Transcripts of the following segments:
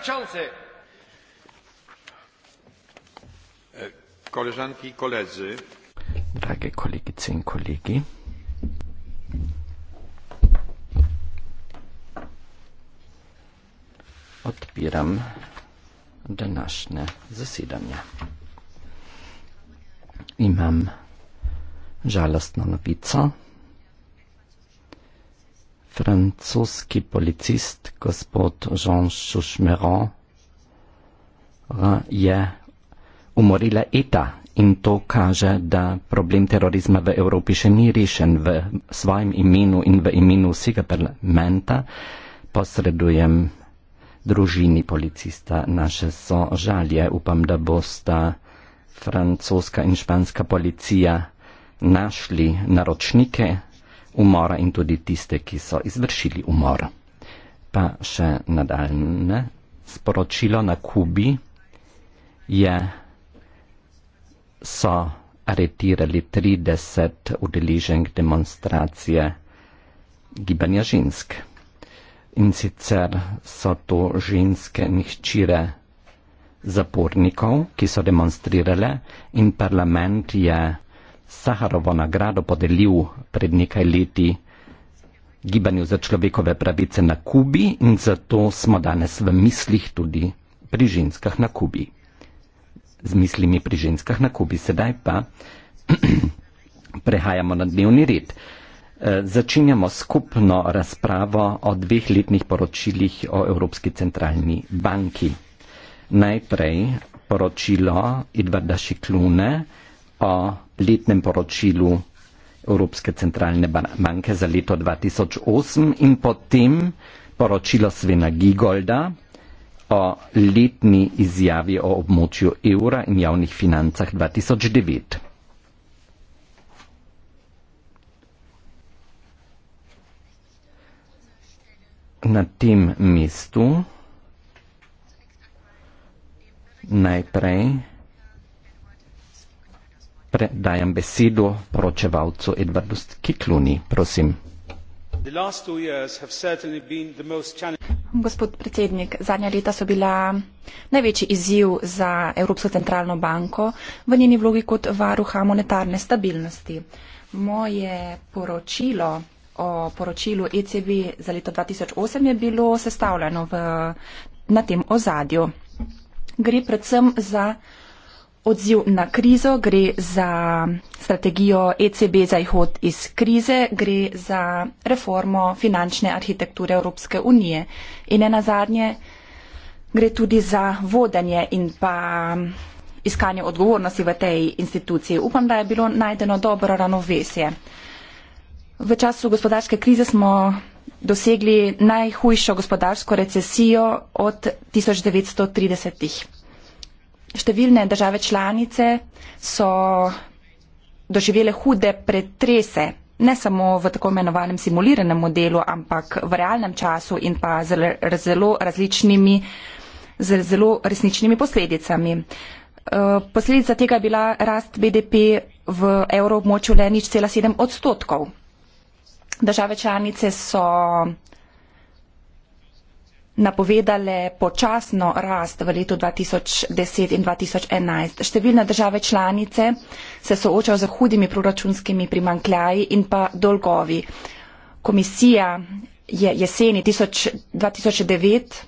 przewodniczący! Koleżanki i koledzy. Drogie kolegi, cyn kolegi. Odbieram nasze zasiedlenie. I mam żalostną nowicę francoski policist gospod Jean Chouchmeron je umorila ETA in to kaže, da problem terorizma v Evropi še ni rešen v svojem imenu in v imenu vsega parlamenta. Posredujem družini policista naše sožalje. Upam, da bosta francoska in španska policija našli naročnike umora in tudi tiste, ki so izvršili umor. Pa še nadaljne sporočilo na Kubi je, so aretirali 30 udeleženk demonstracije gibanja žensk. In sicer so to ženske nihčire zapornikov, ki so demonstrirale in parlament je Saharovo nagrado podelil pred nekaj leti gibanju za človekove pravice na Kubi in zato smo danes v mislih tudi pri ženskah na Kubi. Z mislimi pri ženskah na Kubi sedaj pa prehajamo na dnevni red. E, začenjamo skupno razpravo o dveh letnih poročilih o Evropski centralni banki. Najprej poročilo Edvarda Šiklune o letnem poročilu Evropske centralne banke za leto 2008 in potem poročilo Svena Gigolda o letni izjavi o območju evra in javnih financah 2009. Na tem mestu najprej predajam besedo poročevalcu Edvardu Kikluni. Prosim. Gospod predsednik, zadnja leta so bila največji izziv za Evropsko centralno banko v njeni vlogi kot varuha monetarne stabilnosti. Moje poročilo o poročilu ECB za leto 2008 je bilo sestavljeno v, na tem ozadju. Gre predvsem za odziv na krizo, gre za strategijo ECB za izhod iz krize, gre za reformo finančne arhitekture Evropske unije in ena zadnje gre tudi za vodenje in pa iskanje odgovornosti v tej instituciji. Upam, da je bilo najdeno dobro ravnovesje. V času gospodarske krize smo dosegli najhujšo gospodarsko recesijo od 1930 številne države članice so doživele hude pretrese, ne samo v tako imenovanem simuliranem modelu, ampak v realnem času in pa z zelo različnimi, z zelo resničnimi posledicami. Eh, posledica tega je bila rast BDP v evroobmočju le nič cela sedem odstotkov. Države članice so napovedale počasno rast v letu 2010 in 2011. Številne države članice se soočajo z hudimi proračunskimi primankljaji in pa dolgovi. Komisija je jeseni 2009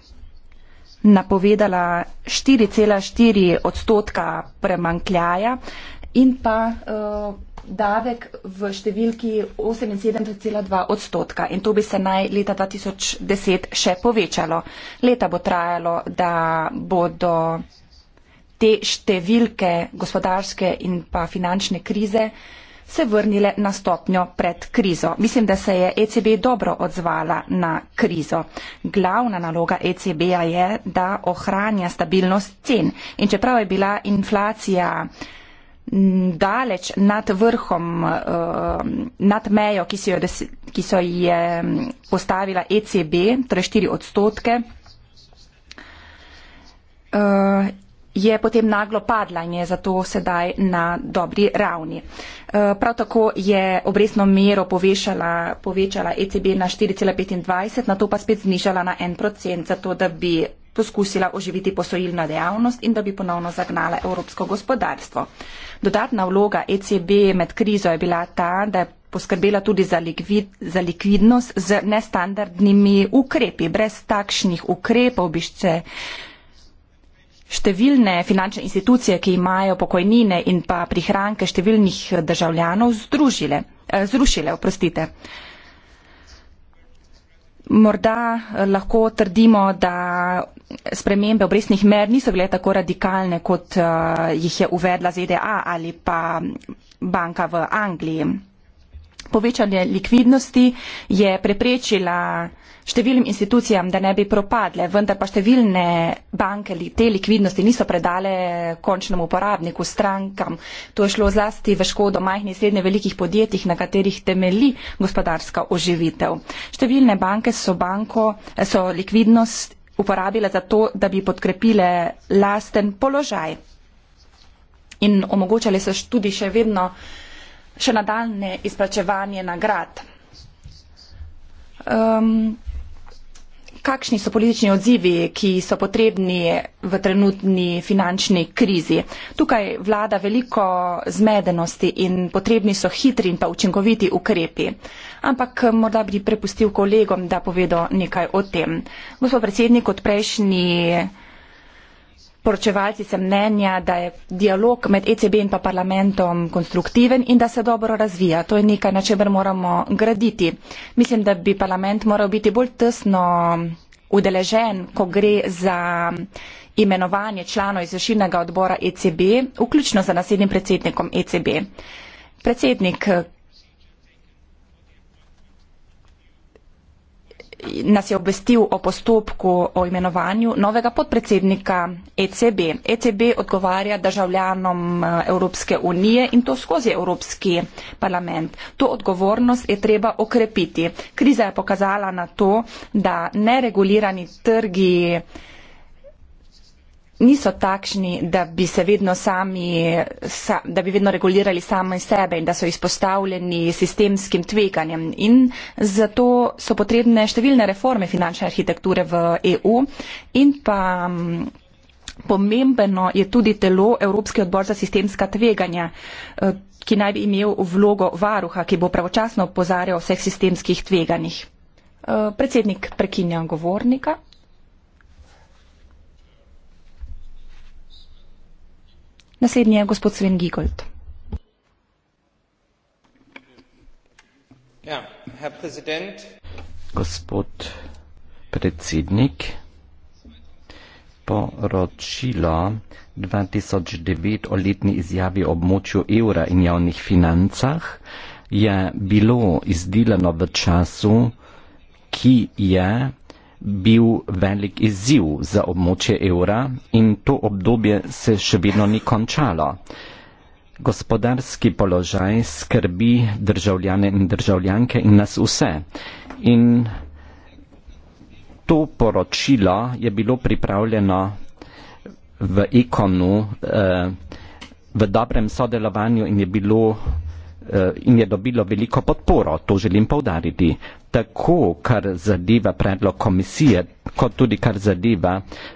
napovedala 4,4 odstotka premankljaja in pa uh, davek v številki 78,2 odstotka in to bi se naj leta 2010 še povečalo. Leta bo trajalo, da bodo te številke gospodarske in pa finančne krize se vrnile na stopnjo pred krizo. Mislim, da se je ECB dobro odzvala na krizo. Glavna naloga ECB-a je, da ohranja stabilnost cen. In čeprav je bila inflacija uh, daleč nad vrhom, eh, nad mejo, ki so, jo, ki so je mm, postavila ECB, torej 4 odstotke, eh, je potem naglo padla in je zato sedaj na dobri ravni. Eh, prav tako je obresno mero povešala, povečala ECB na 4,25, na to pa spet znižala na 1 procent, zato da bi poskusila oživiti posojilna dejavnost in da bi ponovno zagnala evropsko gospodarstvo. Dodatna vloga ECB med krizo je bila ta, da je poskrbela tudi za, likvid, za likvidnost z nestandardnimi ukrepi. Brez takšnih ukrepov bi se številne finančne institucije, ki imajo pokojnine in pa prihranke številnih državljanov, združile, eh, zrušile. Oprostite morda eh, lahko trdimo, da spremembe obresnih mer niso bile tako radikalne, kot eh, jih je uvedla ZDA ali pa banka v Angliji. Povečanje likvidnosti je preprečila številnim institucijam, da ne bi propadle, vendar pa številne banke te likvidnosti niso predale končnemu uporabniku, strankam. To je šlo zlasti v škodo majhnih in srednje velikih podjetjih, na katerih temeli gospodarska oživitev. Številne banke so, banko, so likvidnost uporabile za to, da bi podkrepile lasten položaj in omogočali so tudi še vedno še nadaljne izplačevanje nagrad. Um, kakšni so politični odzivi, ki so potrebni v trenutni finančni krizi. Tukaj vlada veliko zmedenosti in potrebni so hitri in pa učinkoviti ukrepi. Ampak eh, morda bi prepustil kolegom, da povedo nekaj o tem. Gospod predsednik, od prejšnji poročevalci sem mnenja, da je dialog med ECB in pa parlamentom konstruktiven in da se dobro razvija. To je nekaj, na čemer moramo graditi. Mislim, da bi parlament moral biti bolj tesno udeležen, ko gre za imenovanje članov izvršilnega odbora ECB, vključno za naslednjim predsednikom ECB. Predsednik nas je obvestil o postopku o imenovanju novega podpredsednika ECB. ECB odgovarja državljanom eh, Evropske unije in to skozi Evropski parlament. To odgovornost je treba okrepiti. Kriza je pokazala na to, da neregulirani trgi niso takšni, da bi se vedno sami, sa, da bi vedno regulirali sami sebe in da so izpostavljeni sistemskim tveganjem. In zato so potrebne številne reforme finančne arhitekture v EU in pa. Mm, pomembno je tudi telo Evropski odbor za sistemska tveganja, eh, ki naj bi imel vlogo varuha, ki bo pravočasno opozarjal o vseh sistemskih tveganjih. Eh, predsednik prekinja govornika. Naslednji je gospod Sven Gigold. Ja, herr Präsident. Gospod predsednik, poročilo 2009 o letni izjavi o območju evra in javnih financah je bilo izdelano v času, ki je bil velik izziv za območje evra in to obdobje se še vedno ni končalo. Gospodarski položaj skrbi državljane in državljanke in nas vse. In to poročilo je bilo pripravljeno v ikonu eh, v dobrem sodelovanju in je, bilo, eh, in je dobilo veliko podporo, to želim povdariti tako kar zadeva predlog komisije, kot tudi kar zadeva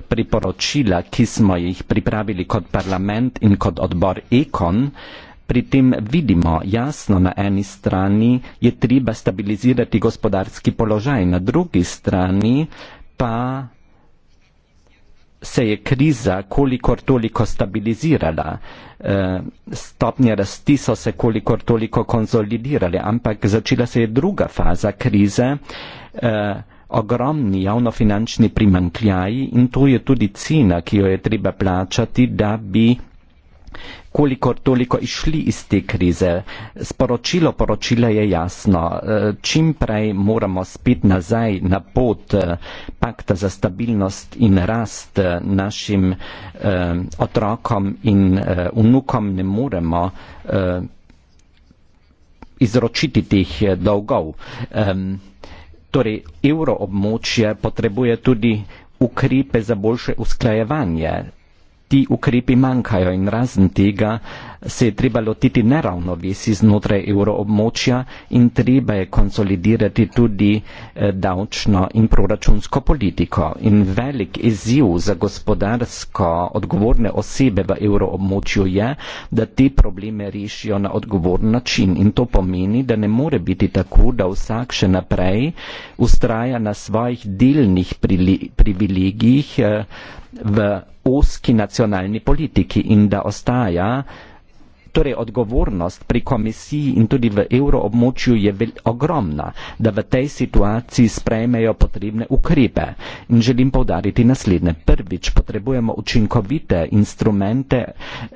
priporočila, ki smo jih pripravili kot parlament in kot odbor Ekon. Pri tem vidimo jasno, na eni strani je treba stabilizirati gospodarski položaj, na drugi strani pa se je kriza kolikor toliko stabilizirala, eh, stopnje rasti so se kolikor toliko konsolidirale, ampak začela se je druga faza krize, eh, ogromni javnofinančni primankljaji in to je tudi cena, ki jo je treba plačati, da bi kolikor toliko išli iz te krize. Sporočilo poročila je jasno. E, čim prej moramo spet nazaj na pot e, pakta za stabilnost in rast e, našim eh, otrokom in eh, unukom ne moremo eh, izročiti teh dolgov. Eh, torej, evroobmočje potrebuje tudi ukrepe za boljše usklajevanje ti ukrepi manjkajo in razen tega se je treba lotiti neravnovesi znotraj evroobmočja in treba je konsolidirati tudi eh, davčno in proračunsko politiko. In velik izziv za gospodarsko odgovorne osebe v evroobmočju je, da te probleme rešijo na odgovoren način. In to pomeni, da ne more biti tako, da vsak še naprej ustraja na svojih delnih privilegijih eh, v oski nacionalni politiki in da ostaja Torej, odgovornost pri komisiji in tudi v evroobmočju je vel, ogromna, da v tej situaciji sprejmejo potrebne ukrepe. In želim povdariti naslednje. Prvič, potrebujemo učinkovite instrumente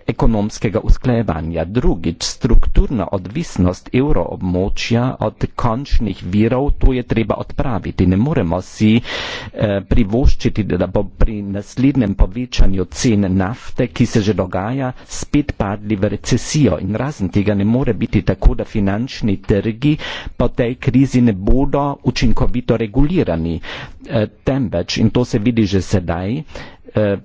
ekonomskega usklejevanja. Drugič, strukturna odvisnost evroobmočja od končnih virov, to je treba odpraviti. Ne moremo si eh, privoščiti, da bo pri naslednjem povečanju cen nafte, ki se že dogaja, spet padli v recesijo recesijo in razen tega ne more biti tako, da finančni trgi po tej krizi ne bodo učinkovito regulirani, eh, temveč in to se vidi že sedaj. Eh,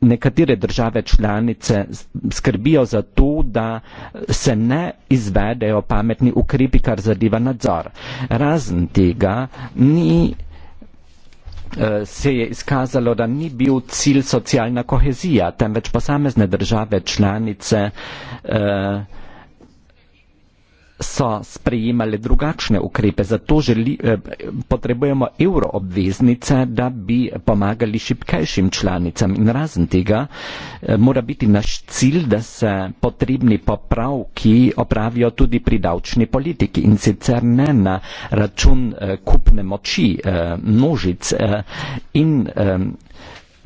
nekatere države članice skrbijo za to, da se ne izvedejo pametni ukrepi, kar zadeva nadzor. Razen tega ni Eh, se je izkazalo, da ni bil cilj socialna kohezija, temveč posamezne države članice. Uh, so sprejemale drugačne ukrepe, zato želi, eh, potrebujemo euroobveznice, da bi pomagali šipkejšim članicam. In razen tega eh, mora biti naš cilj, da se potrebni popravki opravijo tudi pri davčni politiki in sicer ne na račun eh, kupne moči množic in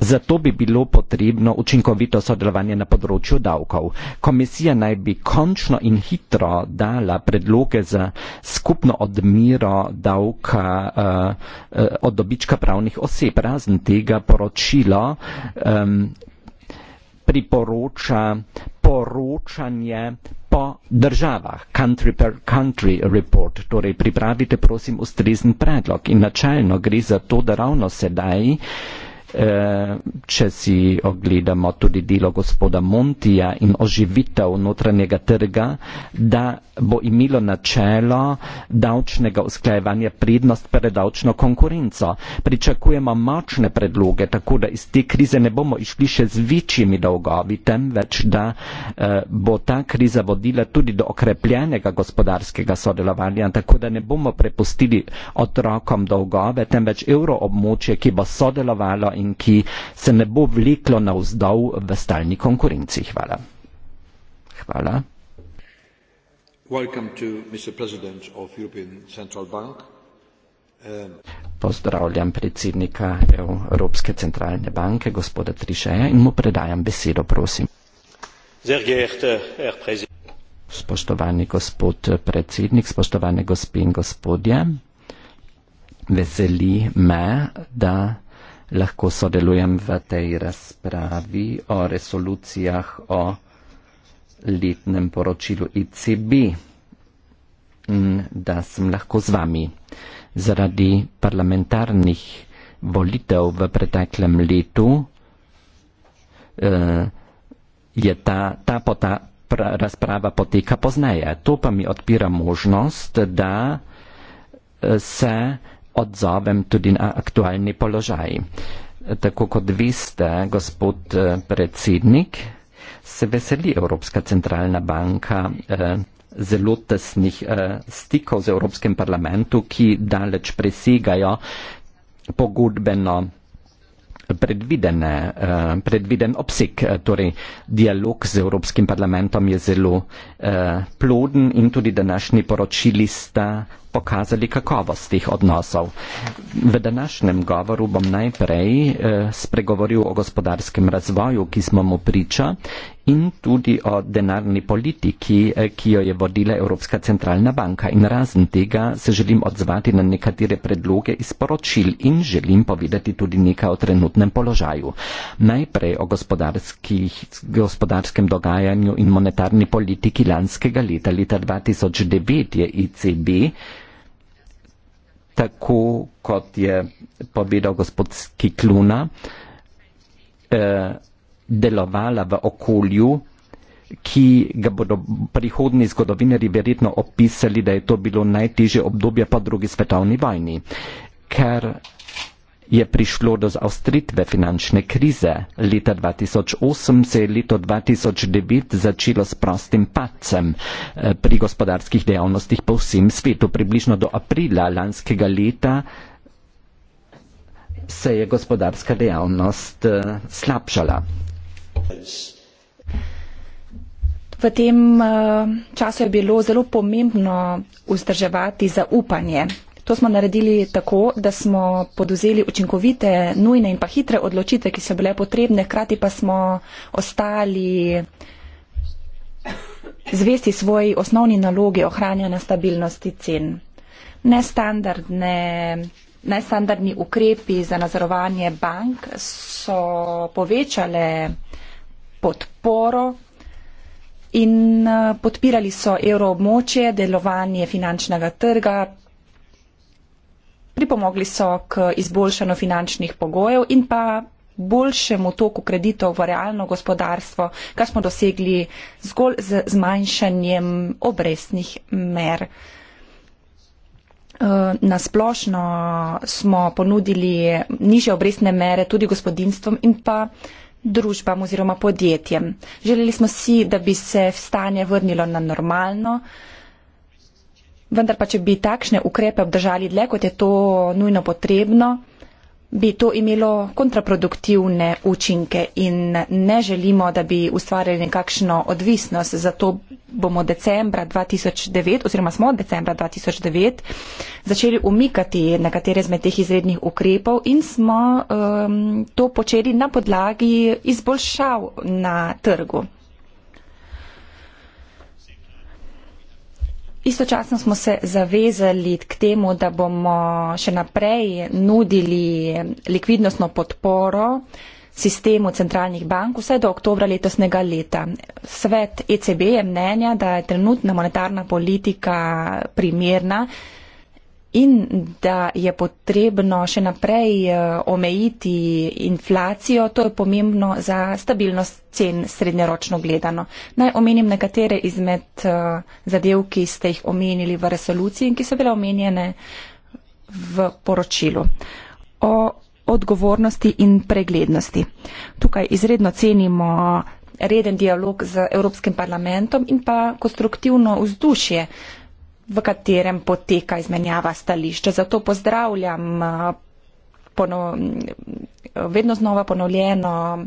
Zato bi bilo potrebno učinkovito sodelovanje na področju davkov. Komisija naj bi končno in hitro dala predloge za skupno odmiro davka uh, uh, od dobička pravnih oseb. Razen tega poročilo um, priporoča poročanje po državah, country per country report, torej pripravite prosim ustrezen predlog in načelno gre za to, da ravno sedaj uh, Eh, če si ogledamo tudi delo gospoda Montija in oživitev notranjega trga, da bo imelo načelo davčnega usklajevanja prednost pred davčno konkurenco. Pričakujemo močne predloge, tako da iz te krize ne bomo išli še z večjimi dolgovi, temveč da eh, bo ta kriza vodila tudi do okrepljenega gospodarskega sodelovanja, tako da ne bomo prepustili otrokom dolgove, temveč evroobmočje, ki bo sodelovalo in ki se ne bo vleklo navzdol v stalni konkurenci. Hvala. Hvala. Um, Pozdravljam predsednika Evropske centralne banke, gospoda Trišeja, in mu predajam besedo, prosim. Spoštovani gospod predsednik, spoštovane gospe in gospodje, veseli me, da lahko sodelujem v tej razpravi o resolucijah o letnem poročilu ICB, da sem lahko z vami. Zaradi parlamentarnih volitev v preteklem letu eh, je ta, ta, ta razprava poteka pozneje. To pa mi odpira možnost, da eh, se odzovem tudi na aktualni položaj. Tako kot vi ste, gospod eh, predsednik, se veseli Evropska centralna banka eh, zelo tesnih eh, stikov z Evropskim parlamentom, ki daleč presegajo pogodbeno predviden obseg. Torej, dialog z Evropskim parlamentom je zelo eh, ploden in tudi današnji poročili sta pokazali kakovost tih odnosov. V današnjem govoru bom najprej eh, spregovoril o gospodarskem razvoju, ki smo mu priča, in tudi o denarni politiki, eh, ki jo je vodila Evropska centralna banka. In razen tega se želim odzvati na nekatere predloge iz poročil in želim povedati tudi nekaj o trenutnem položaju. Najprej o gospodarskem dogajanju in monetarni politiki lanskega leta, leta 2009 je ICB tako kot je povedal gospod Kikluna, eh, delovala v okolju, ki ga bodo prihodni zgodovinari verjetno opisali, da je to bilo najtežje obdobje po drugi svetovni vojni. Ker je prišlo do zaostritve finančne krize. Leta 2008 se je leto 2009 začelo s prostim padcem eh, pri gospodarskih dejavnostih po vsem svetu. Približno do aprila lanskega leta se je gospodarska dejavnost eh, slabšala. V tem eh, času je bilo zelo pomembno vzdrževati zaupanje To smo naredili tako, da smo poduzeli učinkovite, nujne in pa hitre odločitve, ki so bile potrebne, hkrati pa smo ostali zvesti svoji osnovni nalogi ohranjanja stabilnosti cen. Nestandardne, nestandardni ukrepi za nazorovanje bank so povečale podporo in eh, podpirali so evroobmočje, delovanje finančnega trga, pripomogli so k izboljšanju finančnih pogojev in pa boljšemu toku kreditov v realno gospodarstvo, kar smo dosegli zgolj z zmanjšanjem obrestnih mer. Eh, na splošno smo ponudili niže obrestne mere tudi gospodinstvom in pa družbam oziroma podjetjem. Želeli smo si, da bi se stanje vrnilo na normalno. Vendar pa, če bi takšne ukrepe obdržali dlje, kot je to nujno potrebno, bi to imelo kontraproduktivne učinke in ne želimo, da bi ustvarjali nekakšno odvisnost. Zato bomo decembra 2009 oziroma smo decembra 2009 začeli umikati nekatere zmed teh izrednih ukrepov in smo um, to počeli na podlagi izboljšav na trgu. Istočasno smo se zavezali k temu, da bomo še naprej nudili likvidnostno podporo sistemu centralnih bank vse do oktobra letosnega leta. Svet ECB je mnenja, da je trenutna monetarna politika primerna, in da je potrebno še naprej eh, omejiti inflacijo, to je pomembno za stabilnost cen srednjeročno gledano. Naj omenim nekatere izmed eh, zadev, ki ste jih omenili v resoluciji in ki so bile omenjene v poročilu. O odgovornosti in preglednosti. Tukaj izredno cenimo reden dialog z Evropskim parlamentom in pa konstruktivno vzdušje, v katerem poteka izmenjava stališča. Zato pozdravljam eh, ponov, vedno znova ponovljeno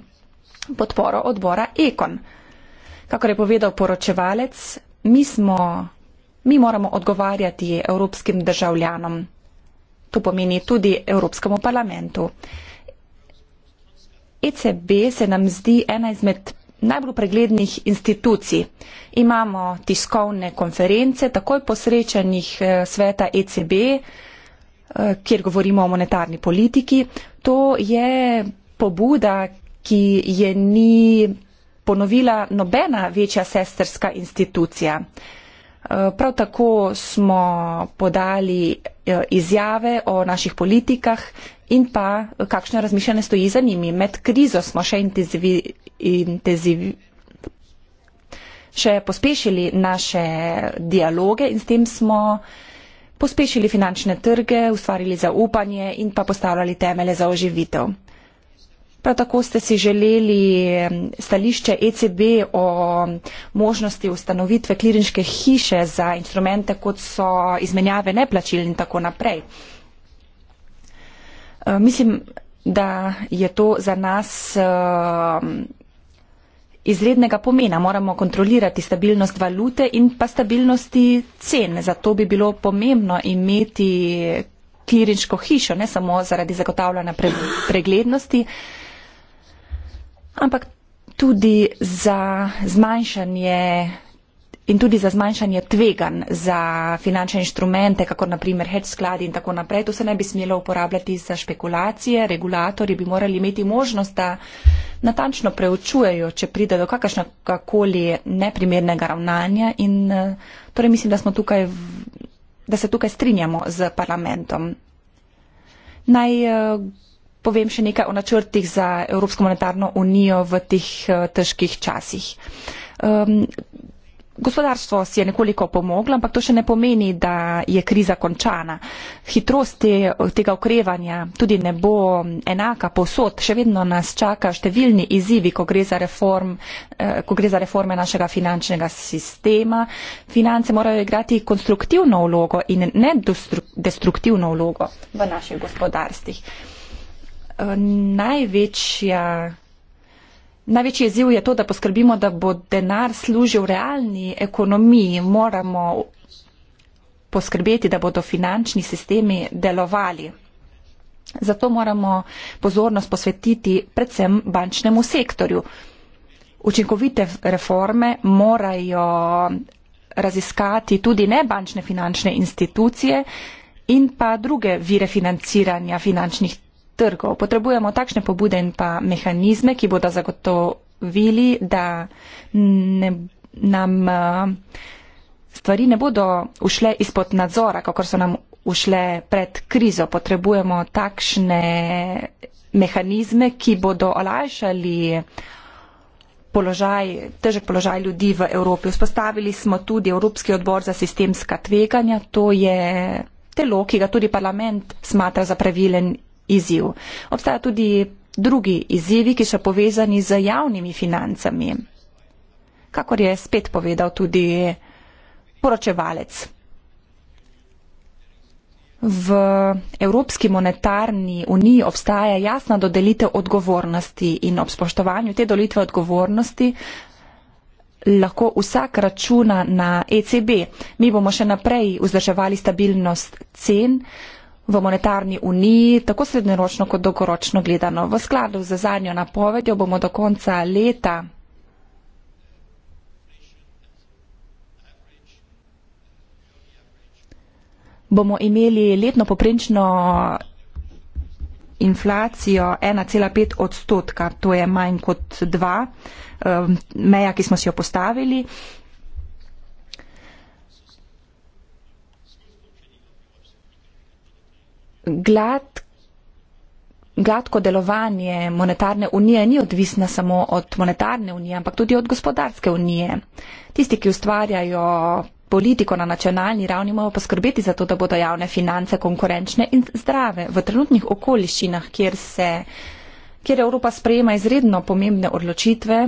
podporo odbora Ekon. Kako je povedal poročevalec, mi, smo, mi moramo odgovarjati evropskim državljanom. To pomeni tudi Evropskemu parlamentu. ECB se nam zdi ena izmed najbolj preglednih institucij. Imamo tiskovne konference, takoj po srečanjih eh, sveta ECB, eh, kjer govorimo o monetarni politiki. To je pobuda, ki je ni ponovila nobena večja sesterska institucija. Eh, prav tako smo podali izjave o naših politikah in pa kakšne razmišljanje stoji za njimi. Med krizo smo še intenziv... še pospešili naše dialoge in s tem smo pospešili finančne trge, ustvarili zaupanje in pa postavljali temele za oživitev. Prav tako ste si želeli stališče ECB o možnosti ustanovitve klirinške hiše za instrumente, kot so izmenjave neplačil in tako naprej. Mislim, da je to za nas izrednega pomena. Moramo kontrolirati stabilnost valute in pa stabilnosti cen. Zato bi bilo pomembno imeti kliriško hišo, ne samo zaradi zagotavljanja preglednosti, ampak tudi za zmanjšanje in tudi za zmanjšanje tvegan za finančne inštrumente, kako naprimer hedge skladi in tako naprej. To se ne bi smelo uporabljati za špekulacije. Regulatorji bi morali imeti možnost, da natančno preučujejo, če pride do kakršnakoli neprimernega ravnanja. In, eh, torej mislim, da, tukaj, da se tukaj strinjamo z parlamentom. Naj eh, povem še nekaj o načrtih za Evropsko monetarno unijo v teh eh, težkih časih. Ehm, Gospodarstvo si je nekoliko pomoglo, ampak to še ne pomeni, da je kriza končana. Hitrost te, tega okrevanja tudi ne bo enaka posod. Še vedno nas čaka številni izzivi, ko gre za, reform, eh, ko gre za reforme našega finančnega sistema. Finance morajo igrati konstruktivno vlogo in ne destruktivno vlogo v naših gospodarstvih. Eh, največja Največji izziv je to, da poskrbimo, da bo denar služil realni ekonomiji. Moramo poskrbeti, da bodo finančni sistemi delovali. Zato moramo pozornost posvetiti predvsem bančnemu sektorju. Učinkovite reforme morajo raziskati tudi nebančne finančne institucije in pa druge vire financiranja finančnih trgov. Potrebujemo takšne pobude in pa mehanizme, ki bodo zagotovili, da ne, nam eh, stvari ne bodo ušle izpod nadzora, kako so nam ušle pred krizo. Potrebujemo takšne mehanizme, ki bodo olajšali položaj, težek položaj ljudi v Evropi. Vzpostavili smo tudi Evropski odbor za sistemska tveganja. To je telo, ki ga tudi parlament smatra za pravilen izziv. Obstaja tudi drugi izzivi, ki so povezani z javnimi financami. Kakor je spet povedal tudi poročevalec. V Evropski monetarni uniji obstaja jasna dodelitev odgovornosti in ob spoštovanju te dolitve odgovornosti lahko vsak računa na ECB. Mi bomo še naprej vzdrževali stabilnost cen v monetarni uniji, tako srednjeročno kot dolgoročno gledano. V skladu za zadnjo napovedjo bomo do konca leta bomo imeli letno poprečno inflacijo 1,5 odstotka, to je manj kot 2 eh, meja, ki smo si jo postavili. glad, gladko delovanje monetarne unije ni odvisna samo od monetarne unije, ampak tudi od gospodarske unije. Tisti, ki ustvarjajo politiko na nacionalni ravni, moramo poskrbeti za to, da bodo javne finance konkurenčne in zdrave v trenutnih okoliščinah, kjer se kjer Evropa sprejema izredno pomembne odločitve,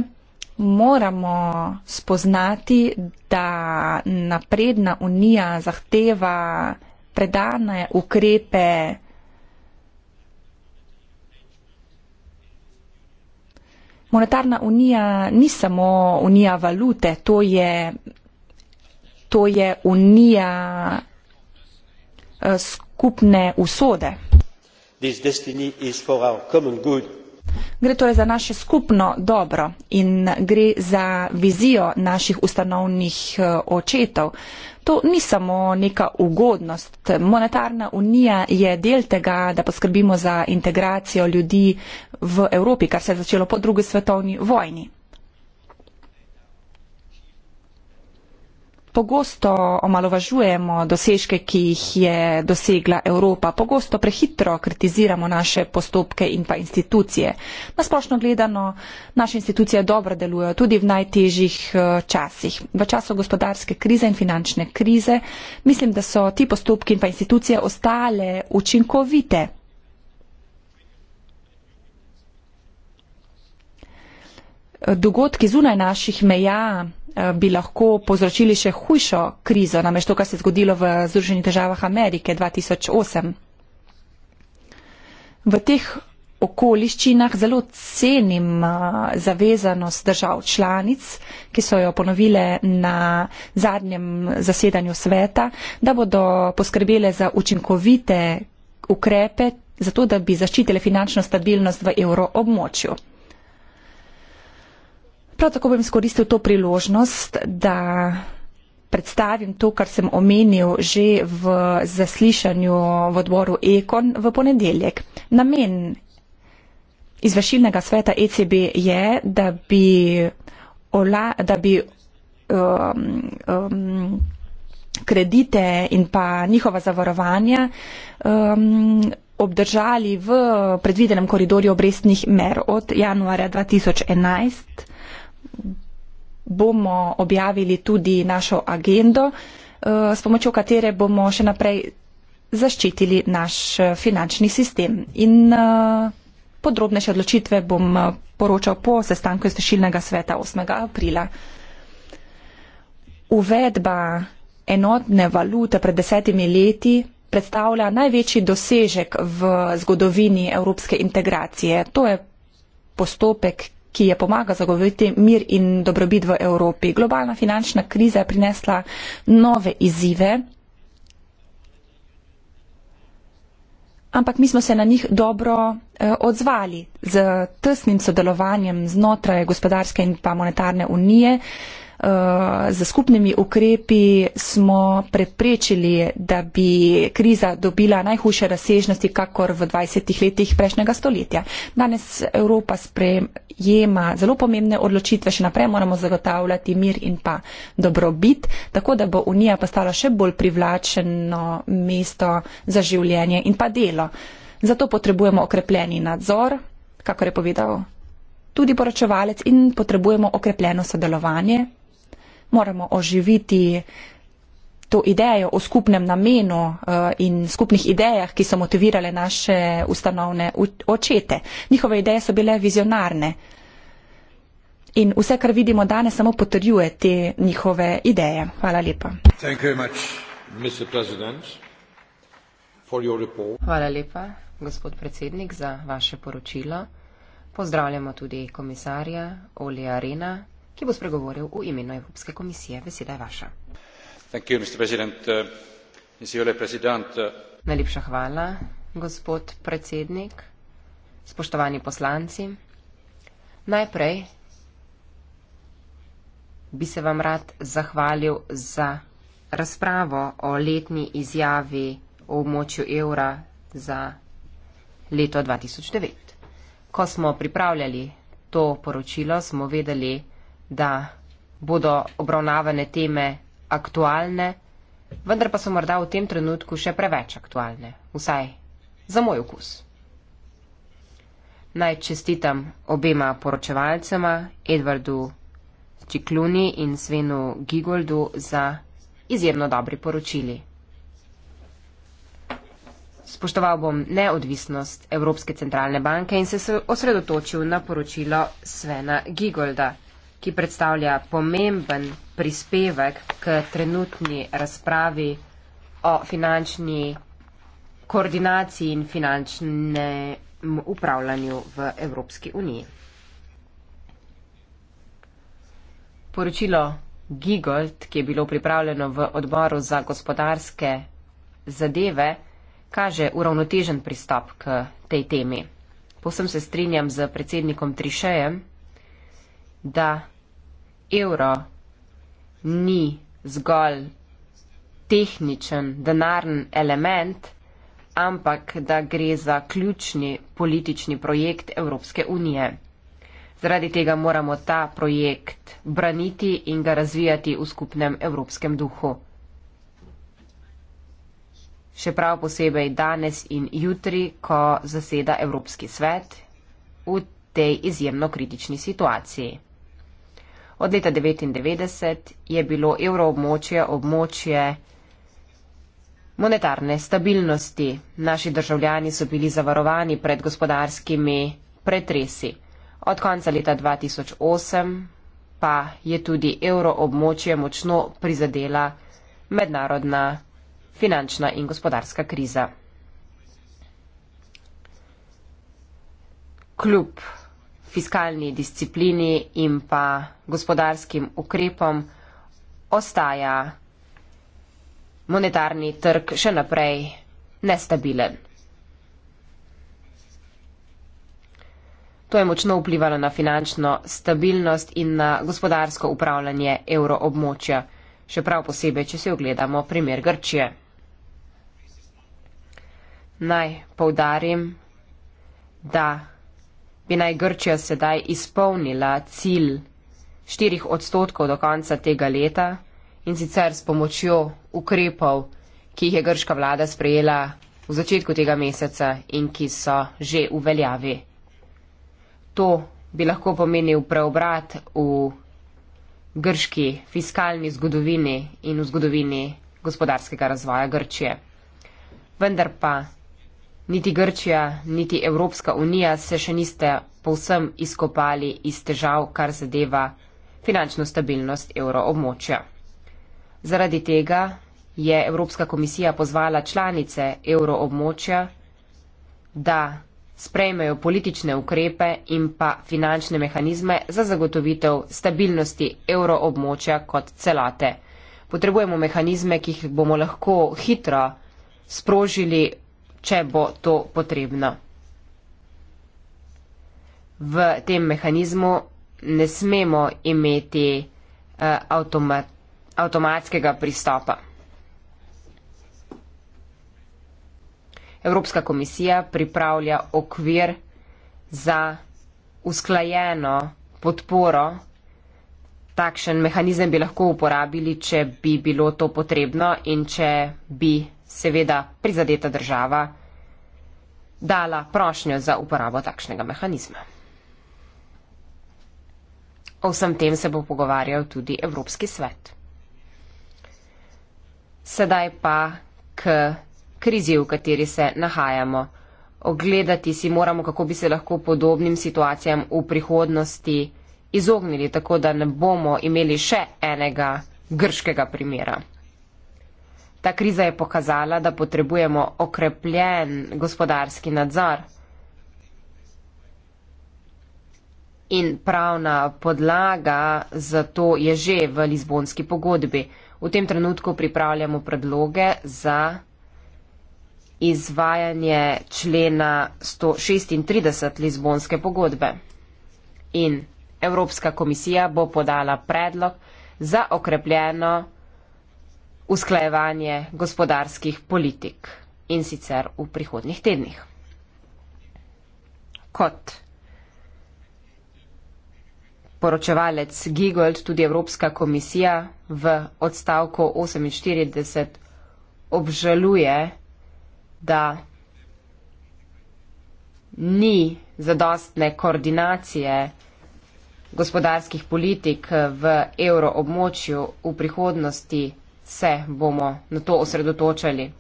moramo spoznati, da napredna unija zahteva predane ukrepe Monetarna unija ni samo unija valute, to je, to je unija eh, skupne usode. Gre torej za naše skupno dobro in gre za vizijo naših ustanovnih eh, očetov. To ni samo neka ugodnost. Monetarna unija je del tega, da poskrbimo za integracijo ljudi v Evropi, kar se je začelo po drugi svetovni vojni. Pogosto omalovažujemo dosežke, ki jih je dosegla Evropa, pogosto prehitro kritiziramo naše postopke in pa institucije. Nasplošno gledano, naše institucije dobro delujejo tudi v najtežjih eh, časih. V času gospodarske krize in finančne krize mislim, da so ti postopki in pa institucije ostale učinkovite. Dogodki zunaj naših meja Eh, bi lahko povzročili še hujšo krizo, namreč to, kar se je zgodilo v Združenih državah Amerike 2008. V teh okoliščinah zelo cenim eh, zavezanost držav članic, ki so jo ponovile na zadnjem zasedanju sveta, da bodo poskrbele za učinkovite ukrepe, zato da bi zaščitile finančno stabilnost v evroobmočju. Prav tako bom izkoristil to priložnost, da predstavim to, kar sem omenil že v zaslišanju v odboru Ekon v ponedeljek. Namen izvršilnega sveta ECB je, da bi, ola, da bi um, um, kredite in pa njihova zavarovanja um, obdržali v predvidenem koridorju obrestnih mer od januarja 2011 bomo objavili tudi našo agendo, eh, s pomočjo katere bomo še naprej zaščitili naš eh, finančni sistem. In eh, podrobnejše odločitve bom poročal po sestanku izvršilnega sveta 8. aprila. Uvedba enotne valute pred desetimi leti predstavlja največji dosežek v zgodovini evropske integracije. To je postopek, ki je pomagal zagovoriti mir in dobrobit v Evropi. Globalna finančna kriza je prinesla nove izzive, ampak mi smo se na njih dobro eh, odzvali z tesnim sodelovanjem znotraj gospodarske in pa monetarne unije. Eh, z skupnimi ukrepi smo preprečili, da bi kriza dobila najhujše razsežnosti, kakor v 20 letih prejšnjega stoletja. Danes Evropa sprejema zelo pomembne odločitve, še naprej moramo zagotavljati mir in pa dobrobit, tako da bo Unija postala še bolj privlačeno mesto za življenje in pa delo. Zato potrebujemo okrepljeni nadzor, kako je povedal tudi poročevalec, in potrebujemo okrepljeno sodelovanje moramo oživiti to idejo o skupnem namenu eh, in skupnih idejah, ki so motivirale naše ustanovne očete. Njihove ideje so bile vizionarne in vse, kar vidimo danes, samo potrjuje te njihove ideje. Hvala lepa. Hvala lepa, gospod predsednik, za vaše poročilo. Pozdravljamo tudi komisarja Olija Rena, ki bo spregovoril v imenu Evropske komisije. Beseda je vaša. You, uh, uh, Najlepša hvala, gospod predsednik, spoštovani poslanci. Najprej bi se vam rad zahvalil za razpravo o letni izjavi o območju evra za leto 2009. Ko smo pripravljali to poročilo, smo vedeli, da bodo obravnavane teme aktualne, vendar pa so morda v tem trenutku še preveč aktualne, vsaj za moj okus. Naj čestitam obema poročevalcema, Edvardu Čikluni in Svenu Gigoldu, za izjemno dobri poročili. Spoštoval bom neodvisnost Evropske centralne banke in se osredotočil na poročilo Svena Gigolda ki predstavlja pomemben prispevek k trenutni razpravi o finančni koordinaciji in finančnem upravljanju v Evropski uniji. Poročilo Gigold, ki je bilo pripravljeno v odboru za gospodarske zadeve, kaže uravnotežen pristop k tej temi. Posem se strinjam z predsednikom Trišejem, da evro ni zgolj tehničen denarni element, ampak da gre za ključni politični projekt Evropske unije. Zaradi tega moramo ta projekt braniti in ga razvijati v skupnem evropskem duhu. Še prav posebej danes in jutri, ko zaseda Evropski svet v tej izjemno kritični situaciji. Od leta 1999 je bilo evroobmočje območje monetarne stabilnosti. Naši državljani so bili zavarovani pred gospodarskimi pretresi. Od konca leta 2008 pa je tudi evroobmočje močno prizadela mednarodna finančna in gospodarska kriza. Kljub fiskalni disciplini in pa gospodarskim ukrepom ostaja monetarni trg še naprej nestabilen. To je močno vplivalo na finančno stabilnost in na gospodarsko upravljanje evroobmočja, še prav posebej, če si ogledamo primer Grčije. Naj povdarim, da bi naj Grčija sedaj izpolnila cilj 4 odstotkov do konca tega leta in sicer s pomočjo ukrepov, ki jih je grška vlada sprejela v začetku tega meseca in ki so že v veljavi. To bi lahko pomenil preobrat v grški fiskalni zgodovini in v zgodovini gospodarskega razvoja Grčije. Vendar pa Niti Grčija, niti Evropska unija se še niste povsem izkopali iz težav, kar zadeva finančno stabilnost evroobmočja. Zaradi tega je Evropska komisija pozvala članice evroobmočja, da sprejmejo politične ukrepe in pa finančne mehanizme za zagotovitev stabilnosti evroobmočja kot celote. Potrebujemo mehanizme, ki jih bomo lahko hitro sprožili če bo to potrebno. V tem mehanizmu ne smemo imeti eh, automa avtomatskega pristopa. Evropska komisija pripravlja okvir za usklajeno podporo. Takšen mehanizem bi lahko uporabili, če bi bilo to potrebno in če bi seveda prizadeta država, dala prošnjo za uporabo takšnega mehanizma. O vsem tem se bo pogovarjal tudi Evropski svet. Sedaj pa k krizi, v kateri se nahajamo. Ogledati si moramo, kako bi se lahko podobnim situacijam v prihodnosti izognili, tako da ne bomo imeli še enega grškega primera. Ta kriza je pokazala, da potrebujemo okrepljen gospodarski nadzor in pravna podlaga za to je že v Lizbonski pogodbi. V tem trenutku pripravljamo predloge za izvajanje člena 136 Lizbonske pogodbe. In Evropska komisija bo podala predlog za okrepljeno usklajevanje gospodarskih politik in sicer v prihodnih tednih. Kot poročevalec Gigold, tudi Evropska komisija v odstavku 48 obžaluje, da ni zadostne koordinacije gospodarskih politik v evroobmočju v prihodnosti se bomo na to osredotočali.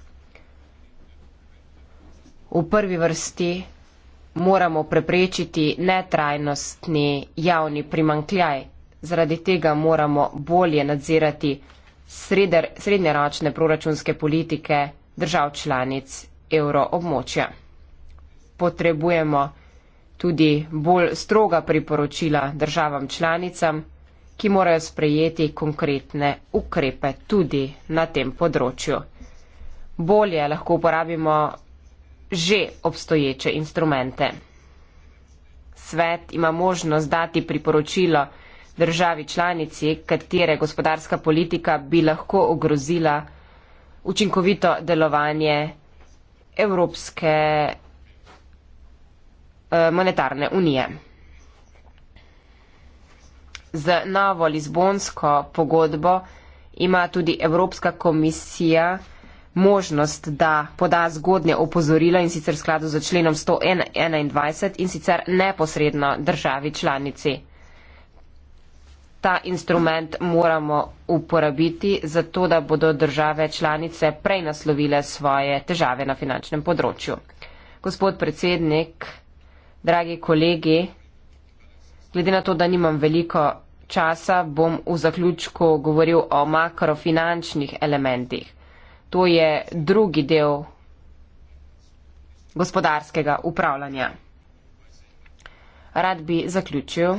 V prvi vrsti moramo preprečiti netrajnostni javni primankljaj. Zaradi tega moramo bolje nadzirati srednjeročne proračunske politike držav članic evroobmočja. Potrebujemo tudi bolj stroga priporočila državam članicam, ki morajo sprejeti konkretne ukrepe tudi na tem področju. Bolje lahko uporabimo že obstoječe instrumente. Svet ima možnost dati priporočilo državi članici, katere gospodarska politika bi lahko ogrozila učinkovito delovanje Evropske eh, monetarne unije z novo Lizbonsko pogodbo ima tudi Evropska komisija možnost, da poda zgodnje opozorila in sicer v skladu z členom 121 in sicer neposredno državi članici. Ta instrument moramo uporabiti, zato da bodo države članice prej naslovile svoje težave na finančnem področju. Gospod predsednik, dragi kolegi, glede na to, da nimam veliko časa bom v zaključku govoril o makrofinančnih elementih. To je drugi del gospodarskega upravljanja. Rad bi zaključil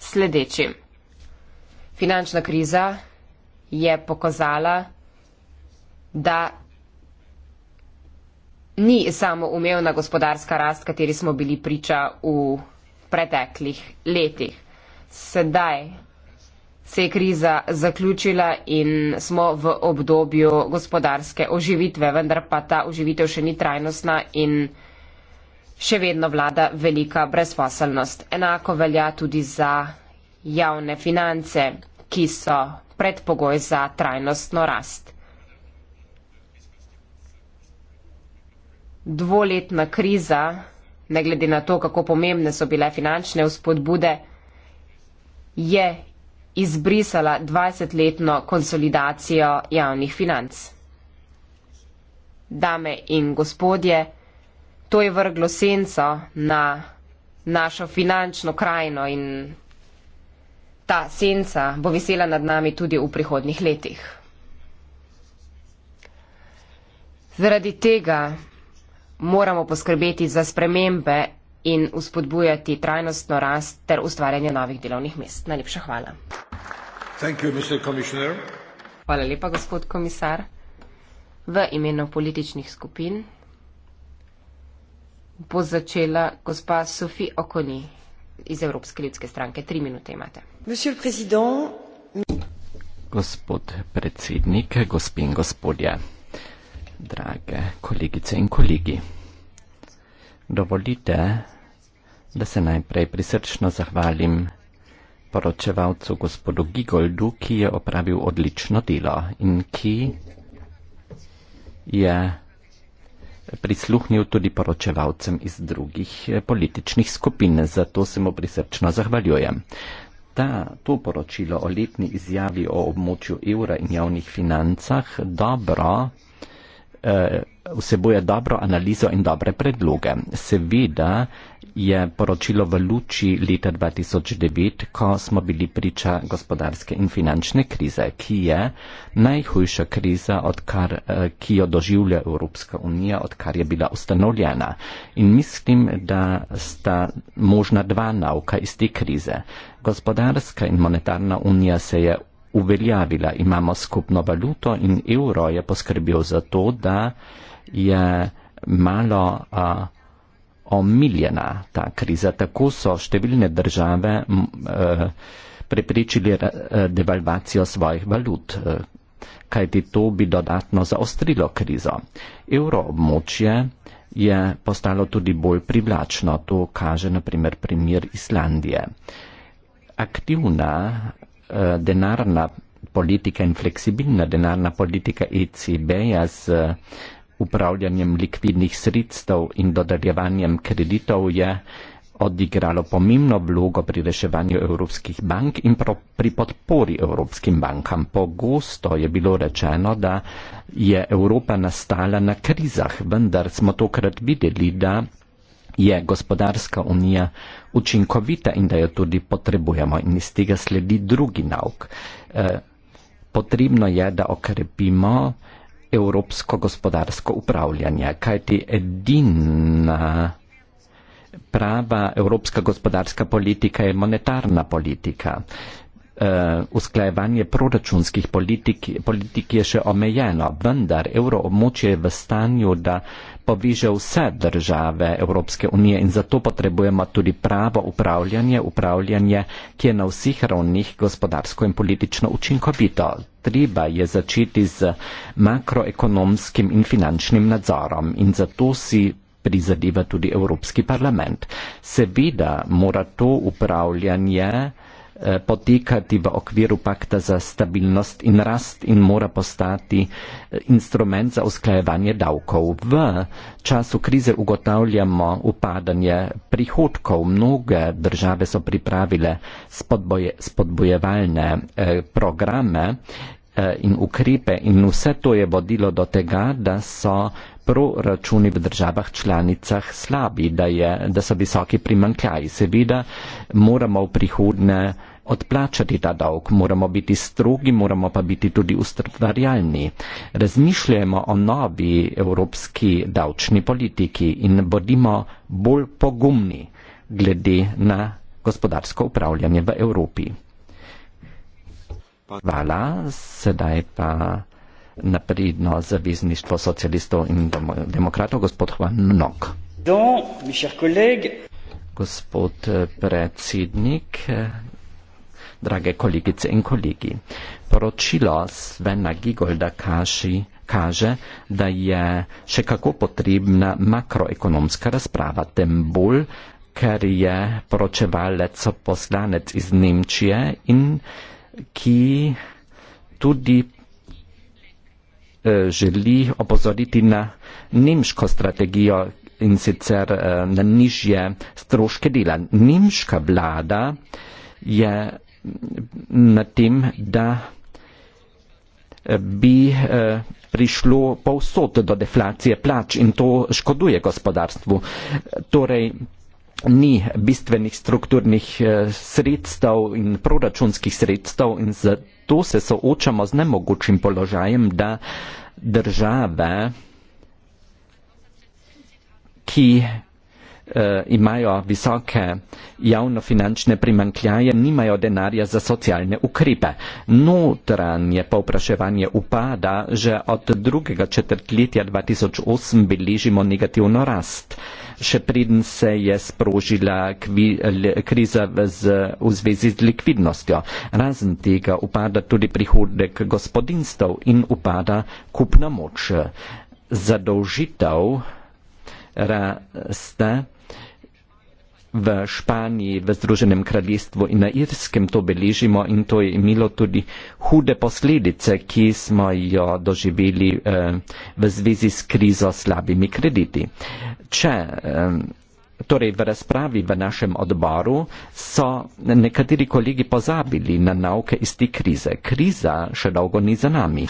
sledečim. Finančna kriza je pokazala, da ni samo umevna gospodarska rast, kateri smo bili priča v preteklih letih sedaj se je kriza zaključila in smo v obdobju gospodarske oživitve, vendar pa ta oživitev še ni trajnostna in še vedno vlada velika brezposelnost. Enako velja tudi za javne finance, ki so predpogoj za trajnostno rast. Dvoletna kriza, ne glede na to, kako pomembne so bile finančne vzpodbude, je izbrisala 20-letno konsolidacijo javnih financ. Dame in gospodje, to je vrglo senco na našo finančno krajino in ta senca bo visela nad nami tudi v prihodnih letih. Zaradi tega moramo poskrbeti za spremembe in vzpodbujati trajnostno rast ter ustvarjanje novih delovnih mest. Najlepša hvala. You, hvala lepa, gospod komisar. V imenu političnih skupin bo začela gospa Sofi Okoni iz Evropske ljudske stranke. Tri minute imate. Gospod predsednik, gospod in gospodje, drage kolegice in kolegi. Dovolite, da se najprej prisrčno zahvalim poročevalcu gospodu Gigoldu, ki je opravil odlično delo in ki je prisluhnil tudi poročevalcem iz drugih eh, političnih skupin. Zato se mu prisrčno zahvaljujem. Ta, to poročilo o letni izjavi o območju evra in javnih financah dobro Eh, vsebuje dobro analizo in dobre predloge. Seveda je poročilo v luči leta 2009, ko smo bili priča gospodarske in finančne krize, ki je najhujša kriza, odkar, eh, ki jo doživlja Evropska unija, odkar je bila ustanovljena. In mislim, da sta možna dva nauka iz te krize. Gospodarska in monetarna unija se je uveljavila. Imamo skupno valuto in evro je poskrbel za to, da je malo a, omiljena ta kriza. Tako so številne države e, preprečili e, devalvacijo svojih valut, e, kajti to bi dodatno zaostrilo krizo. Evroobmočje je postalo tudi bolj privlačno, to kaže na primer primer Islandije. Aktivna Eh, denarna politika in fleksibilna denarna politika ECB-ja z eh, upravljanjem likvidnih sredstev in dodeljevanjem kreditov je odigralo pomembno vlogo pri reševanju evropskih bank in pri podpori evropskim bankam. Pogosto je bilo rečeno, da je Evropa nastala na krizah, vendar smo tokrat videli, da je gospodarska unija učinkovita in da jo tudi potrebujemo. In iz tega sledi drugi nauk. E, potrebno je, da okrepimo evropsko gospodarsko upravljanje, kajti edina prava evropska gospodarska politika je monetarna politika. Eh, usklajevanje proračunskih politik, politik je še omejeno, vendar evroobmočje je v stanju, da poviže vse države Evropske unije in zato potrebujemo tudi pravo upravljanje, upravljanje, ki je na vseh ravnih gospodarsko in politično učinkovito. Treba je začeti z makroekonomskim in finančnim nadzorom in zato si prizadeva tudi Evropski parlament. Seveda mora to upravljanje Eh, potekati v okviru pakta za stabilnost in rast in mora postati eh, instrument za usklajevanje davkov. V času krize ugotavljamo upadanje prihodkov. Mnoge države so pripravile spodboje, spodbojevalne eh, programe in ukrepe in vse to je vodilo do tega, da so proračuni v državah članicah slabi, da, je, da so visoki primankljaji. Seveda moramo v prihodnje odplačati ta dolg, moramo biti strogi, moramo pa biti tudi ustvarjalni. Razmišljajmo o novi evropski davčni politiki in bodimo bolj pogumni glede na gospodarsko upravljanje v Evropi. Hvala, sedaj pa napredno zavezništvo socialistov in demokratov, gospod Hvan Mnok. Don, Gospod eh, predsednik, eh, drage kolegice in kolegi. Poročilo Svena Gigolda kaži, kaže, da je še kako potrebna makroekonomska razprava, tem bolj, ker je poročevalec poslanec iz Nemčije in ki tudi eh, želi opozoriti na nemško strategijo in sicer eh, na nižje stroške dela. Nemška vlada je nad tem, da eh, bi eh, prišlo povsod do deflacije plač in to škoduje gospodarstvu. Torej, ni bistvenih strukturnih eh, sredstev in proračunskih sredstev in zato se soočamo z nemogočim položajem, da države, ki uh, imajo visoke javnofinančne primankljaje, nimajo denarja za socialne ukrepe. Notranje povpraševanje upada, že od drugega četrtletja 2008 beležimo negativno rast. Še preden se je sprožila kvi, l, kriza v, z, v zvezi z likvidnostjo. Razen tega upada tudi prihodek gospodinstv in upada kupna moč. Zadolžitev raste v Španiji, v Združenem kraljestvu in na Irskem to beležimo in to je imelo tudi hude posledice, ki smo jo doživeli eh, v zvezi s krizo slabimi krediti. Če, eh, torej v razpravi v našem odboru so nekateri kolegi pozabili na nauke iz te krize. Kriza še dolgo ni za nami.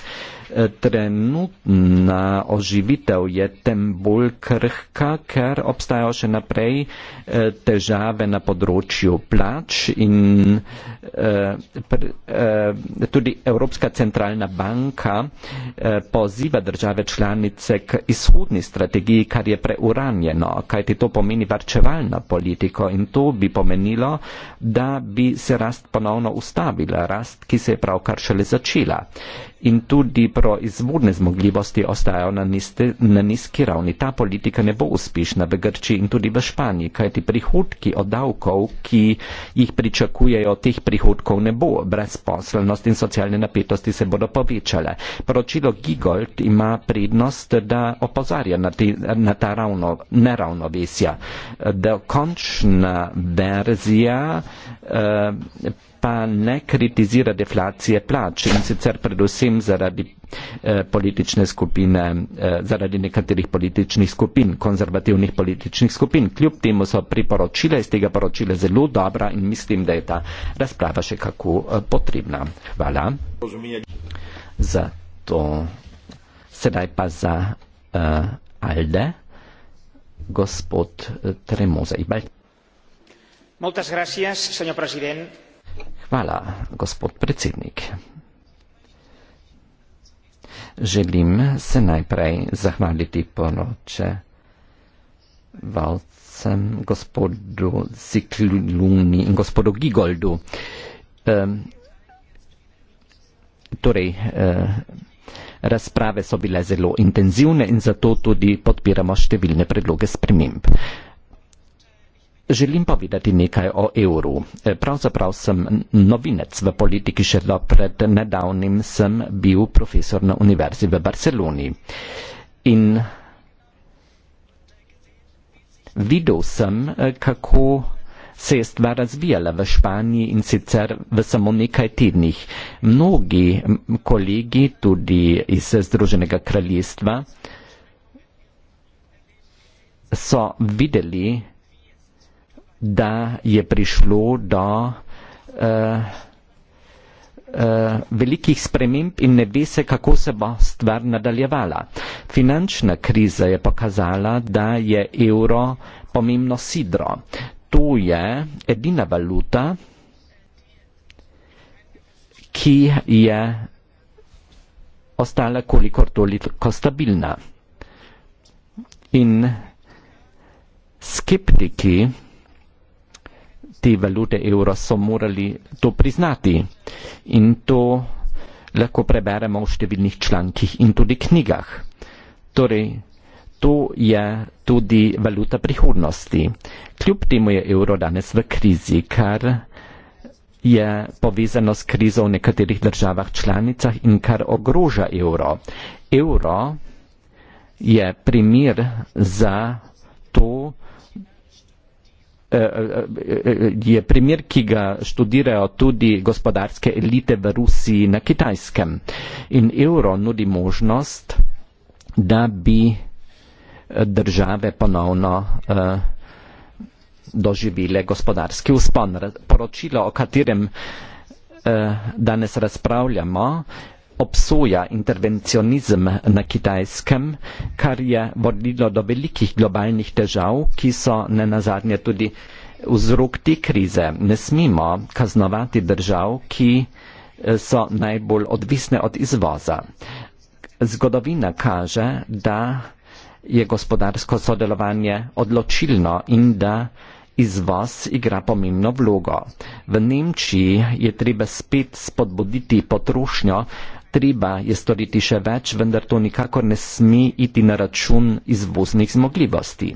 Eh, trenutna oživitev je tem bolj krhka, ker obstajajo še naprej eh, težave na področju plač in eh, tudi Evropska centralna banka poziva države članice k izhodni strategiji, kar je preuranjeno, kajti to pomeni varčevalno politiko in to bi pomenilo, da bi se rast ponovno ustavila, rast, ki se je pravkar šele začela in tudi proizvodne zmogljivosti ostajajo na, niste, na nizki ravni. Ta politika ne bo uspešna v Grčiji in tudi v Španiji, kajti prihodki od davkov, ki jih pričakujejo, teh prihodkov ne bo. Brezposelnost in socialne napetosti se bodo povečale. Poročilo Gigold ima prednost, da opozarja na, te, na ta ravno, neravnovesja. Da končna verzija eh, pa ne kritizira deflacije plač in sicer predvsem zaradi eh, politične skupine, eh, zaradi nekaterih političnih skupin, konzervativnih političnih skupin. Kljub temu so priporočila iz tega poročila zelo dobra in mislim, da je ta razprava še kako eh, potrebna. Hvala. Za to. Sedaj pa za uh, Alde, gospod Tremoza. Moltes gracias, senjor president. Hvala, gospod predsednik. Želim se najprej zahvaliti ponoče valcem gospodu Zikluni in gospodu Gigoldu. Um, torej, uh, razprave so bile zelo intenzivne in zato tudi podpiramo številne predloge sprememb. Uh, Želim povedati nekaj o evru. E, pravzaprav sem novinec v politiki še do pred nedavnim sem bil profesor na univerzi v Barceloni. In videl sem, e, kako se je stvar razvijala v Španiji in sicer v samo nekaj tednih. Mnogi kolegi, tudi iz Združenega kraljestva, so videli, da je prišlo do uh, uh, velikih sprememb in ne ve se, kako se bo stvar nadaljevala. Finančna kriza je pokazala, da je evro pomembno sidro. To je edina valuta, ki je ostala kolikor toliko stabilna. In skeptiki, te valute evra so morali to priznati. In to lahko preberemo v številnih člankih in tudi knjigah. Torej, to je tudi valuta prihodnosti. Kljub temu je evro danes v krizi, kar je povezano s krizo v nekaterih državah članicah in kar ogroža evro. Evro je primir za to, Eh, eh, eh, je primer, ki ga študirajo tudi gospodarske elite v Rusiji na kitajskem. In evro nudi možnost, da bi države ponovno uh, doživile gospodarski uspon. Poročilo, o katerem uh, danes razpravljamo, obsoja intervencionizm na Kitajskem, kar je vodilo do velikih globalnih težav, ki so ne nazadnje tudi vzrok te krize. Ne smemo kaznovati držav, ki eh, so najbolj odvisne od izvoza. Zgodovina kaže, da je gospodarsko sodelovanje odločilno in da izvoz igra pomembno vlogo. V Nemčiji je treba spet spodbuditi potrošnjo, treba je storiti še več, vendar to nikakor ne sme iti na račun izvoznih zmogljivosti.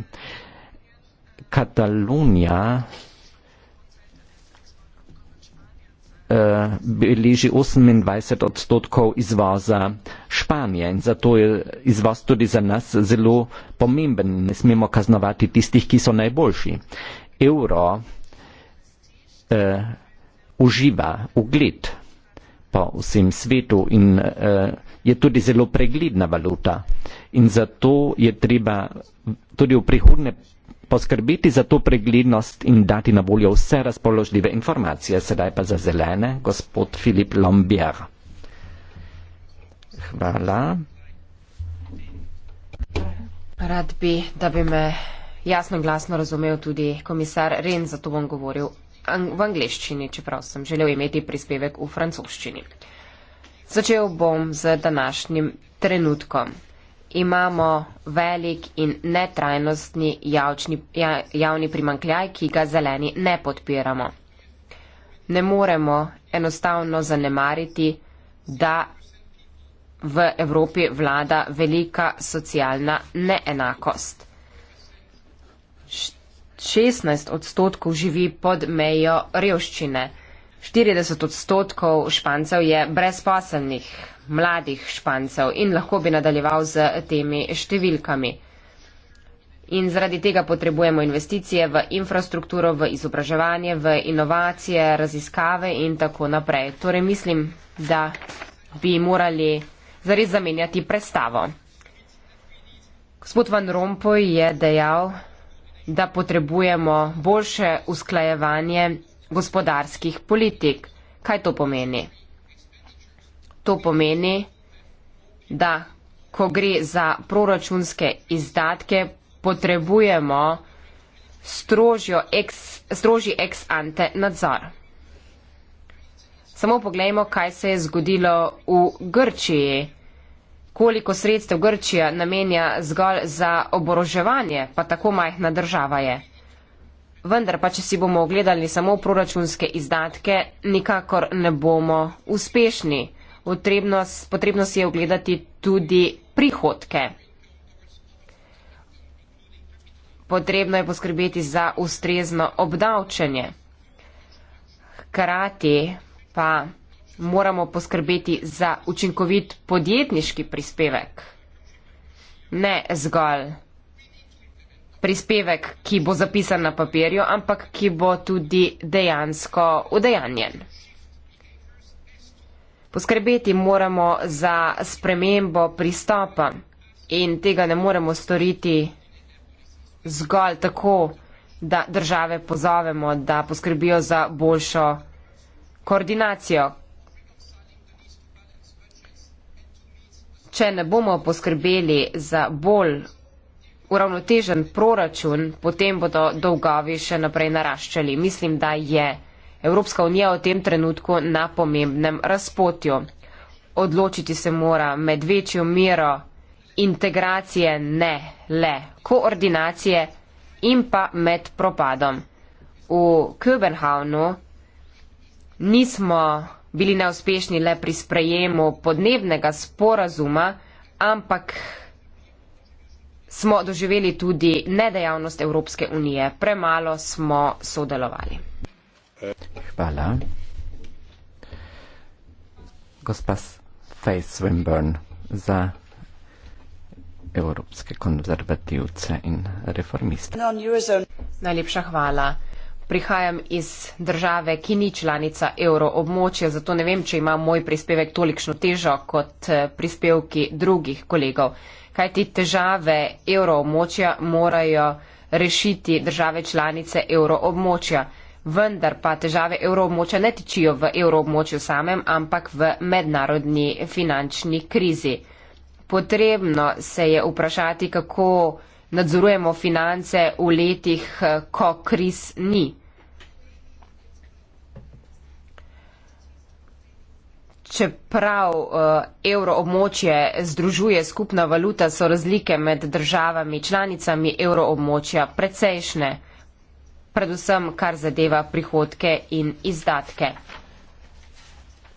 Katalonija eh, beleži 28 odstotkov izvoza Španije in zato je izvoz tudi za nas zelo pomemben. Ne smemo kaznovati tistih, ki so najboljši. Euro eh, uživa ugled po vsem svetu in uh, je tudi zelo pregledna valuta. In zato je treba tudi v prihodne poskrbeti za to preglednost in dati na voljo vse razpoložljive informacije. Sedaj pa za zelene, gospod Filip Lombier. Hvala. Rad bi, da bi me jasno in glasno razumel tudi komisar Ren, zato bom govoril v angleščini, čeprav sem želel imeti prispevek v francoščini. Začel bom z današnjim trenutkom. Imamo velik in netrajnostni javčni, ja, javni primankljaj, ki ga zeleni ne podpiramo. Ne moremo enostavno zanemariti, da v Evropi vlada velika socialna neenakost. 16 odstotkov živi pod mejo revščine. 40 odstotkov špancev je brezposelnih, mladih špancev in lahko bi nadaljeval z temi številkami. In zaradi tega potrebujemo investicije v infrastrukturo, v izobraževanje, v inovacije, raziskave in tako naprej. Torej mislim, da bi morali zares zamenjati predstavo. Gospod Van Rompuy je dejal, da potrebujemo boljše usklajevanje gospodarskih politik. Kaj to pomeni? To pomeni, da ko gre za proračunske izdatke, potrebujemo ex, strožji ex ante nadzor. Samo pogledajmo, kaj se je zgodilo v Grčiji koliko sredstev Grčija namenja zgolj za oboroževanje, pa tako majhna država je. Vendar pa, če si bomo ogledali samo proračunske izdatke, nikakor ne bomo uspešni. Potrebno, potrebno si je ogledati tudi prihodke. Potrebno je poskrbeti za ustrezno obdavčenje. Hkrati pa moramo poskrbeti za učinkovit podjetniški prispevek. Ne zgolj prispevek, ki bo zapisan na papirju, ampak ki bo tudi dejansko udejanjen. Poskrbeti moramo za spremembo pristopa in tega ne moremo storiti zgolj tako, da države pozovemo, da poskrbijo za boljšo koordinacijo, če ne bomo poskrbeli za bolj uravnotežen proračun, potem bodo dolgovi še naprej naraščali. Mislim, da je Evropska unija v tem trenutku na pomembnem razpotju. Odločiti se mora med večjo mero integracije, ne le koordinacije in pa med propadom. V Köbenhavnu nismo bili neuspešni le pri sprejemu podnebnega sporazuma, ampak smo doživeli tudi nedejavnost Evropske unije. Premalo smo sodelovali. Hvala. Gospa Faith Swinburne za evropske konzervativce in reformiste. Najlepša hvala prihajam iz države, ki ni članica evroobmočja, zato ne vem, če ima moj prispevek tolikšno težo kot eh, prispevki drugih kolegov. Kaj ti težave evroobmočja morajo rešiti države članice evroobmočja? Vendar pa težave evroobmočja ne tičijo v evroobmočju samem, ampak v mednarodni finančni krizi. Potrebno se je vprašati, kako nadzorujemo finance v letih, eh, ko kriz ni. Čeprav eh, evroobmočje združuje skupna valuta, so razlike med državami članicami evroobmočja precejšne, predvsem kar zadeva prihodke in izdatke.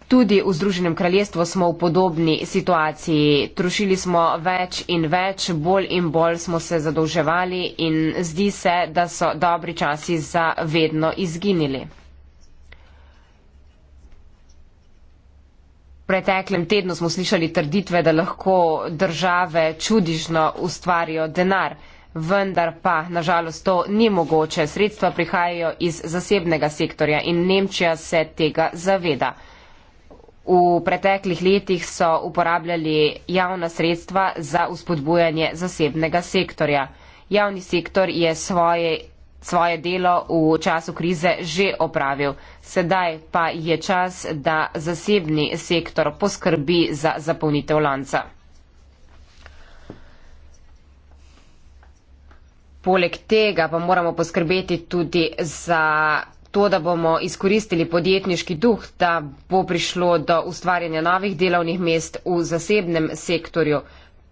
Tudi v Združenem kraljestvu smo v podobni situaciji. Trošili smo več in več, bolj in bolj smo se zadolževali in zdi se, da so dobri časi za vedno izginili. V preteklem tednu smo slišali trditve, da lahko države čudižno ustvarijo denar, vendar pa nažalost to ni mogoče. Sredstva prihajajo iz zasebnega sektorja in Nemčija se tega zaveda. V preteklih letih so uporabljali javna sredstva za uspodbujanje zasebnega sektorja. Javni sektor je svoje, svoje delo v času krize že opravil. Sedaj pa je čas, da zasebni sektor poskrbi za zapolnitev lanca. Poleg tega pa moramo poskrbeti tudi za to, da bomo izkoristili podjetniški duh, da bo prišlo do ustvarjanja novih delovnih mest v zasebnem sektorju.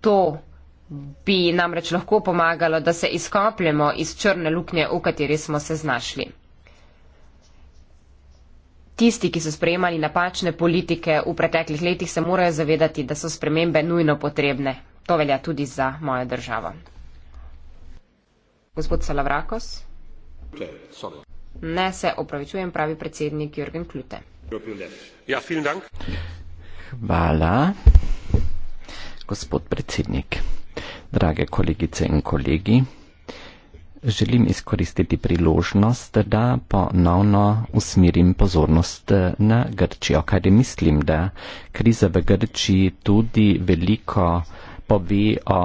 To bi namreč lahko pomagalo, da se izkopljemo iz črne luknje, v kateri smo se znašli. Tisti, ki so sprejemali napačne politike v preteklih letih, se morajo zavedati, da so spremembe nujno potrebne. To velja tudi za mojo državo. Gospod Salavrakos. Okay, Ne, se opravičujem, pravi predsednik Jürgen Klute. Ja, Hvala, gospod predsednik. Drage kolegice in kolegi, želim izkoristiti priložnost, da ponovno usmerim pozornost eh, na Grčijo, kajti mislim, da kriza v Grčiji tudi veliko pove o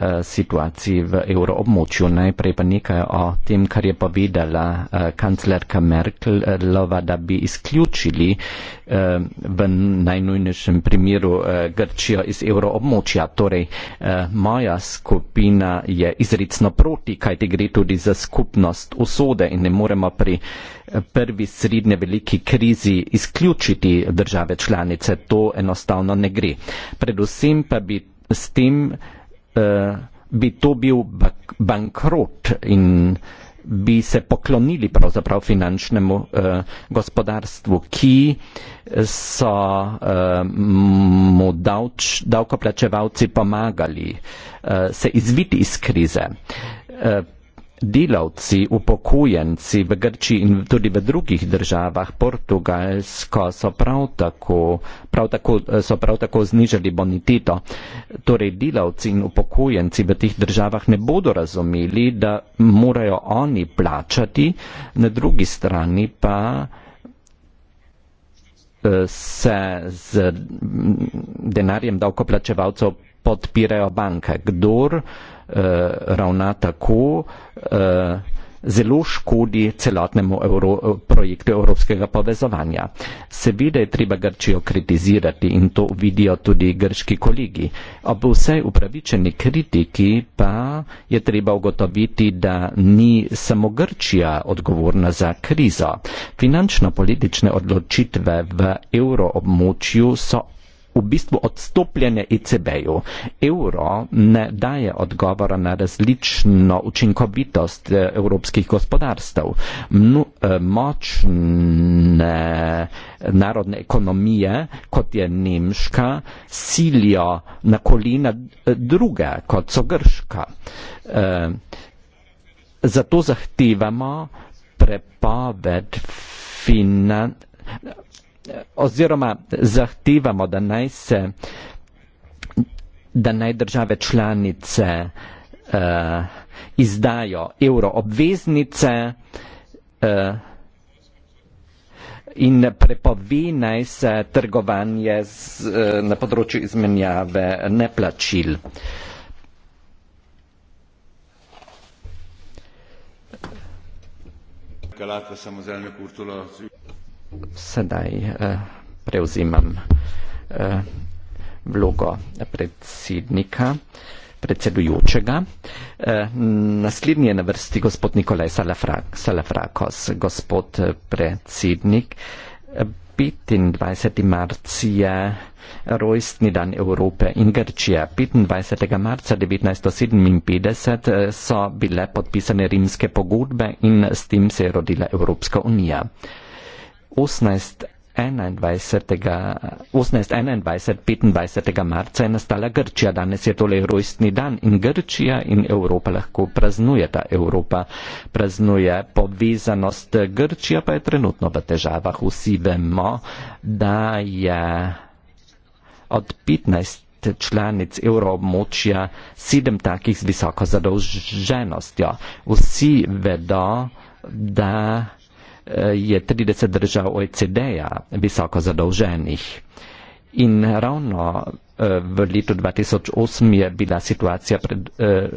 Eh, situaciji v evroobmočju. Najprej pa nekaj o tem, kar je povedala eh, kanclerka Merklova, da bi izključili eh, v najnujnejšem primeru Grčijo iz evroobmočja. Torej, moja skupina je izredno proti, kajti gre tudi za skupnost usode in ne moremo pri prvi srednje veliki krizi izključiti države članice. To enostavno ne gre. Predvsem pa bi s tem bi to bil bankrot in bi se poklonili pravzaprav finančnemu eh, gospodarstvu, ki so eh, mu davč, davkoplačevalci pomagali eh, se izviti iz krize. Eh, delavci, upokojenci v Grčiji in tudi v drugih državah, Portugalsko, so prav tako, prav tako, so prav tako znižali boniteto. Torej, delavci in upokojenci v teh državah ne bodo razumeli, da morajo oni plačati, na drugi strani pa eh, se z denarjem davkoplačevalcev podpirajo banke. Kdor uh, Eh, ravna tako, eh, zelo škodi celotnemu Euro, projektu evropskega povezovanja. Seveda je treba Grčijo kritizirati in to vidijo tudi grški kolegi. Ob vsej upravičeni kritiki pa je treba ugotoviti, da ni samo Grčija odgovorna za krizo. Finančno-politične odločitve v evroobmočju so v bistvu odstopljene ICB-ju. E Euro ne daje odgovora na različno učinkovitost eh, evropskih gospodarstv. Mno, eh, močne eh, narodne ekonomije, kot je Nemška, silijo na kolina druge, kot so Grška. Zato zahtevamo prepoved finančnih oziroma zahtevamo, da naj se da naj države članice uh, izdajo euroobveznice uh, eh, in prepovi naj se trgovanje z, uh, na področju izmenjave neplačil. Galatka, samozelne kurtulo sedaj eh, prevzimam eh, vlogo predsednika, predsedujočega. Eh, naslednji je na vrsti gospod Nikolaj Salafrakos, gospod eh, predsednik. 25. marca je rojstni dan Evrope in Grčije. 25. marca 1957 eh, so bile podpisane rimske pogodbe in s tem se je rodila Evropska unija. 1821 25. marca je nastala Grčija, danes je tole rojstni dan in Grčija in Evropa lahko praznuje, ta Evropa praznuje povezanost. Grčija pa je trenutno v težavah. Vsi vemo, da je od 15 članic evroobmočja sedem takih z visoko zadolženostjo. Vsi vedo, da je 30 držav OECD-ja visoko zadolženih. In ravno eh, v letu 2008 je bila situacija pred, eh,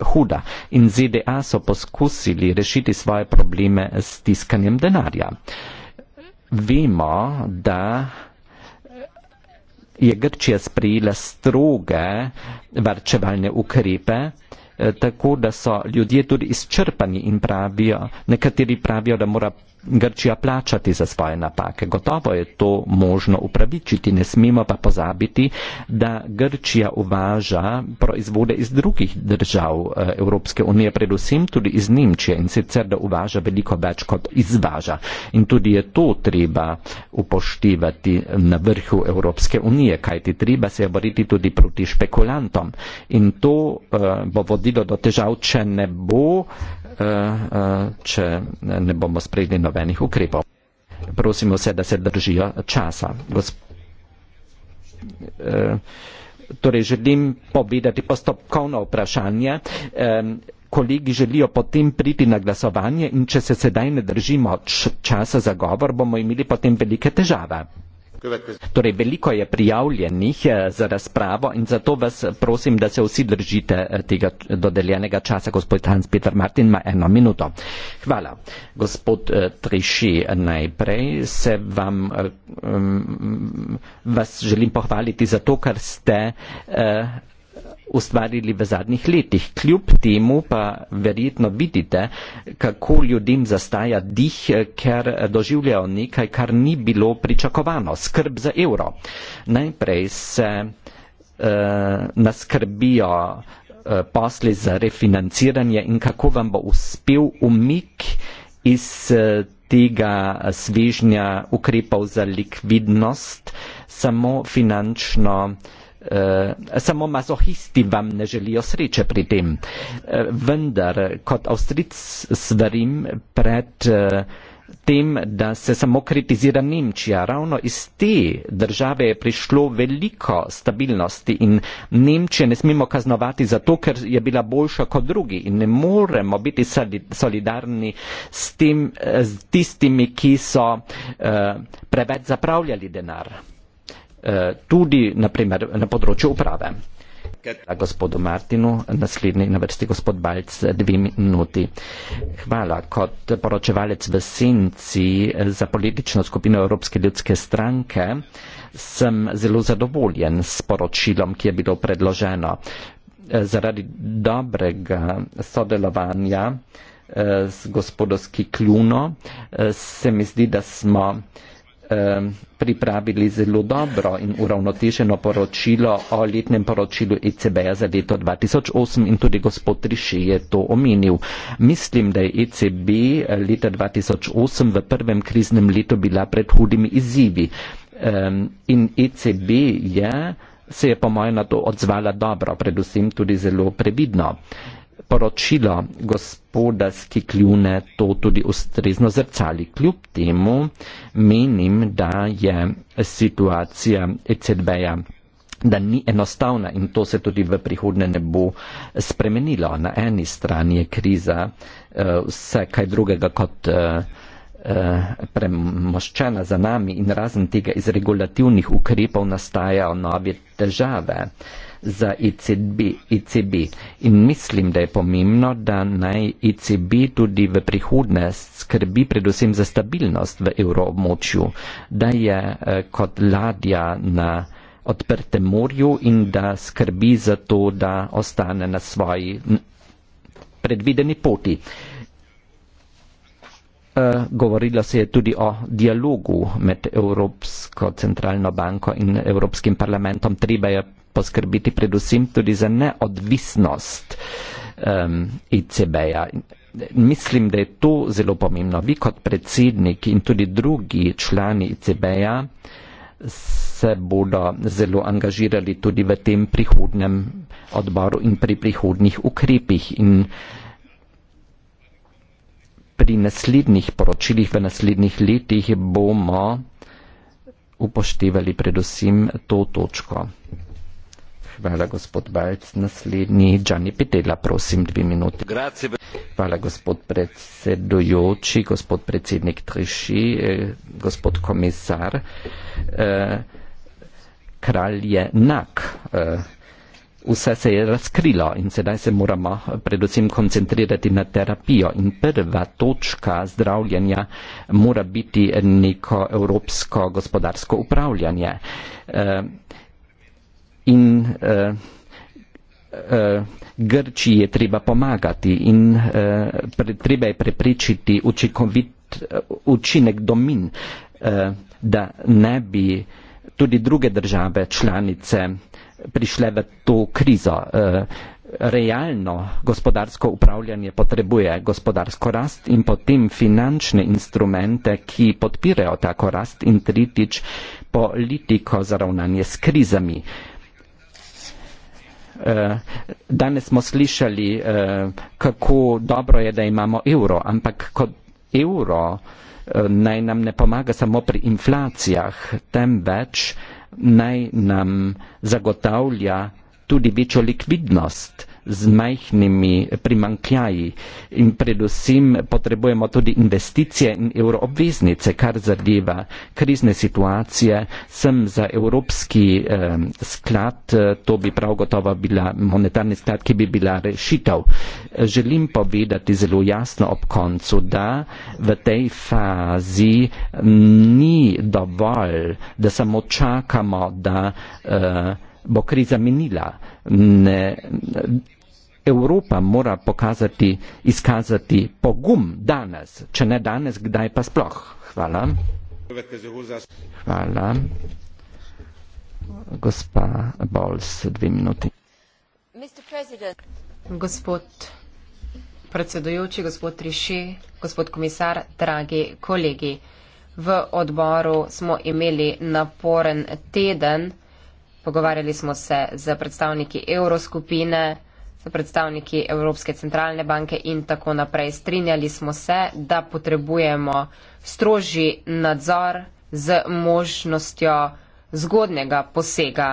huda in ZDA so poskusili rešiti svoje probleme s tiskanjem denarja. Vemo, da eh, je Grčija sprejela stroge varčevalne ukrepe, eh, tako da so ljudje tudi izčrpani in pravijo, nekateri pravijo, da mora Grčija plačati za svoje napake. Gotovo je to možno upravičiti, ne smemo pa pozabiti, da Grčija uvaža proizvode iz drugih držav eh, Evropske unije, predvsem tudi iz Nemčije in sicer da uvaža veliko več kot izvaža. In tudi je to treba upoštevati na vrhu Evropske unije, kajti treba se boriti tudi proti špekulantom. In to uh, bo vodilo do težav, če ne bo uh, Eh, eh, če ne bomo sprejeli novenih ukrepov. Prosimo vse, da se držijo časa. Eh, torej, želim povedati postopkovno vprašanje, kolegi želijo potem priti na glasovanje in če se sedaj ne držimo časa za govor, bomo imeli potem velike težave. Torej, veliko je prijavljenih eh, za razpravo in zato vas prosim, da se vsi držite eh, tega dodeljenega časa. Gospod Hans-Peter Martin ima eno minuto. Hvala. Gospod eh, Triši, najprej se vam, um, vas želim pohvaliti za to, kar ste. Uh, ustvarili v zadnjih letih. Kljub temu pa verjetno vidite, kako ljudem zastaja dih, ker doživljajo nekaj, kar ni bilo pričakovano. Skrb za evro. Najprej se eh, naskrbijo eh, posli za refinanciranje in kako vam bo uspel umik iz eh, tega svežnja ukrepov za likvidnost, samo finančno eh, Eh, samo masohisti vam ne želijo sreče pri tem. Eh, vendar kot Avstric svarim pred eh, tem, da se samo kritizira Nemčija. Ravno iz te države je prišlo veliko stabilnosti in Nemčije ne smemo kaznovati zato, ker je bila boljša kot drugi in ne moremo biti solidarni s, tem, s tistimi, ki so uh, preveč zapravljali denar. Eh, tudi naprimer na področju uprave. Gospodu Martinu, naslednji na vrsti gospod Balc, dve minuti. Hvala. Kot poročevalec v Senci eh, za politično skupino Evropske ljudske stranke sem zelo zadovoljen s poročilom, ki je bilo predloženo. Eh, zaradi dobrega sodelovanja s gospodovski kljuno se mi zdi, da smo Ehm, pripravili zelo dobro in uravnoteženo poročilo o letnem poročilu ECB-ja za leto 2008 in tudi gospod Triši je to omenil. Mislim, da je ECB leta 2008 v prvem kriznem letu bila pred hudimi izzivi ehm, in ECB je, se je po mojem na to odzvala dobro, predvsem tudi zelo previdno poročilo gospoda Skikljune to tudi ustrezno zrcali. Kljub temu menim, da je situacija ECB-ja da ni enostavna in to se tudi v prihodnje ne bo spremenilo. Na eni strani je kriza eh, vse kaj drugega kot eh, eh, premoščena za nami in razen tega iz regulativnih ukrepov nastajajo nove težave za ICB, ICB. In mislim, da je pomembno, da naj ICB tudi v prihodnost skrbi predvsem za stabilnost v evromočju, da je eh, kot ladja na odprtem morju in da skrbi za to, da ostane na svoji predvideni poti. Eh, Eh, govorilo se je tudi o dialogu med Evropsko centralno banko in Evropskim parlamentom. Treba je poskrbiti predvsem tudi za neodvisnost um, ECB-ja. Mislim, da je to zelo pomembno. Vi kot predsednik in tudi drugi člani ECB-ja se bodo zelo angažirali tudi v tem prihodnem odboru in pri prihodnih ukrepih. In, uh, pri naslednjih poročilih v naslednjih letih bomo upoštevali predvsem to točko. Hvala, gospod Balc. Naslednji, Džani Petela, prosim, dve minuti. Hvala, gospod predsedujoči, gospod predsednik Triši, eh, gospod komisar. Eh, kralj je nak. Eh, Vse se je razkrilo in sedaj se moramo predvsem koncentrirati na terapijo. In prva točka zdravljenja mora biti neko evropsko gospodarsko upravljanje. Eh, in eh, eh, Grči je treba pomagati in treba je preprečiti učinkovit učinek domin, da ne bi tudi druge države članice prišle v to krizo. E, realno gospodarsko upravljanje potrebuje gospodarsko rast in potem finančne instrumente, ki podpirajo tako rast in tritič politiko za ravnanje s krizami. E, danes smo slišali, e, kako dobro je, da imamo evro, ampak kot evro naj nam ne pomaga samo pri inflacijah, temveč naj nam zagotavlja tudi večjo likvidnost z majhnimi primankljaji in predvsem potrebujemo tudi investicije in euroobveznice, kar zadeva krizne situacije. Sem za evropski eh, sklad, eh, to bi prav gotovo bila monetarni sklad, ki bi bila rešitev. Želim povedati zelo jasno ob koncu, da v tej fazi ni dovolj, da samo čakamo, da eh, bo kriza minila ne, Evropa mora pokazati, izkazati pogum danes, če ne danes, kdaj pa sploh. Hvala. Hvala. Gospa Bols, dve minuti. Gospod predsedujoči, gospod Triši, gospod komisar, dragi kolegi. V odboru smo imeli naporen teden. Pogovarjali smo se z predstavniki evroskupine, z predstavniki Evropske centralne banke in tako naprej. Strinjali smo se, da potrebujemo strožji nadzor z možnostjo zgodnega posega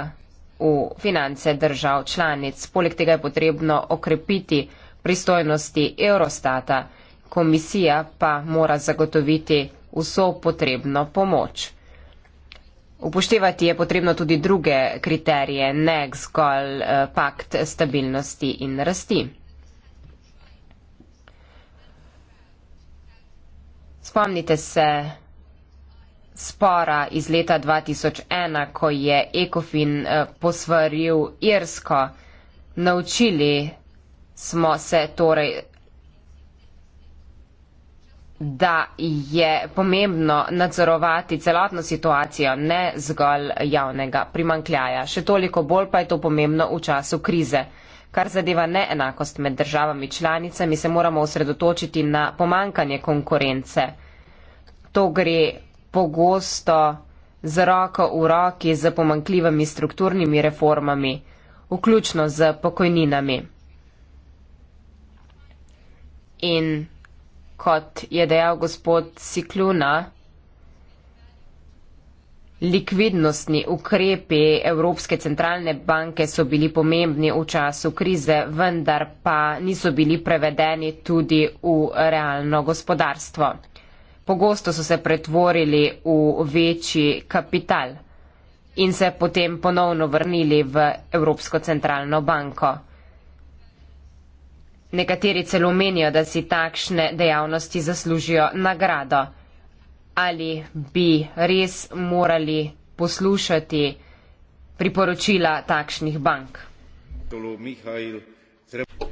v finance držav članic. Poleg tega je potrebno okrepiti pristojnosti Eurostata. Komisija pa mora zagotoviti vso potrebno pomoč. Upoštevati je potrebno tudi druge kriterije, ne zgolj eh, pakt stabilnosti in rasti. Spomnite se spora iz leta 2001, ko je Ekofin eh, posvaril Irsko. Naučili smo se torej da je pomembno nadzorovati celotno situacijo, ne zgolj javnega primankljaja. Še toliko bolj pa je to pomembno v času krize. Kar zadeva neenakost med državami članicami, se moramo osredotočiti na pomankanje konkurence. To gre pogosto z roko v roki z pomankljivimi strukturnimi reformami, vključno z pokojninami. In kot je dejal gospod Sikluna, likvidnostni ukrepi Evropske centralne banke so bili pomembni v času krize, vendar pa niso bili prevedeni tudi v realno gospodarstvo. Pogosto so se pretvorili v večji kapital in se potem ponovno vrnili v Evropsko centralno banko. Nekateri celo menijo, da si takšne dejavnosti zaslužijo nagrado. Ali bi res morali poslušati priporočila takšnih bank?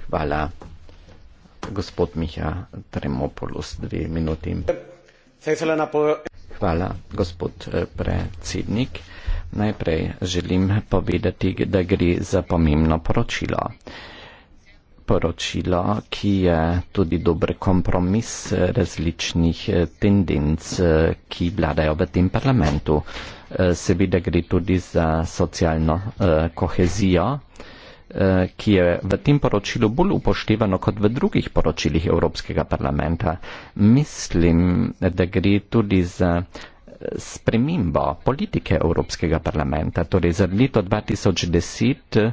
Hvala. Gospod Miha Tremopolus, dve minuti. Hvala, gospod eh, predsednik. Najprej želim povedati, da gre za pomembno poročilo poročilo, ki je tudi dober kompromis različnih tendenc, ki vladajo v tem parlamentu. Eh, seveda gre tudi za socialno eh, kohezijo, eh, ki je v tem poročilu bolj upoštevano kot v drugih poročilih Evropskega parlamenta. Mislim, da gre tudi za spremembo politike Evropskega parlamenta, torej za leto 2010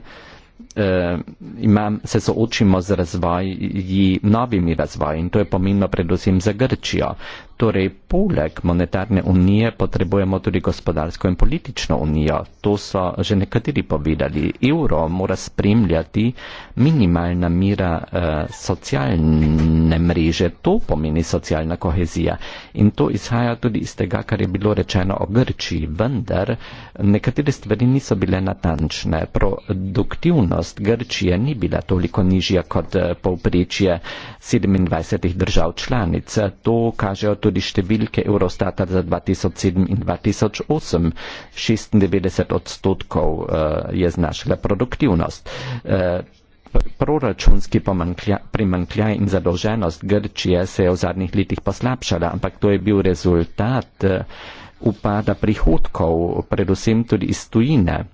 uh, imam, se soočimo z razvoji, novimi razvoji in to je pomembno predvsem za Grčijo. Torej, poleg monetarne unije potrebujemo tudi gospodarsko in politično unijo. To so že nekateri povedali. Euro mora spremljati minimalna mira eh, socialne mreže. To pomeni socialna kohezija. In to izhaja tudi iz tega, kar je bilo rečeno o Grčiji. Vendar nekatere stvari niso bile natančne. Produktivnost Grčije ni bila toliko nižja kot eh, povprečje 27 držav članic. To kažejo tudi tudi številke Eurostata za 2007 in 2008. 96 odstotkov eh, je znašala produktivnost. Eh, proračunski primankljaj in zadolženost Grčije se je v zadnjih letih poslabšala, ampak to je bil rezultat eh, upada prihodkov, predvsem tudi iz tujine,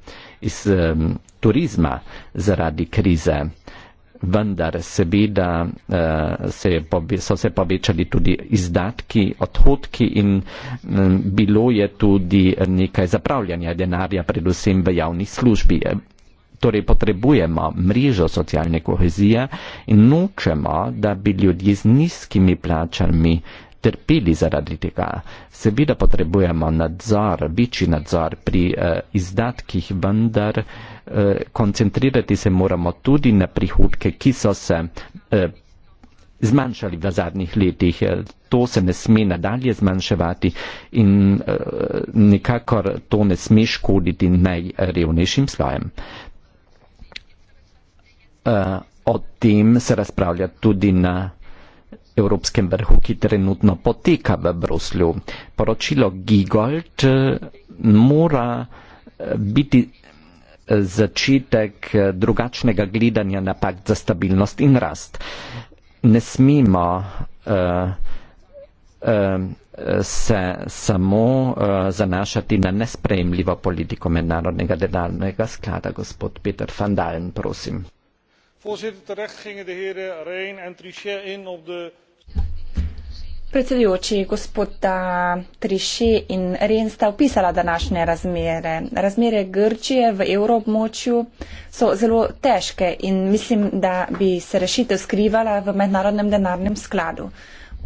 iz um, turizma zaradi krize. Uh, vendar seveda eh, se so se povečali tudi izdatki, odhodki in mm, bilo je tudi nekaj zapravljanja denarja, predvsem v javni službi. Eh, torej potrebujemo mrežo socialne kohezije in nočemo, da bi ljudje z nizkimi plačami trpeli zaradi tega. Seveda potrebujemo nadzor, večji nadzor pri eh, izdatkih, vendar eh, Eh, koncentrirati se moramo tudi na prihodke, ki so se eh, zmanjšali v zadnjih letih. Eh, to se ne sme nadalje zmanjševati in nekakor to ne sme škoditi najrevnejšim slojem. O tem se razpravlja tudi na Evropskem vrhu, ki trenutno poteka v Bruslju. Poročilo Gigold mora biti začetek eh, drugačnega gledanja na pakt za stabilnost in rast. Ne smemo uh, uh, se samo uh, zanašati na nespremljivo politiko mednarodnega denarnega sklada, gospod Peter van Dalen, prosim. Voorzitter, terecht gingen de heren Reen en Trichet in op de predsedujoči, gospoda Triši in Ren sta opisala današnje razmere. Razmere Grčije v evroobmočju so zelo težke in mislim, da bi se rešitev skrivala v mednarodnem denarnem skladu.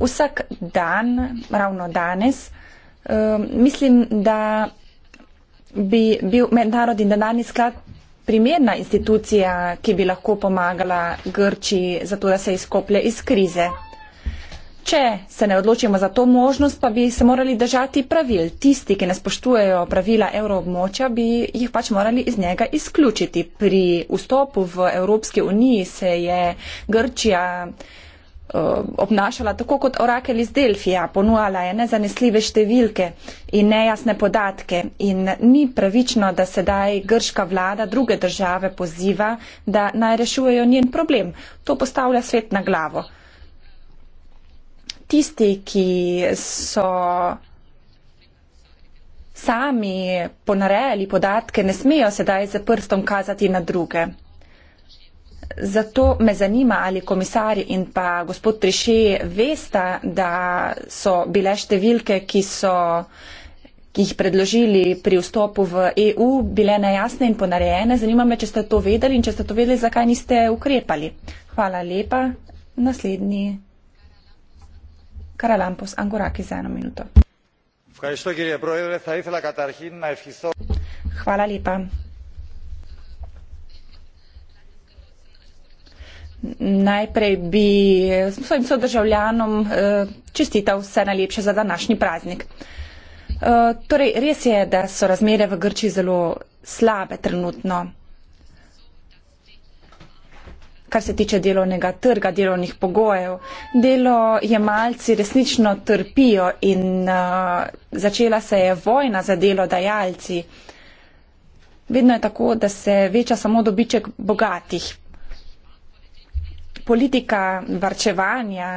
Vsak dan, ravno danes, eh, mislim, da bi bil mednarodni denarni sklad primerna institucija, ki bi lahko pomagala Grčiji za to, da se izkoplje iz krize. Če se ne odločimo za to možnost, pa bi se morali držati pravil. Tisti, ki ne spoštujejo pravila evroobmočja, bi jih pač morali iz njega izključiti. Pri vstopu v Evropski uniji se je Grčija eh, obnašala tako kot orakel iz Delfija, ponujala je nezanesljive številke in nejasne podatke in ni pravično, da sedaj grška vlada druge države poziva, da naj rešujejo njen problem. To postavlja svet na glavo tisti, ki so sami ponarejali podatke, ne smejo sedaj z prstom kazati na druge. Zato me zanima, ali komisarji in pa gospod Triše veste, da so bile številke, ki so ki jih predložili pri vstopu v EU, bile nejasne in ponarejene. Zanima me, če ste to vedeli in če ste to vedeli, zakaj niste ukrepali. Hvala lepa. Naslednji. Karalampos Angorakis za eno minuto. Hvala lepa. Najprej bi svojim sodržavljanom eh, čestital vse najlepše za današnji praznik. Eh, torej, res je, da so razmere v Grči zelo slabe trenutno kar se tiče delovnega trga, delovnih pogojev. Delo je malci resnično trpijo in uh, začela se je vojna za delodajalci. Vedno je tako, da se veča samo dobiček bogatih. Politika varčevanja,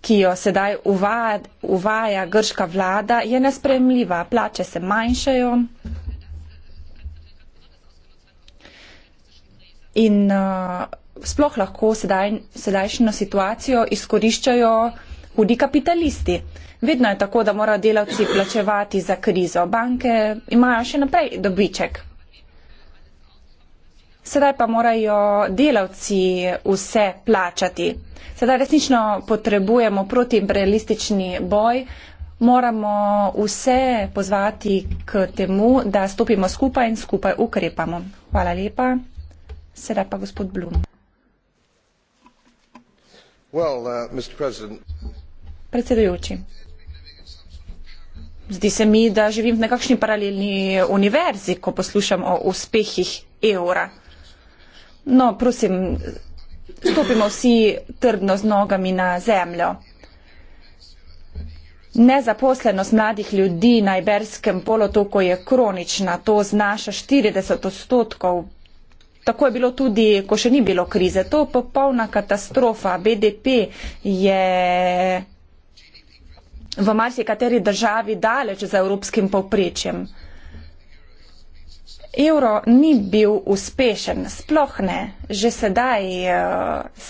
ki jo sedaj uvaja, uvaja grška vlada, je nespremljiva. Plače se manjšajo. in uh, sploh lahko sedaj, sedajšnjo situacijo izkoriščajo hudi kapitalisti. Vedno je tako, da morajo delavci plačevati za krizo. Banke imajo še naprej dobiček. Sedaj pa morajo delavci vse plačati. Sedaj resnično potrebujemo protiimperialistični boj. Moramo vse pozvati k temu, da stopimo skupaj in skupaj ukrepamo. Hvala lepa. Sedaj pa gospod Blum. Well, uh, Predsedujoči. Zdi se mi, da živim v nekakšni paralelni univerzi, ko poslušam o uspehih evra. No, prosim, stopimo vsi trdno z nogami na zemljo. Nezaposlenost mladih ljudi na Iberskem polotoku je kronična. To znaša 40 odstotkov Tako je bilo tudi, ko še ni bilo krize. To je popolna katastrofa. BDP je v marsikateri državi daleč za evropskim povprečjem. Evro ni bil uspešen, sploh ne. Že sedaj eh,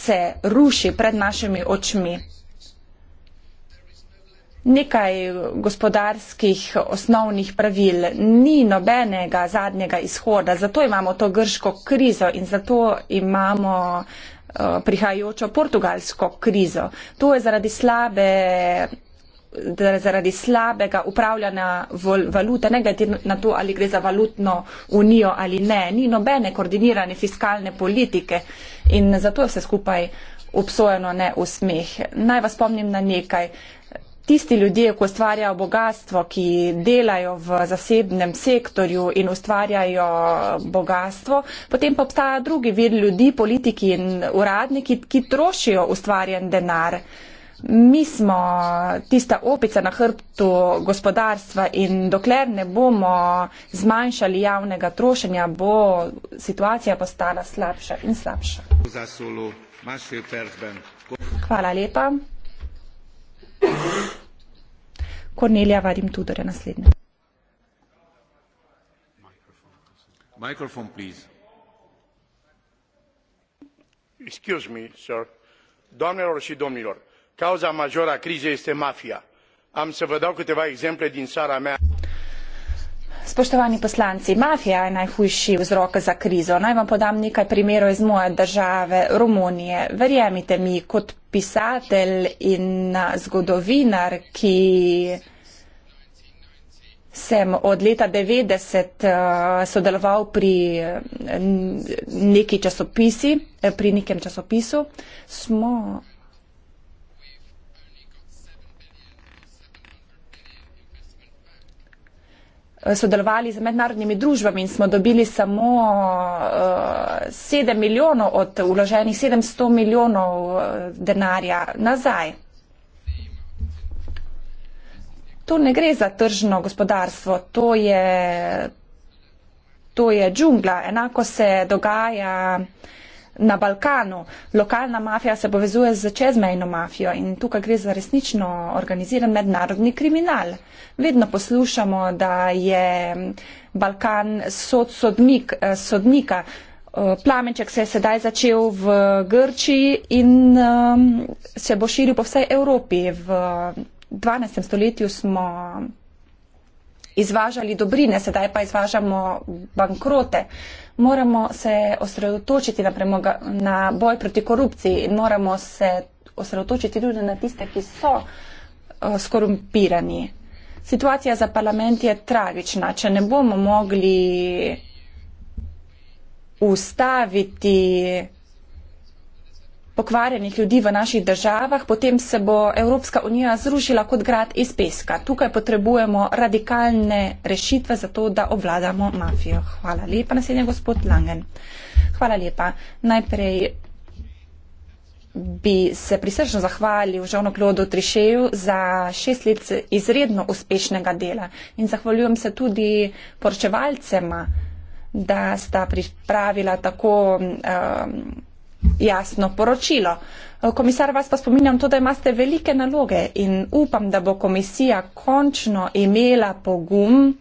se ruši pred našimi očmi nekaj gospodarskih osnovnih pravil, ni nobenega zadnjega izhoda, zato imamo to grško krizo in zato imamo eh, prihajajočo portugalsko krizo. To je zaradi slabe zaradi slabega upravljanja valute, ne glede na to, ali gre za valutno unijo ali ne. Ni nobene koordinirane fiskalne politike in zato je vse skupaj obsojeno ne v smeh. Naj vas spomnim na nekaj tisti ljudje, ko ustvarjajo bogatstvo, ki delajo v zasebnem sektorju in ustvarjajo bogatstvo, potem pa obstaja drugi vir ljudi, politiki in uradniki, ki trošijo ustvarjen denar. Mi smo tista opica na hrbtu gospodarstva in dokler ne bomo zmanjšali javnega trošenja, bo situacija postala slabša in slabša. Hvala lepa. Kornelija Vadim Tudor je naslednja. Excuse me, sir. Doamnelor și domnilor, cauza majoră a crizei este mafia. Am să vă dau câteva exemple din țara mea. Spoštovani poslanci, mafija je najhujši vzrok za krizo. Naj vam podam nekaj primerov iz moje države, Romunije. Verjemite mi, kot pisatelj in zgodovinar, ki sem od leta 90 sodeloval pri neki časopisi, pri nekem časopisu, smo Eh, sodelovali z mednarodnimi družbami in smo dobili samo uh, eh, 7 milijonov od uloženih 700 milijonov eh, denarja nazaj. To ne gre za tržno gospodarstvo, to je, to je džungla. Enako se dogaja uh, na Balkanu. Lokalna mafija se povezuje z čezmejno mafijo in tukaj gre za resnično organiziran mednarodni kriminal. Vedno poslušamo, da je Balkan sod, sodnik, eh, sodnika. Eh, Plameček se je sedaj začel v Grčiji in ehm, se bo širil po vsej Evropi. V 12. stoletju smo izvažali dobrine, sedaj pa izvažamo bankrote moramo se osredotočiti na, premoga, na boj proti korupciji in moramo se osredotočiti tudi na tiste, ki so eh, skorumpirani. Situacija za parlament je tragična. Če ne bomo mogli ustaviti pokvarjenih ljudi v naših državah, potem se bo Evropska unija zrušila kot grad iz peska. Tukaj potrebujemo radikalne rešitve za to, da obvladamo mafijo. Hvala lepa, naslednji gospod Langen. Hvala lepa. Najprej bi se prisrčno zahvalil Žovno Klodu Trišeju za šest let izredno uspešnega dela in zahvaljujem se tudi poročevalcema, da sta pripravila tako um, jasno poročilo. Eh, komisar, vas pa spominjam to, da imate velike naloge in upam, da bo komisija končno imela pogum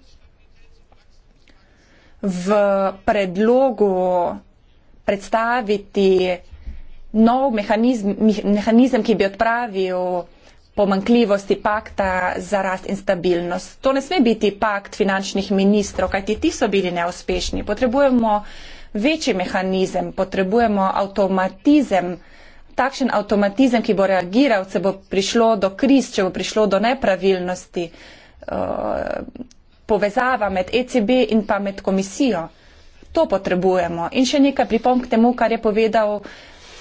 v predlogu predstaviti nov mehanizm, mehanizem, ki bi odpravil pomankljivosti pakta za rast in stabilnost. To ne sme biti pakt finančnih ministrov, kajti ti so bili neuspešni. Potrebujemo večji mehanizem, potrebujemo avtomatizem. Takšen avtomatizem, ki bo reagiral, če bo prišlo do kriz, če bo prišlo do nepravilnosti, eh, povezava med ECB in pa med komisijo. To potrebujemo. In še nekaj pripomp k temu, kar je povedal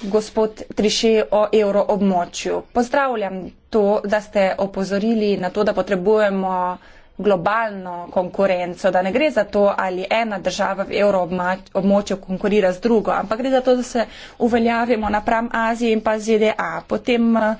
gospod Triše o evroobmočju. Pozdravljam to, da ste opozorili na to, da potrebujemo globalno konkurenco, da ne gre za to, ali ena država v evroobmočju konkurira z drugo, ampak gre za to, da se uveljavimo napram Aziji in pa ZDA. Potem eh,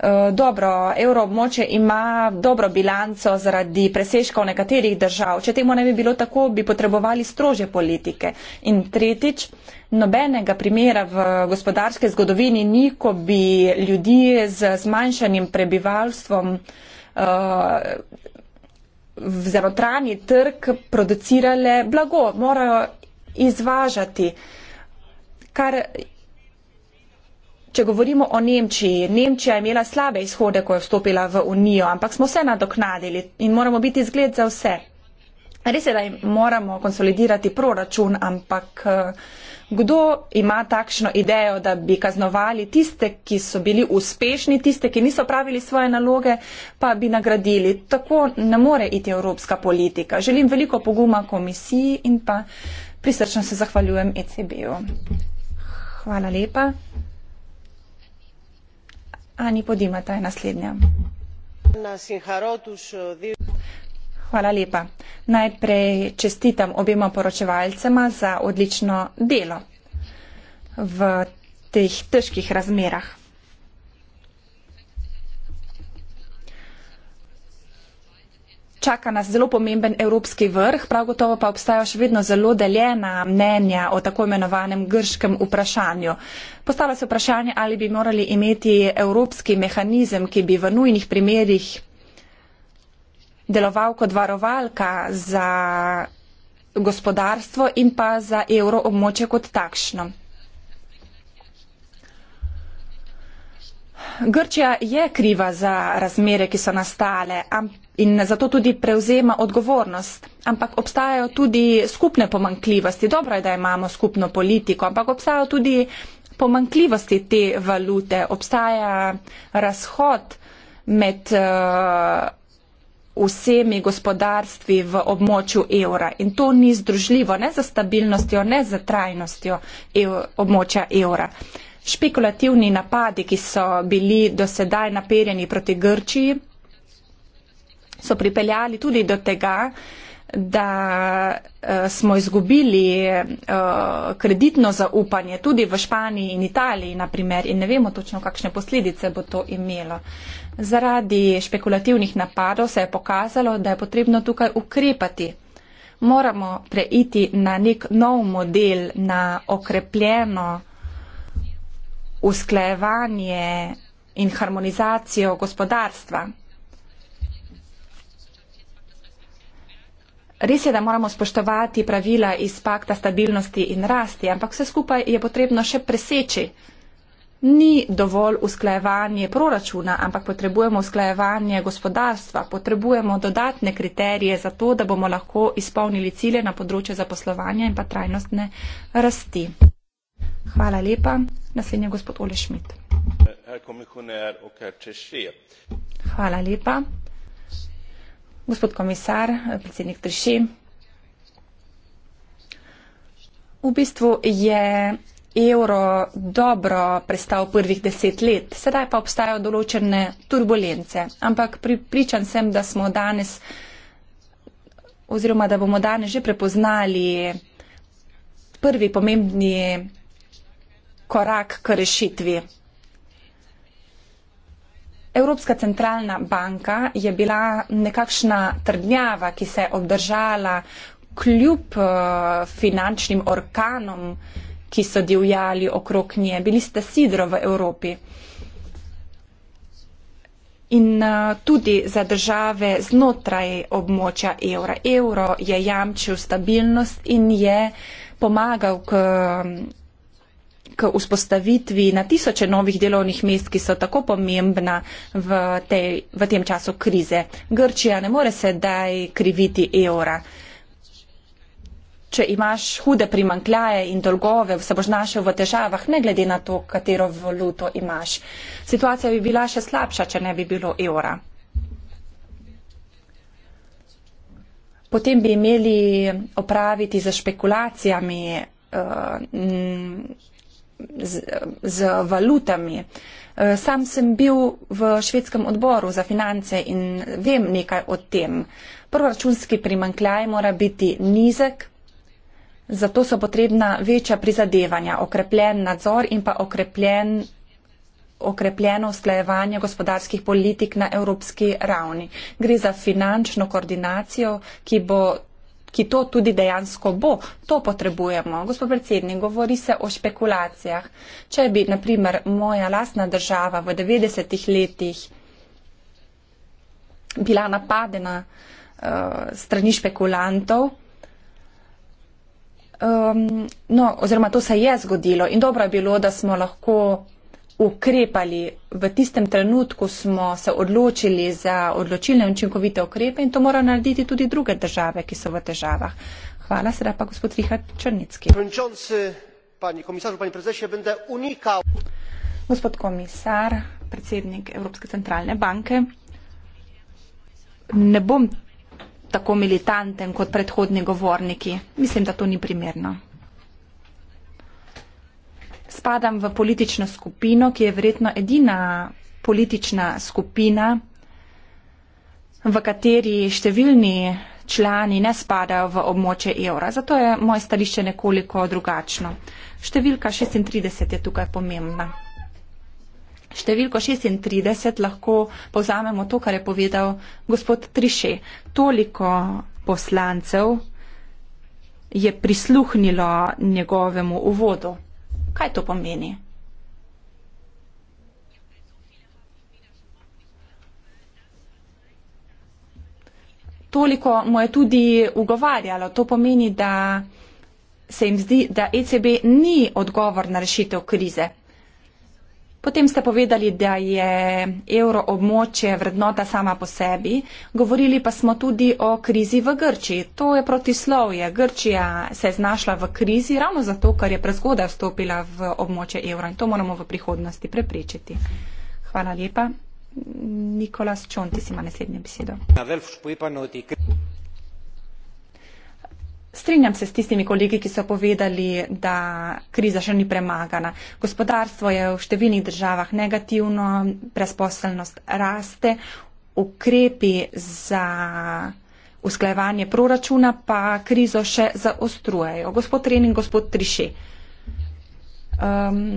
eh, dobro, evroobmočje ima dobro bilanco zaradi presežkov nekaterih držav. Če temu ne bi bilo tako, bi potrebovali strože politike. In tretjič, nobenega primera v gospodarske zgodovini ni, ko bi ljudi z zmanjšanim prebivalstvom eh, za notranji trg producirale blago, morajo izvažati. Kar, če govorimo o Nemčiji, Nemčija je imela slabe izhode, ko je vstopila v Unijo, ampak smo se nadoknadili in moramo biti zgled za vse. Res je, da moramo konsolidirati proračun, ampak uh, Kdo ima takšno idejo, da bi kaznovali tiste, ki so bili uspešni, tiste, ki niso pravili svoje naloge, pa bi nagradili? Tako ne more iti evropska politika. Želim veliko poguma komisiji in pa prisrčno se zahvaljujem ECB-u. Hvala lepa. Ani Podimata je naslednja. Hvala lepa. Najprej čestitam objema poročevalcema za odlično delo v teh težkih razmerah. Čaka nas zelo pomemben evropski vrh, prav gotovo pa obstajajo še vedno zelo deljena mnenja o tako imenovanem grškem vprašanju. Postavlja se vprašanje, ali bi morali imeti evropski mehanizem, ki bi v nujnih primerjih deloval kot varovalka za gospodarstvo in pa za evroobmoče kot takšno. Grčija je kriva za razmere, ki so nastale in zato tudi prevzema odgovornost, ampak obstajajo tudi skupne pomankljivosti. Dobro je, da imamo skupno politiko, ampak obstajajo tudi pomankljivosti te valute. Obstaja razhod med. Uh, vsemi gospodarstvi v območju evra. In to ni združljivo ne za stabilnostjo, ne za trajnostjo ev, območja evra. Špekulativni napadi, ki so bili do sedaj naperjeni proti Grčiji, so pripeljali tudi do tega, da uh, smo izgubili uh, kreditno zaupanje tudi v Španiji in Italiji, na primer, in ne vemo točno, kakšne posledice bo to imelo. Zaradi špekulativnih napadov se je pokazalo, da je potrebno tukaj ukrepati. Moramo preiti na nek nov model, na okrepljeno usklajevanje in harmonizacijo gospodarstva. Res je, da moramo spoštovati pravila iz pakta stabilnosti in rasti, ampak vse skupaj je potrebno še preseči. Ni dovolj usklajevanje proračuna, ampak potrebujemo usklajevanje gospodarstva, potrebujemo dodatne kriterije za to, da bomo lahko izpolnili cilje na področju zaposlovanja in pa trajnostne rasti. Hvala lepa. Naslednji gospod Ole Schmidt. Hvala lepa. Gospod komisar, predsednik Trši. V bistvu je evro dobro prestal prvih deset let, sedaj pa obstajajo določene turbulence. Ampak pripričan sem, da smo danes oziroma da bomo danes že prepoznali prvi pomembni korak k rešitvi. Evropska centralna banka je bila nekakšna trdnjava, ki se je obdržala kljub eh, finančnim orkanom, ki so divjali okrog nje. Bili ste sidro v Evropi. In eh, tudi za države znotraj območja evra. Evro je jamčil stabilnost in je pomagal k k vzpostavitvi na tisoče novih delovnih mest, ki so tako pomembna v, tej, v tem času krize. Grčija ne more sedaj kriviti evra. Če imaš hude primankljaje in dolgove, se boš znašel v težavah, ne glede na to, katero valuto imaš. Situacija bi bila še slabša, če ne bi bilo evra. Potem bi imeli opraviti za špekulacijami uh, z, z valutami. E, sam sem bil v švedskem odboru za finance in vem nekaj o tem. Proračunski primankljaj mora biti nizek, zato so potrebna večja prizadevanja, okrepljen nadzor in pa okrepljen, okrepljeno usklajevanje gospodarskih politik na evropski ravni. Gre za finančno koordinacijo, ki bo ki to tudi dejansko bo. To potrebujemo. Gospod predsednik, govori se o špekulacijah. Če bi, naprimer, moja lasna država v 90-ih letih bila napadena uh, strani špekulantov, um, no, oziroma to se je zgodilo in dobro je bilo, da smo lahko ukrepali. V tistem trenutku smo se odločili za odločilne in učinkovite ukrepe in to morajo narediti tudi druge države, ki so v težavah. Hvala, sedaj pa gospod Richard Črnitski. Gospod komisar, predsednik Evropske centralne banke, ne bom tako militanten kot predhodni govorniki. Mislim, da to ni primerno spadam v politično skupino, ki je verjetno edina politična skupina, v kateri številni člani ne spadajo v območje evra. Zato je moje stališče nekoliko drugačno. Številka 36 je tukaj pomembna. Številko 36 lahko povzamemo to, kar je povedal gospod Triše. Toliko poslancev je prisluhnilo njegovemu uvodu. Kaj to pomeni? Toliko mu je tudi ugovarjalo. To pomeni, da se jim zdi, da ECB ni odgovor na rešitev krize. Potem ste povedali, da je evro območje vrednota sama po sebi, govorili pa smo tudi o krizi v Grčiji. To je protislovje. Grčija se je znašla v krizi ravno zato, ker je prezgodaj vstopila v območje evra in to moramo v prihodnosti preprečiti. Hvala lepa. Nikolas Čontis ima naslednje besedo. Strinjam se s tistimi kolegi, ki so povedali, da kriza še ni premagana. Gospodarstvo je v številnih državah negativno, brezposelnost raste, ukrepi za usklajevanje proračuna pa krizo še zaostrujejo. Gospod Trenin, gospod Triše, um,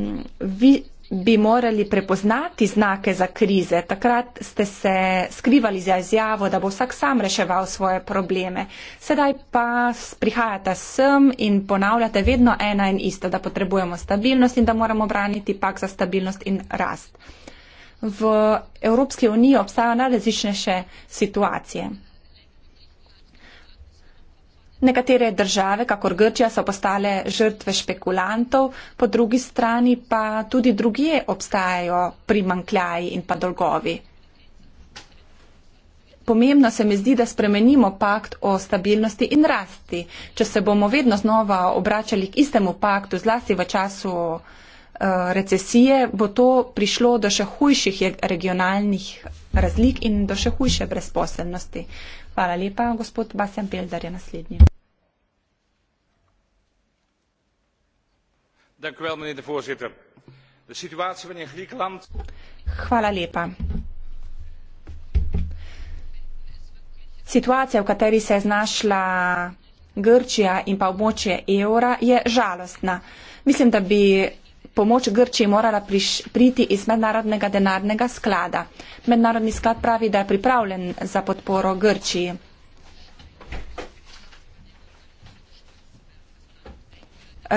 vi bi morali prepoznati znake za krize. Takrat ste se skrivali za izjavo, da bo vsak sam reševal svoje probleme. Sedaj pa prihajate sem in ponavljate vedno ena in ista, da potrebujemo stabilnost in da moramo braniti pak za stabilnost in rast. V Evropski uniji obstajajo najrazličnejše situacije. Nekatere države, kakor Grčija, so postale žrtve špekulantov, po drugi strani pa tudi druge obstajajo primankljaji in pa dolgovi. Pomembno se mi zdi, da spremenimo pakt o stabilnosti in rasti. Če se bomo vedno znova obračali k istemu paktu, zlasti v času uh, recesije, bo to prišlo do še hujših regionalnih razlik in do še hujše brezposelnosti. Hvala lepa, gospod Basjan Pelder je naslednji. voorzitter de situatie in griekenland situacija v kateri se je znašla grčija in pa območje evra je žalostna mislim da bi pomoč grčiji morala priti iz mednarodnega denarnega sklada mednarodni sklad pravi da je pripravljen za podporo grčiji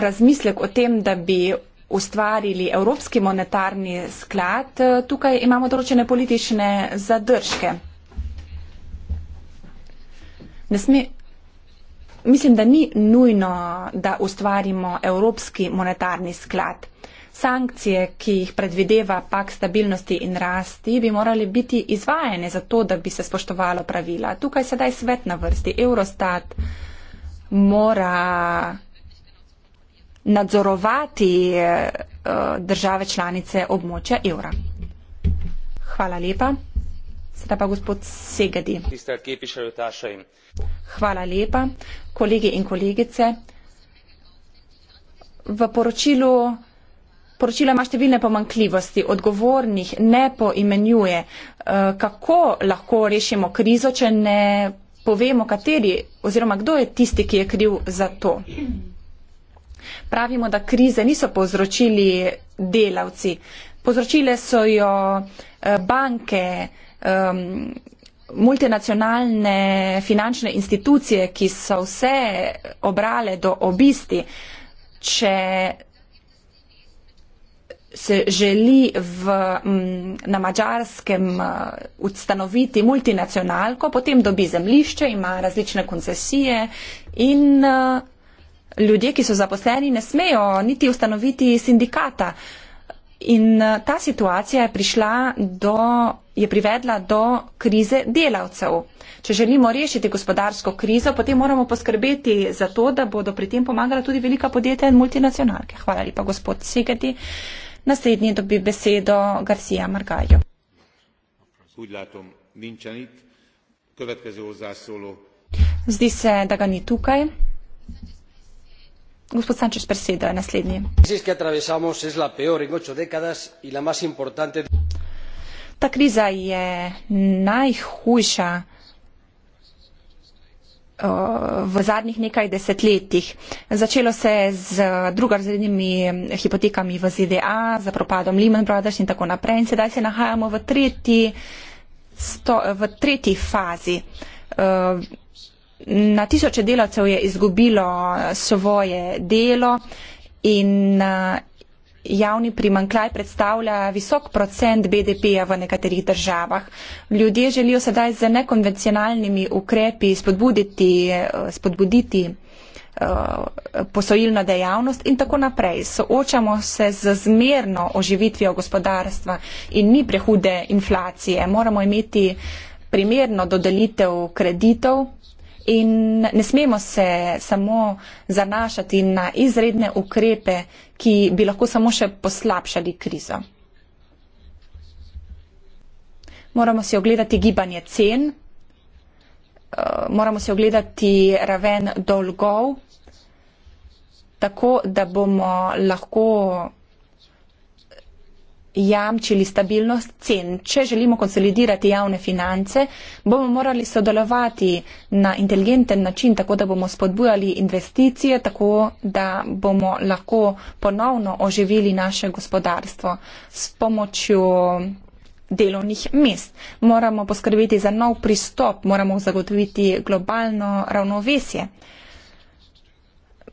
razmislek o tem, da bi ustvarili Evropski monetarni sklad, eh, tukaj imamo določene politične zadržke. Ne sme, mislim, da ni nujno, da ustvarimo Evropski monetarni sklad. Sankcije, ki jih predvideva pak stabilnosti in rasti, bi morali biti izvajene za to, da bi se spoštovalo pravila. Tukaj sedaj svet na vrsti. Eurostat mora nadzorovati eh, države članice območja evra. Hvala lepa. Sedaj pa gospod Segedi. Hvala lepa, kolegi in kolegice. V poročilu Poročilo ima številne pomankljivosti, odgovornih ne poimenjuje, eh, kako lahko rešimo krizo, če ne povemo, kateri oziroma kdo je tisti, ki je kriv za to. Pravimo, da krize niso povzročili delavci. Povzročile so jo eh, banke, um, multinacionalne finančne institucije, ki so vse obrale do obisti. Če se želi v, na mačarskem eh, ustanoviti multinacionalko, potem dobi zemlišče, ima različne koncesije in uh, ljudje, ki so zaposleni, ne smejo niti ustanoviti sindikata. In eh, ta situacija je prišla do, je privedla do krize delavcev. Če želimo rešiti gospodarsko krizo, potem moramo poskrbeti za to, da bodo pri tem pomagala tudi velika podjetja in multinacionalke. Hvala lepa, gospod Segeti. Naslednji dobi besedo Garcia Margajo. Zdi se, da ga ni tukaj. Gospod Sančeš, presedo je naslednji. Ta kriza je najhujša eh, v zadnjih nekaj desetletjih. Začelo se je z drugorazrednimi mm, hipotekami v ZDA, za propadom Lehman Brothers in tako naprej. In sedaj se nahajamo v tretji, sto, v tretji fazi. Uh, na tisoče delavcev je izgubilo eh, svoje delo in eh, javni primankljaj predstavlja visok procent BDP-ja v nekaterih državah. Ljudje želijo sedaj z nekonvencionalnimi ukrepi spodbuditi, eh, spodbuditi posojilno dejavnost in tako naprej. Soočamo se z zmerno oživitvijo gospodarstva in ni prehude inflacije. Moramo imeti primerno dodelitev kreditov In ne smemo se samo zanašati na izredne ukrepe, ki bi lahko samo še poslabšali krizo. Moramo si ogledati gibanje cen, eh, moramo si ogledati raven dolgov, tako da bomo lahko jamčili stabilnost cen. Če želimo konsolidirati javne finance, bomo morali sodelovati na inteligenten način, tako da bomo spodbujali investicije, tako da bomo lahko ponovno oživili naše gospodarstvo s pomočjo delovnih mest. Moramo poskrbeti za nov pristop, moramo zagotoviti globalno ravnovesje.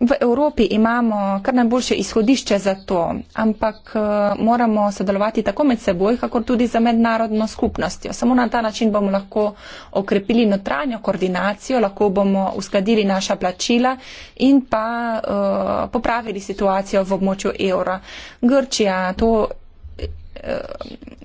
V Evropi imamo kar najboljše izhodišče za to, ampak eh, moramo sodelovati tako med seboj, kakor tudi za mednarodno skupnostjo. Samo na ta način bomo lahko okrepili notranjo koordinacijo, lahko bomo uskladili naša plačila in pa uh, popravili situacijo v območju evra. Grčija to. Uh,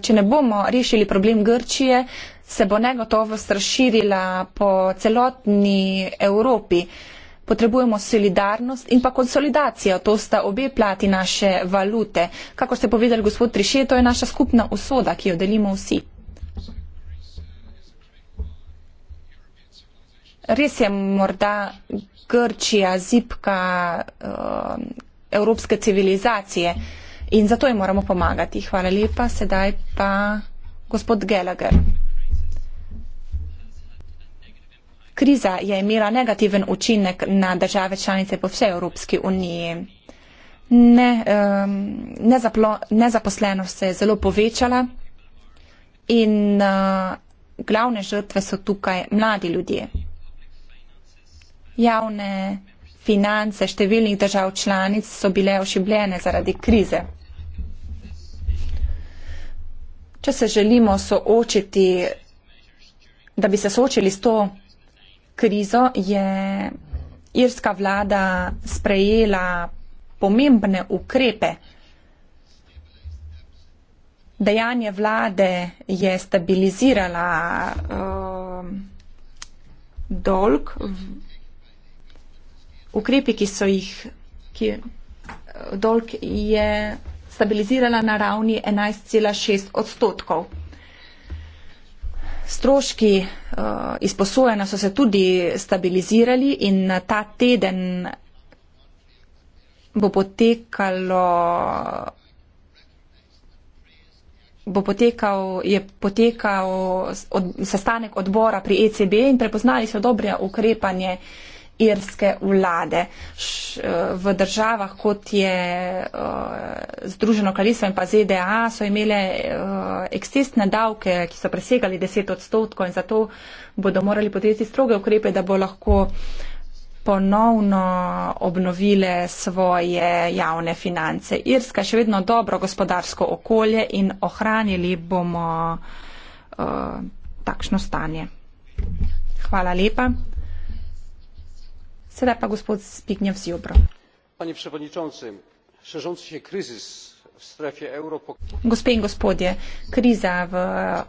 Če ne bomo rešili problem Grčije, se bo negotovost razširila po celotni Evropi. Potrebujemo solidarnost in pa konsolidacijo. To sta obe plati naše valute. Kako ste povedali, gospod Triše, to je naša skupna usoda, ki jo delimo vsi. Res je morda Grčija zipka uh, evropske civilizacije in zato jim moramo pomagati. Hvala lepa. Sedaj pa gospod Gelager. Kriza je imela negativen učinek na države članice po vsej Evropski uniji. Ne, um, nezaplo, nezaposlenost se je zelo povečala in uh, glavne žrtve so tukaj mladi ljudje. Javne finance številnih držav članic so bile ošibljene zaradi krize. Če se želimo soočiti, da bi se soočili s to krizo je irska vlada sprejela pomembne ukrepe. Dejanje vlade je stabilizirala uh, dolg. Ukrepi, ki so jih, ki dolg je stabilizirala na ravni 11,6 odstotkov stroški eh, izposojena so se tudi stabilizirali in ta teden bo potekalo bo potekal, je potekal od, sestanek odbora pri ECB in prepoznali so dobre ukrepanje uh, irske vlade. Eh, v državah, kot je eh, Združeno kraljestvo in pa ZDA, so imele eh, ekscesne davke, ki so presegali 10 odstotkov in zato bodo morali podreti stroge ukrepe, da bo lahko ponovno obnovile svoje javne finance. Irska še vedno dobro gospodarsko okolje in ohranili bomo uh, takšno stanje. Hvala lepa gospe in gospodje kriza v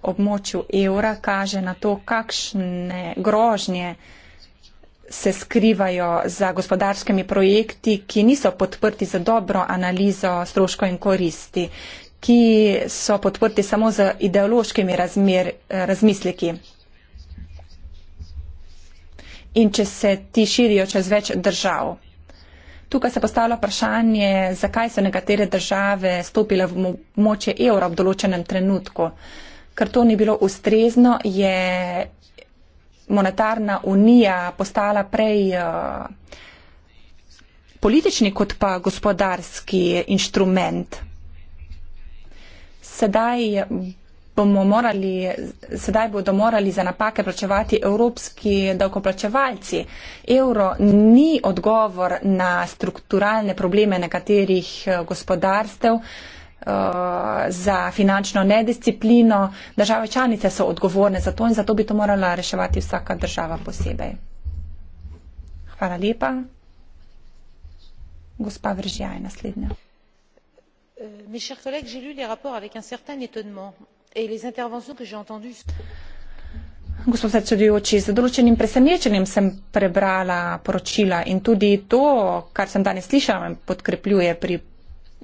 območju evra kaže na to kakšne grožnje se skrivajo za gospodarskimi projekti, ki niso podprti za dobro analizo stroškov in koristi, ki so podprti samo z ideološkimi eh, razmisleki in če se ti širijo čez več držav. Tukaj se postavlja vprašanje, zakaj so nekatere države stopile v moče evra v določenem trenutku. Ker to ni bilo ustrezno, je monetarna unija postala prej eh, politični kot pa gospodarski inštrument. Sedaj bomo morali, sedaj bodo morali za napake plačevati evropski davkoplačevalci. Euro ni odgovor na strukturalne probleme nekaterih eh, gospodarstev eh, za finančno nedisciplino. Države članice so odgovorne za to in zato bi to morala reševati vsaka država posebej. Hvala lepa. Gospa Vržija je naslednja. Mi, kolegi, želim rapor avek un certain etonement in les interventions que j'ai entendues. Gospod predsedujoči, z določenim presenečenjem sem prebrala poročila in tudi to, kar sem danes slišala, me podkrepljuje pri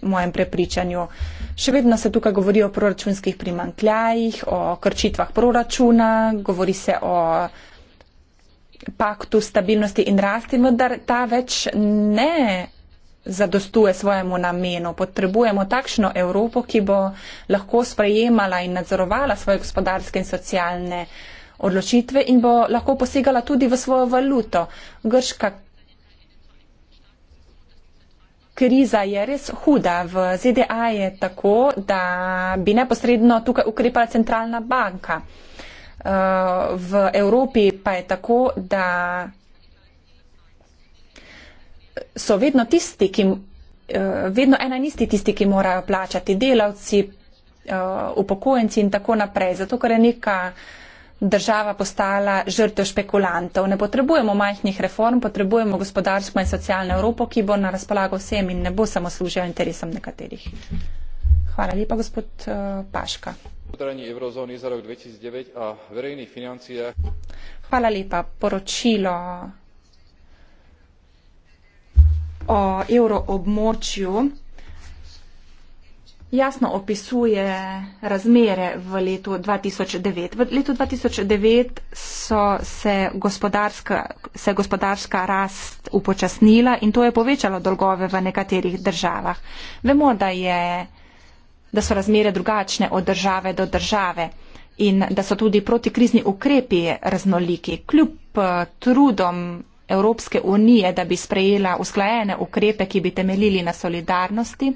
mojem prepričanju. Še vedno se tukaj govori o proračunskih primankljajih, o krčitvah proračuna, govori se o paktu stabilnosti in rasti, vendar ta več ne zadostuje svojemu namenu. Potrebujemo takšno Evropo, ki bo lahko sprejemala in nadzorovala svoje gospodarske in socialne odločitve in bo lahko posegala tudi v svojo valuto. Grška kriza je res huda. V ZDA je tako, da bi neposredno tukaj ukrepala centralna banka. Uh, v Evropi pa je tako, da so vedno tisti, ki, eh, vedno ena in isti tisti, ki morajo plačati, delavci, eh, upokojenci in tako naprej, zato ker je neka država postala žrtev špekulantov. Ne potrebujemo majhnih reform, potrebujemo gospodarsko in socialno Evropo, ki bo na razpolago vsem in ne bo samo služila interesom nekaterih. Hvala lepa, gospod eh, Paška. Hvala lepa. Poročilo o evroobmočju jasno opisuje razmere v letu 2009. V letu 2009 so se gospodarska, se gospodarska rast upočasnila in to je povečalo dolgove v nekaterih državah. Vemo, da, je, da so razmere drugačne od države do države in da so tudi protikrizni ukrepi raznoliki. Kljub eh, trudom Evropske unije, da bi sprejela usklajene ukrepe, ki bi temeljili na solidarnosti,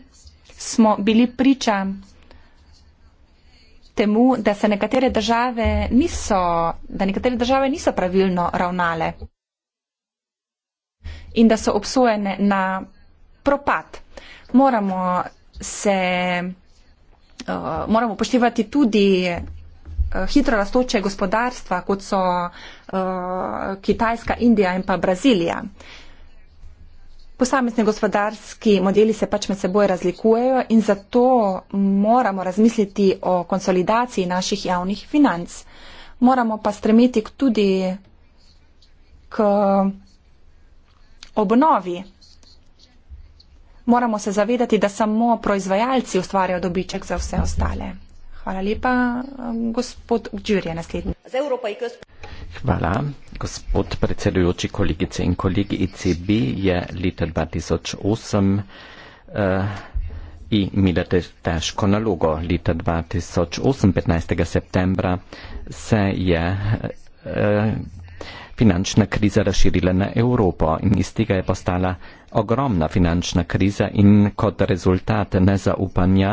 smo bili priča temu, da se nekatere države niso, da nekatere države niso pravilno ravnale in da so obsojene na propad. Moramo se, uh, moramo upoštevati tudi Eh, hitro raztoče gospodarstva, kot so uh, Kitajska, Indija in pa Brazilija. Posamezni gospodarski modeli se pač med seboj razlikujejo in zato moramo razmisliti o konsolidaciji naših javnih financ. Moramo pa stremeti tudi k obnovi. Moramo se zavedati, da samo proizvajalci ustvarjajo dobiček za vse ostale. Hvala lepa, gospod Uđir je naslednji. Hvala, gospod predsedujoči, kolegice in kolegi. ECB je leta 2008 uh, eh, imela težko nalogo. Leta 2008, 15. septembra, se je uh, finančna kriza razširila na Evropo in iz tega je postala ogromna finančna kriza in kot rezultat nezaupanja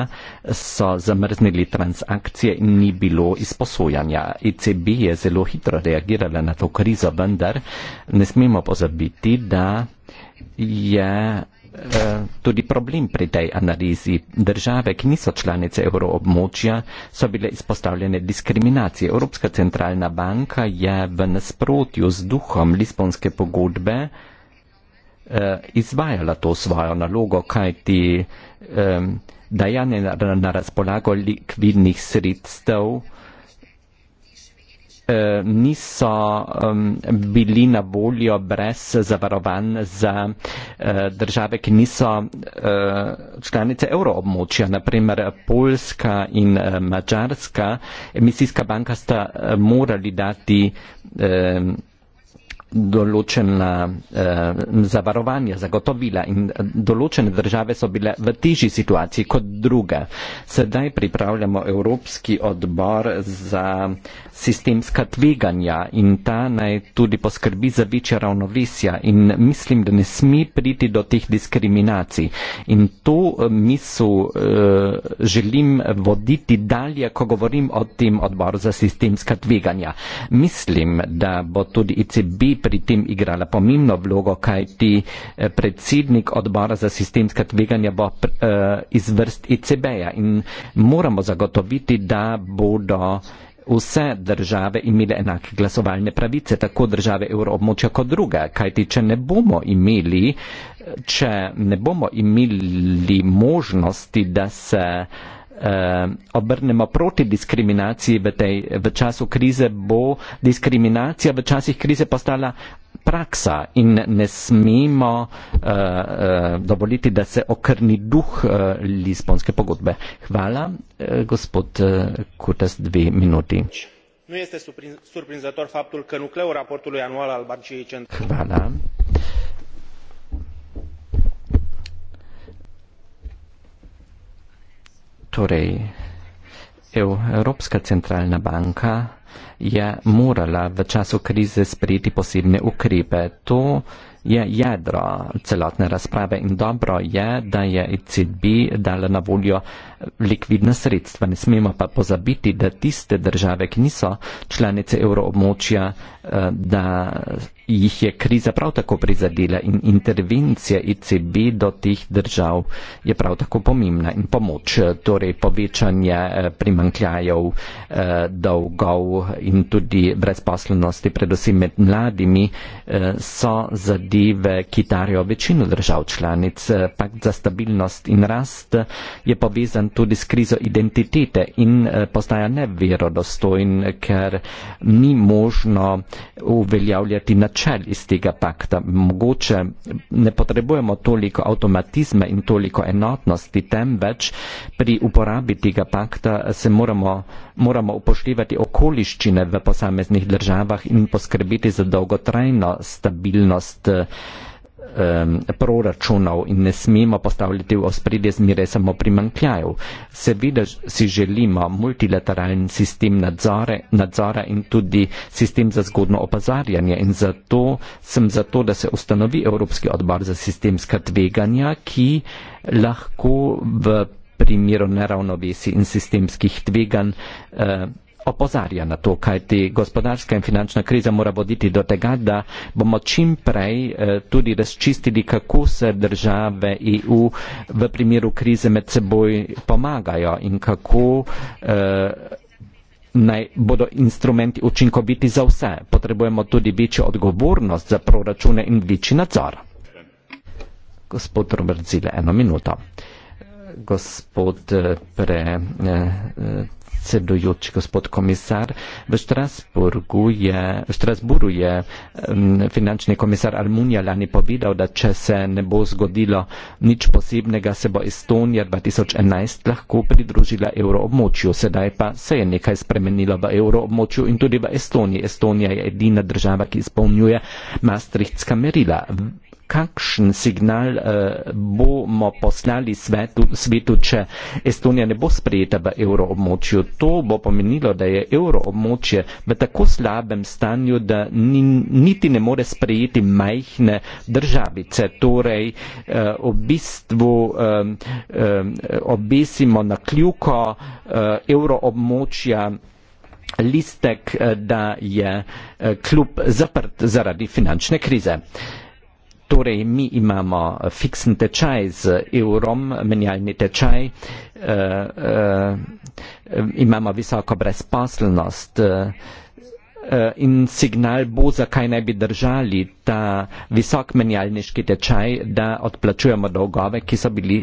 so zamrznili transakcije in ni bilo izposojanja. ECB je zelo hitro reagirala na to krizo, vendar ne smemo pozabiti, da je. Eh, tudi problem pri tej analizi države, ki niso članice euroobmočja, so bile izpostavljene diskriminacije. Evropska centralna banka je v nasprotju z duhom Lisbonske pogodbe Eh, izvajala to svojo nalogo, kajti um, dajanje na, na razpolago likvidnih sredstev eh, niso bili na voljo brez zavarovanj za eh, države, ki niso članice euroobmočja. Naprimer, Poljska in Mačarska, emisijska banka sta morali dati določena eh, zavarovanja zagotovila in eh, določene države so bile v težji situaciji kot druge. Sedaj pripravljamo Evropski odbor za sistemska tveganja in ta naj tudi poskrbi za večja ravnovesja in mislim, da ne sme priti do teh diskriminacij. In to eh, misel eh, želim voditi dalje, ko govorim o tem odboru za sistemska tveganja. Mislim, da bo tudi ICB e pri tem igrala pomembno vlogo, kajti eh, predsednik odbora za sistemska tveganja bo eh, iz vrst ECB-ja in moramo zagotoviti, da bodo vse države imele enake glasovalne pravice, tako države evroobmočja kot druge. Kajti, če ne bomo imeli, če ne bomo imeli možnosti, da se eh, obrnemo proti diskriminaciji v, tej, v času krize, bo diskriminacija v časih krize postala praksa in ne smemo eh, eh, dovoliti, da se okrni duh eh, Lisbonske pogodbe. Hvala, eh, gospod eh, Kutas, dve minuti. Nu este surprinzător faptul că nucleul raportului anual al Bancii Centrale. Hvala. Uh, Torej, Evropska centralna banka je morala v času krize sprejeti posebne ukrepe. To je jedro celotne razprave in dobro je, da je ECB dala na voljo uh, likvidna sredstva. Ne smemo pa pozabiti, da tiste države, ki niso članice evroobmočja, eh, da jih je kriza prav tako prizadela in intervencija ECB do teh držav je prav tako pomembna in pomoč, eh, torej povečanje eh, primankljajev dolgov in tudi brezposlenosti, predvsem med mladimi, so zadeve, ki darijo večino držav članic. Pakt za stabilnost in rast je povezan tudi s krizo identitete in eh, postaja neverodostojen, ker ni možno uveljavljati načel iz tega pakta. Mogoče ne potrebujemo toliko avtomatizma in toliko enotnosti, temveč pri uporabi tega pakta se moramo, moramo upoštevati okoliščine v posameznih državah in poskrbeti za dolgotrajno stabilnost. Eh, um, proračunov in ne smemo postavljati v ospredje zmeraj samo primankljajev. Seveda si želimo multilateralni sistem nadzore, nadzora in tudi sistem za zgodno opazarjanje in zato sem zato, da se ustanovi Evropski odbor za sistemska tveganja, ki lahko v primeru neravnovesi in sistemskih tveganj uh, opozarja na to, kajti gospodarska in finančna kriza mora voditi do tega, da bomo čim prej eh, tudi razčistili, kako se države EU v primeru krize med seboj pomagajo in kako eh, naj bodo instrumenti učinkoviti za vse. Potrebujemo tudi večjo odgovornost za proračune in večji nadzor. Gospod Robert Zile, eno minuto. Gospod eh, pre, decydujący gospod komisar. W Strasburgu je, w Strasburgu je um, financzny komisar Almunia Lani powiedział, że czasem nie było zgodilo nic posibnego, se bo Estonia 2011 lahko pridružila euroobmočju, sedaj pa se je nekaj spremenilo v euroobmočju in tudi v Estoniji. Estonija je edina država, ki izpolnjuje maastrichtska merila kakšen signal uh, bomo poslali svetu, svetu, če Estonija ne bo sprejeta v evroobmočju. To bo pomenilo, da je evroobmočje v tako slabem stanju, da ni, niti ne more sprejeti majhne državice. Torej, uh, eh, v bistvu um, um, obesimo na kljuko uh, evroobmočja listek, da je klub zaprt zaradi finančne krize. Torej, mi imamo eh, fiksen tečaj z evrom, menjalni tečaj, eh, eh, imamo visoko brezposelnost in signal bo, zakaj naj bi držali ta visok menjalniški tečaj, da odplačujemo dolgove, ki so bili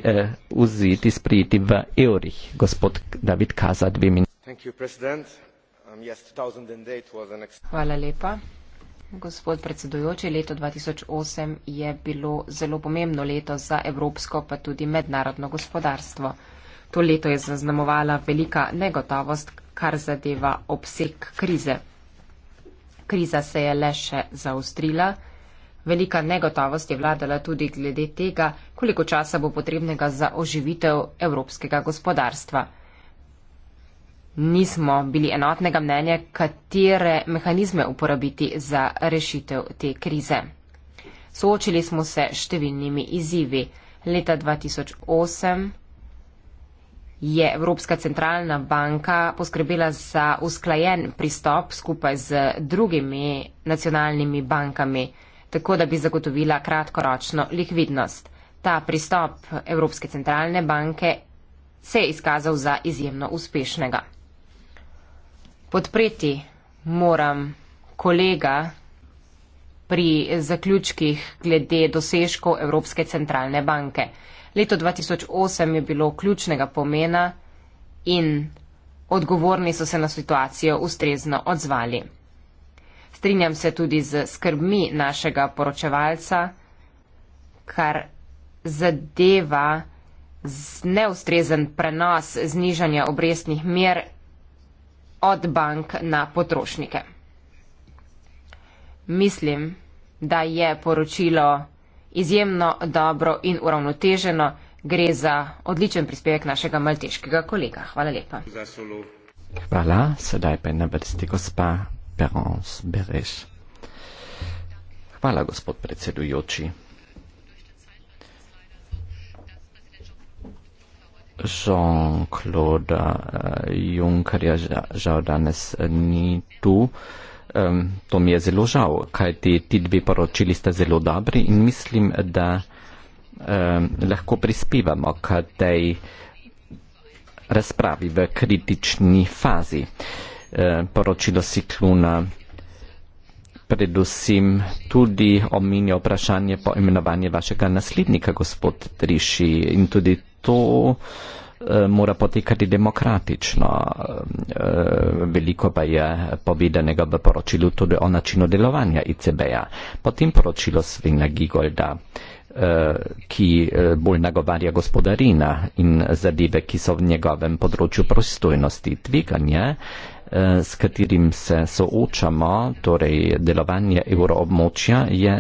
vzeti sprijeti v evrih. Gospod David Kaza, dve minute. Um, Hvala lepa. Gospod predsedujoči, leto 2008 je bilo zelo pomembno leto za evropsko pa tudi mednarodno gospodarstvo. To leto je zaznamovala velika negotovost, kar zadeva obseg krize. Kriza se je le še zaustrila. Velika negotovost je vladala tudi glede tega, koliko časa bo potrebnega za oživitev evropskega gospodarstva nismo bili enotnega mnenja, katere mehanizme uporabiti za rešitev te krize. Soočili smo se s številnimi izzivi. Leta 2008 je Evropska centralna banka poskrbela za usklajen pristop skupaj z drugimi nacionalnimi bankami, tako da bi zagotovila kratkoročno likvidnost. Ta pristop Evropske centralne banke se je izkazal za izjemno uspešnega podpreti moram kolega pri zaključkih glede dosežkov Evropske centralne banke. Leto 2008 je bilo ključnega pomena in odgovorni so se na situacijo ustrezno odzvali. Strinjam se tudi z skrbmi našega poročevalca, kar zadeva z neustrezen prenos znižanja obrestnih mer od bank na potrošnike. Mislim, da je poročilo izjemno dobro in uravnoteženo. Gre za odličen prispevek našega malteškega kolega. Hvala lepa. Hvala, sedaj pa je na vrsti gospa Perons Bereš. Hvala, gospod predsedujoči. Jean-Claude eh, Junckerja žal danes eh, ni tu. Um, to mi je zelo žal, kaj ti, ti dve poročili sta zelo dobri in mislim, da um, lahko prispevamo k tej razpravi v kritični fazi. Um, poročilo Sikluna predvsem tudi omenja vprašanje po imenovanju vašega naslednika, gospod Triši, in tudi to eh, mora potekati demokratično. Eh, veliko pa je povedanega v poročilu tudi o načinu delovanja ICB-ja. Potem poročilo Svina Gigolda, eh, ki bolj nagovarja gospodarina in zadeve, ki so v njegovem področju prostojnosti. Tveganje, s katerim se soočamo, torej delovanje evroobmočja, je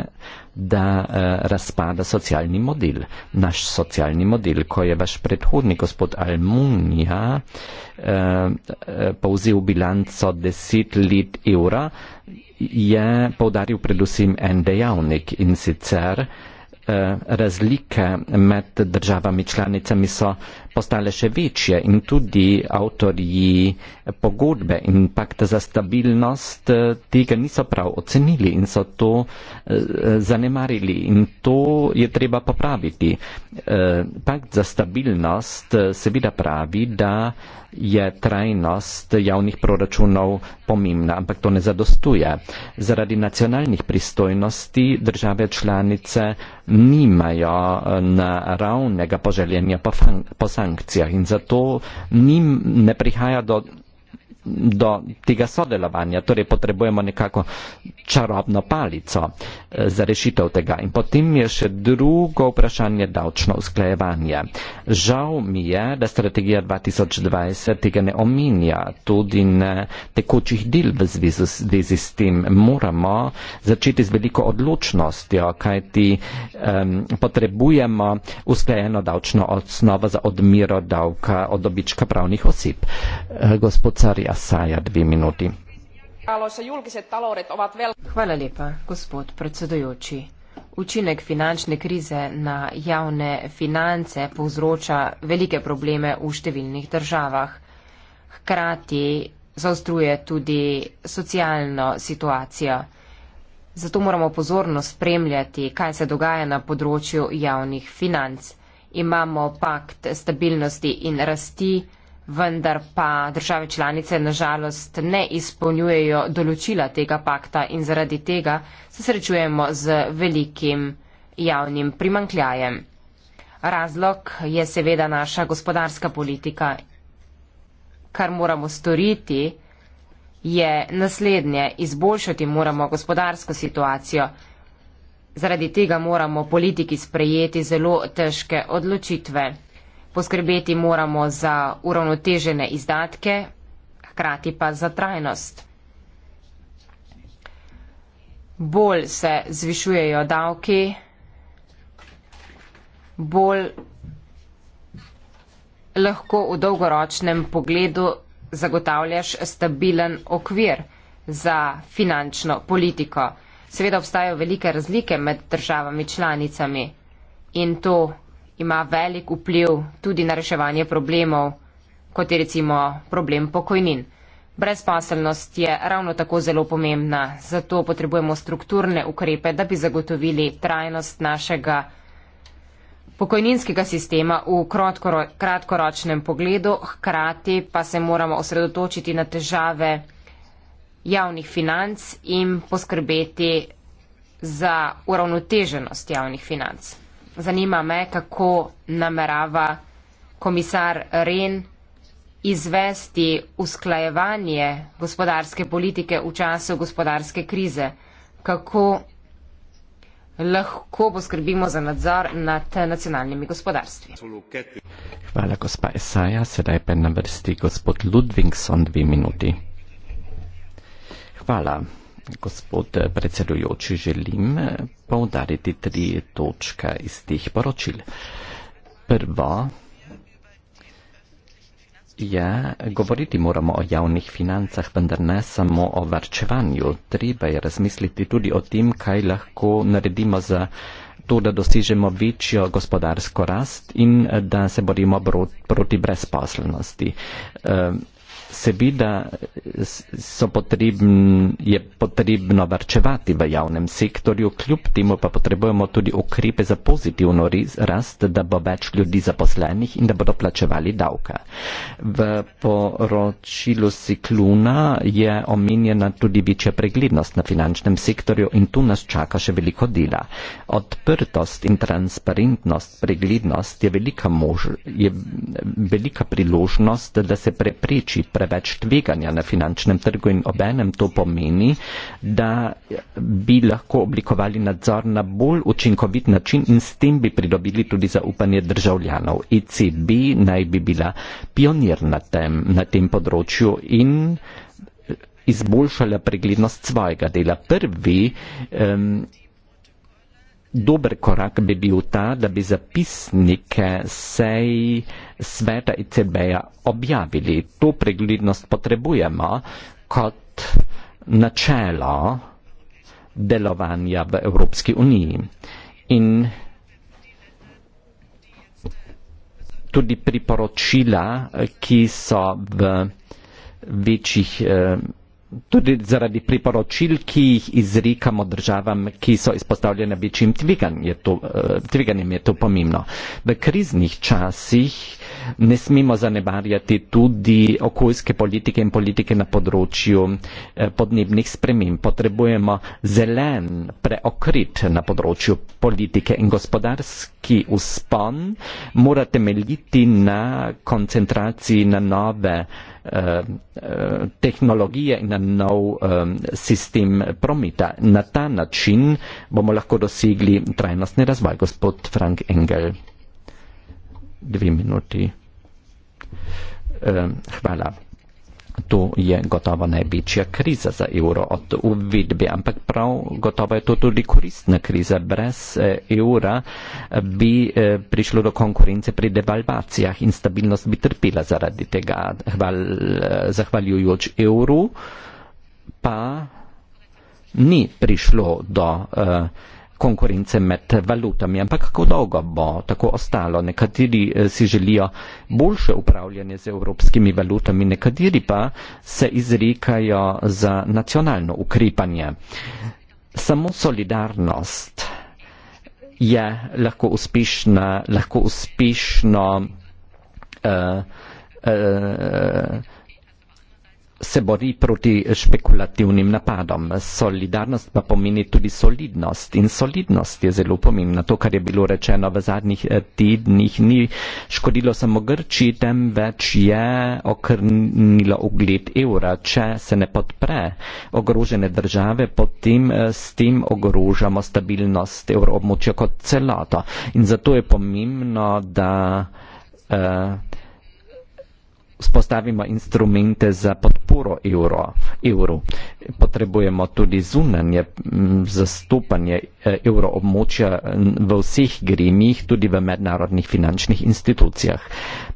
da eh, razpada socialni model. Naš socialni model, ko je vaš predhodnik gospod Almunija eh, eh povzel bilanco 10 let evra, je povdaril predvsem en dejavnik in sicer eh, Eh, razlike med državami članicami so postale še večje in tudi avtorji pogodbe in pakta za stabilnost eh, tega niso prav ocenili in so to eh, zanemarili in to je treba popraviti. Pakt za stabilnost seveda pravi, da je trajnost javnih proračunov pomembna, ampak to ne zadostuje. Zaradi nacionalnih pristojnosti države članice nimajo eh, naravnega poželjenja po, fang, po sankcijah in zato nim ne prihaja do do tega sodelovanja. Torej, potrebujemo nekako čarobno palico eh, za rešitev tega. In potem je še drugo vprašanje davčno usklajevanje. Žal mi je, da strategija 2020 tega ne omenja, tudi ne tekočih del v zvezi s tem. Moramo začeti z veliko odločnostjo, kajti um, potrebujemo usklajeno davčno osnovo za odmiro davka od dobička pravnih oseb. Eh, gospod Carja. Maja Saja, dve minuti. Hvala lepa, gospod predsedujoči. Učinek finančne krize na javne finance povzroča velike probleme v številnih državah. Hkrati zaostruje tudi socialno situacijo. Zato moramo pozorno spremljati, kaj se dogaja na področju javnih financ. Imamo pakt stabilnosti in rasti vendar pa države članice nažalost ne izpolnjujejo določila tega pakta in zaradi tega se srečujemo z velikim javnim primankljajem. Razlog je seveda naša gospodarska politika. Kar moramo storiti, je naslednje, izboljšati moramo gospodarsko situacijo. Zaradi tega moramo politiki sprejeti zelo težke odločitve. Poskrbeti moramo za uravnotežene izdatke, hkrati pa za trajnost. Bolj se zvišujejo davki, bolj lahko v dolgoročnem pogledu zagotavljaš stabilen okvir za finančno politiko. Seveda obstajajo velike razlike med državami članicami in to ima velik vpliv tudi na reševanje problemov, kot je recimo problem pokojnin. Brezposelnost je ravno tako zelo pomembna, zato potrebujemo strukturne ukrepe, da bi zagotovili trajnost našega pokojninskega sistema v kratkoročnem pogledu, hkrati pa se moramo osredotočiti na težave javnih financ in poskrbeti za uravnoteženost javnih financ. Zanima me, kako namerava komisar Ren izvesti usklajevanje gospodarske politike v času gospodarske krize. Kako lahko poskrbimo za nadzor nad nacionalnimi gospodarstvi. Hvala, gospa Esaja. Sedaj pa na vrsti gospod Ludvigson dve minuti. Hvala gospod predsedujoči, želim poudariti tri točke iz teh poročil. Prva je, govoriti moramo o javnih financah, vendar ne samo o varčevanju. Treba je razmisliti tudi o tem, kaj lahko naredimo za to, da dosežemo večjo gospodarsko rast in da se borimo proti brezposelnosti. Ehm, seveda so potrebn, je potrebno varčevati v javnem sektorju, kljub temu pa potrebujemo tudi ukrepe za pozitivno rast, da bo več ljudi zaposlenih in da bodo plačevali davka. V poročilu Sikluna je omenjena tudi večja preglednost na finančnem sektorju in tu nas čaka še veliko dela. Odprtost in transparentnost, preglednost je velika, mož, je velika priložnost, da se prepreči preprečitev več tveganja na finančnem trgu in obenem to pomeni, da bi lahko oblikovali nadzor na bolj učinkovit način in s tem bi pridobili tudi zaupanje državljanov. ECB naj bi bila pionir na tem, na tem področju in izboljšala preglednost svojega dela. Prvi um, dober korak bi bil ta, da bi zapisnike sej sveta ICB-ja objavili. To preglednost potrebujemo kot načelo delovanja v Evropski uniji. In tudi priporočila, ki so v večjih eh, tudi zaradi priporočil, ki jih izrikamo državam, ki so izpostavljene večjim eh, tveganjem, je, je to pomembno. V kriznih časih ne smemo zanemarjati tudi okoljske politike in politike na področju eh, podnebnih sprememb. Potrebujemo zelen preokrit na področju politike in gospodarski uspon mora temeljiti na koncentraciji na nove tehnologije in na nov sistem prometa. Na ta način bomo lahko dosegli trajnostni razvoj. Gospod Frank Engel, dve minuti. Hvala tu je gotovo največja kriza za evro od uvidbe, ampak prav gotovo je to tudi koristna kriza. Brez e, evra e, bi e, prišlo do konkurence pri devalvacijah in stabilnost bi trpila zaradi tega. Hval, zahvaljujoč evru pa ni prišlo do. Uh, konkurence med valutami. Ampak kako dolgo bo tako ostalo? Nekateri eh, si želijo boljše upravljanje z evropskimi valutami, nekateri pa se izrekajo za nacionalno ukrepanje. Samo solidarnost je lahko uspešna, lahko uspešno uh, uh, se bori proti špekulativnim napadom. Solidarnost pa pomeni tudi solidnost in solidnost je zelo pomembna. To, kar je bilo rečeno v zadnjih eh, tednih, ni škodilo samo Grči, temveč je okrnilo ugled evra. Če se ne podpre ogrožene države, potem eh, s tem ogrožamo stabilnost evroobmočja kot celoto. In zato je pomembno, da uh, vzpostavimo instrumente za podporo euro, evru. Potrebujemo tudi zunanje zastopanje e, evroobmočja v vseh gremih, tudi v mednarodnih finančnih institucijah.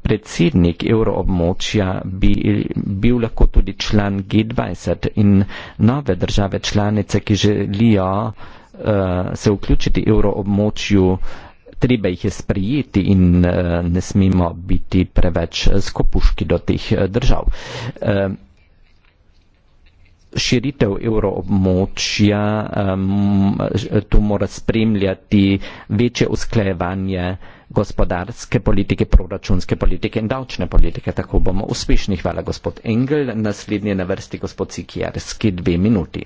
Predsednik evroobmočja bi bil lahko tudi član G20 in nove države članice, ki želijo uh, se vključiti evroobmočju, uh, treba jih je sprijeti in eh, ne smemo biti preveč skopuški do teh eh, držav. Eh, širitev evroobmočja, tu mora spremljati večje usklejevanje gospodarske politike, proračunske politike in davčne politike. Tako bomo uspešni. Hvala, gospod Engel. Naslednji je na vrsti gospod Sikijarski, dve minuti.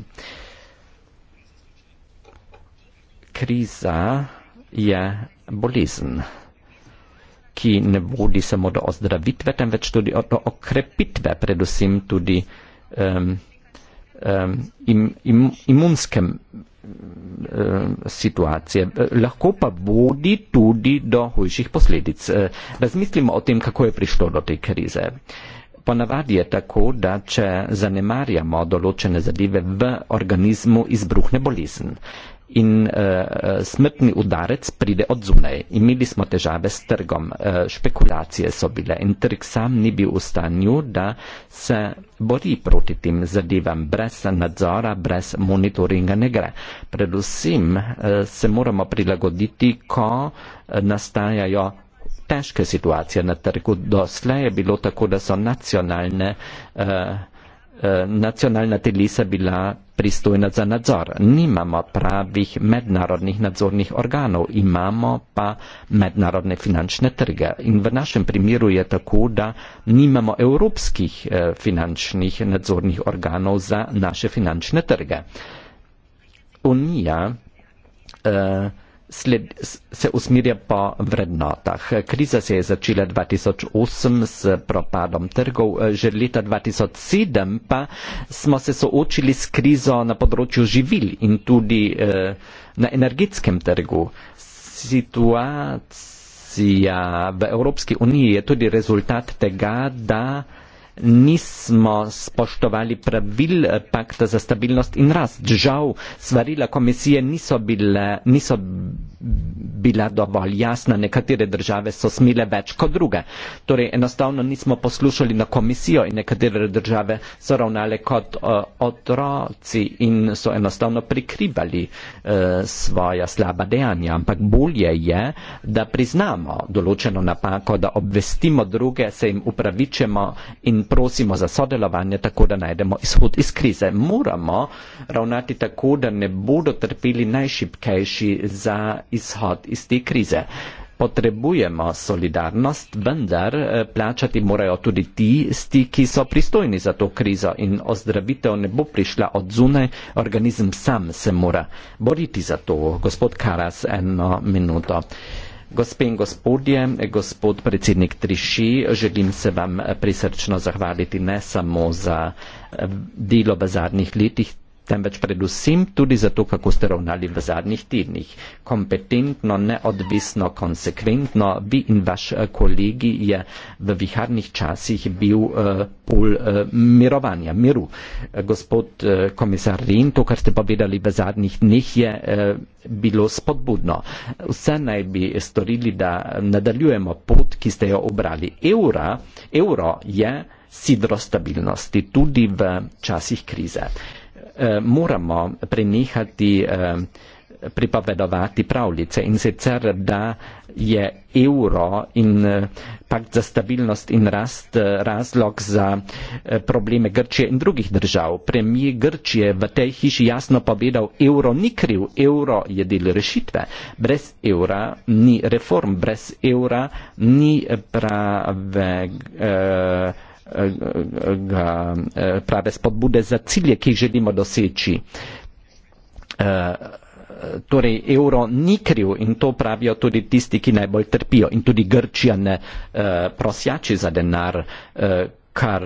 Kriza je bolezen, ki ne vodi samo do ozdravitve, temveč tudi do okrepitve, predvsem tudi um, um, im, im, imunske um, situacije. Lahko pa vodi tudi do hujših posledic. E, razmislimo o tem, kako je prišlo do te krize. Ponavadi je tako, da če zanemarjamo določene zadeve v organizmu, izbruhne bolezen in uh, smrtni udarec pride od zunaj. Imeli smo težave s trgom, uh, špekulacije so bile in trg sam ni bil v stanju, da se bori proti tem zadevam. Brez nadzora, brez monitoringa ne gre. Predvsem uh, se moramo prilagoditi, ko nastajajo težke situacije na trgu. Doslej je bilo tako, da so nacionalne. Uh, nacionalna telesa bila pristojna za nadzor. Nimamo pravih mednarodnih nadzornih organov, imamo pa mednarodne finančne trge. In v našem primeru je tako, da nimamo evropskih eh, finančnih nadzornih organov za naše finančne trge. Unija eh, sled, se usmirja po vrednotah. Kriza se je začela 2008 s propadom trgov, že leta 2007 pa smo se soočili s krizo na področju živil in tudi eh, na energetskem trgu. Situacija v Evropski uniji je tudi rezultat tega, da nismo spoštovali pravil pakta za stabilnost in rast. Žal, svarila komisije niso, bile, niso bila dovolj jasna, nekatere države so smile več kot druge. Torej, enostavno nismo poslušali na komisijo in nekatere države so ravnale kot uh, otroci in so enostavno prikrivali uh, e, svoja slaba dejanja. Ampak bolje je, da priznamo določeno napako, da obvestimo druge, se jim upravičemo in prosimo za sodelovanje, tako da najdemo izhod iz krize. Moramo ravnati tako, da ne bodo trpeli najšipkejši za izhod iz te krize. Potrebujemo solidarnost, vendar eh, plačati morajo tudi tisti, ki so pristojni za to krizo in ozdravitev ne bo prišla od zune, organizem sam se mora boriti za to. Gospod Karas, eno minuto. Uh, Gospe in gospodje, gospod predsednik Triši, želim se vam eh, prisrčno zahvaliti ne samo za eh, delo v zadnjih letih temveč predvsem tudi zato, kako ste ravnali v zadnjih tednih. Kompetentno, neodvisno, konsekventno, vi in vaš eh, kolegi je v viharnih časih bil uh, pol uh, mirovanja, miru. Gospod uh, komisar Rin, to, kar ste povedali v zadnjih dneh, je uh, bilo spodbudno. Vse naj bi storili, da nadaljujemo pot, ki ste jo obrali. Eura, euro je sidro stabilnosti tudi v časih krize eh, moramo prenehati eh, pripovedovati pravljice in sicer, da je evro in eh, pakt za stabilnost in rast eh, razlog za eh, probleme Grčije in drugih držav. Premijer Grčije v tej hiši jasno povedal, evro ni kriv, evro je del rešitve. Brez evra ni reform, brez evra ni prave. Eh, ga e, prave spodbude za cilje, ki jih želimo doseči. E, torej, evro ni kriv in to pravijo tudi tisti, ki najbolj trpijo in tudi Grčija ne e, prosjači za denar, kar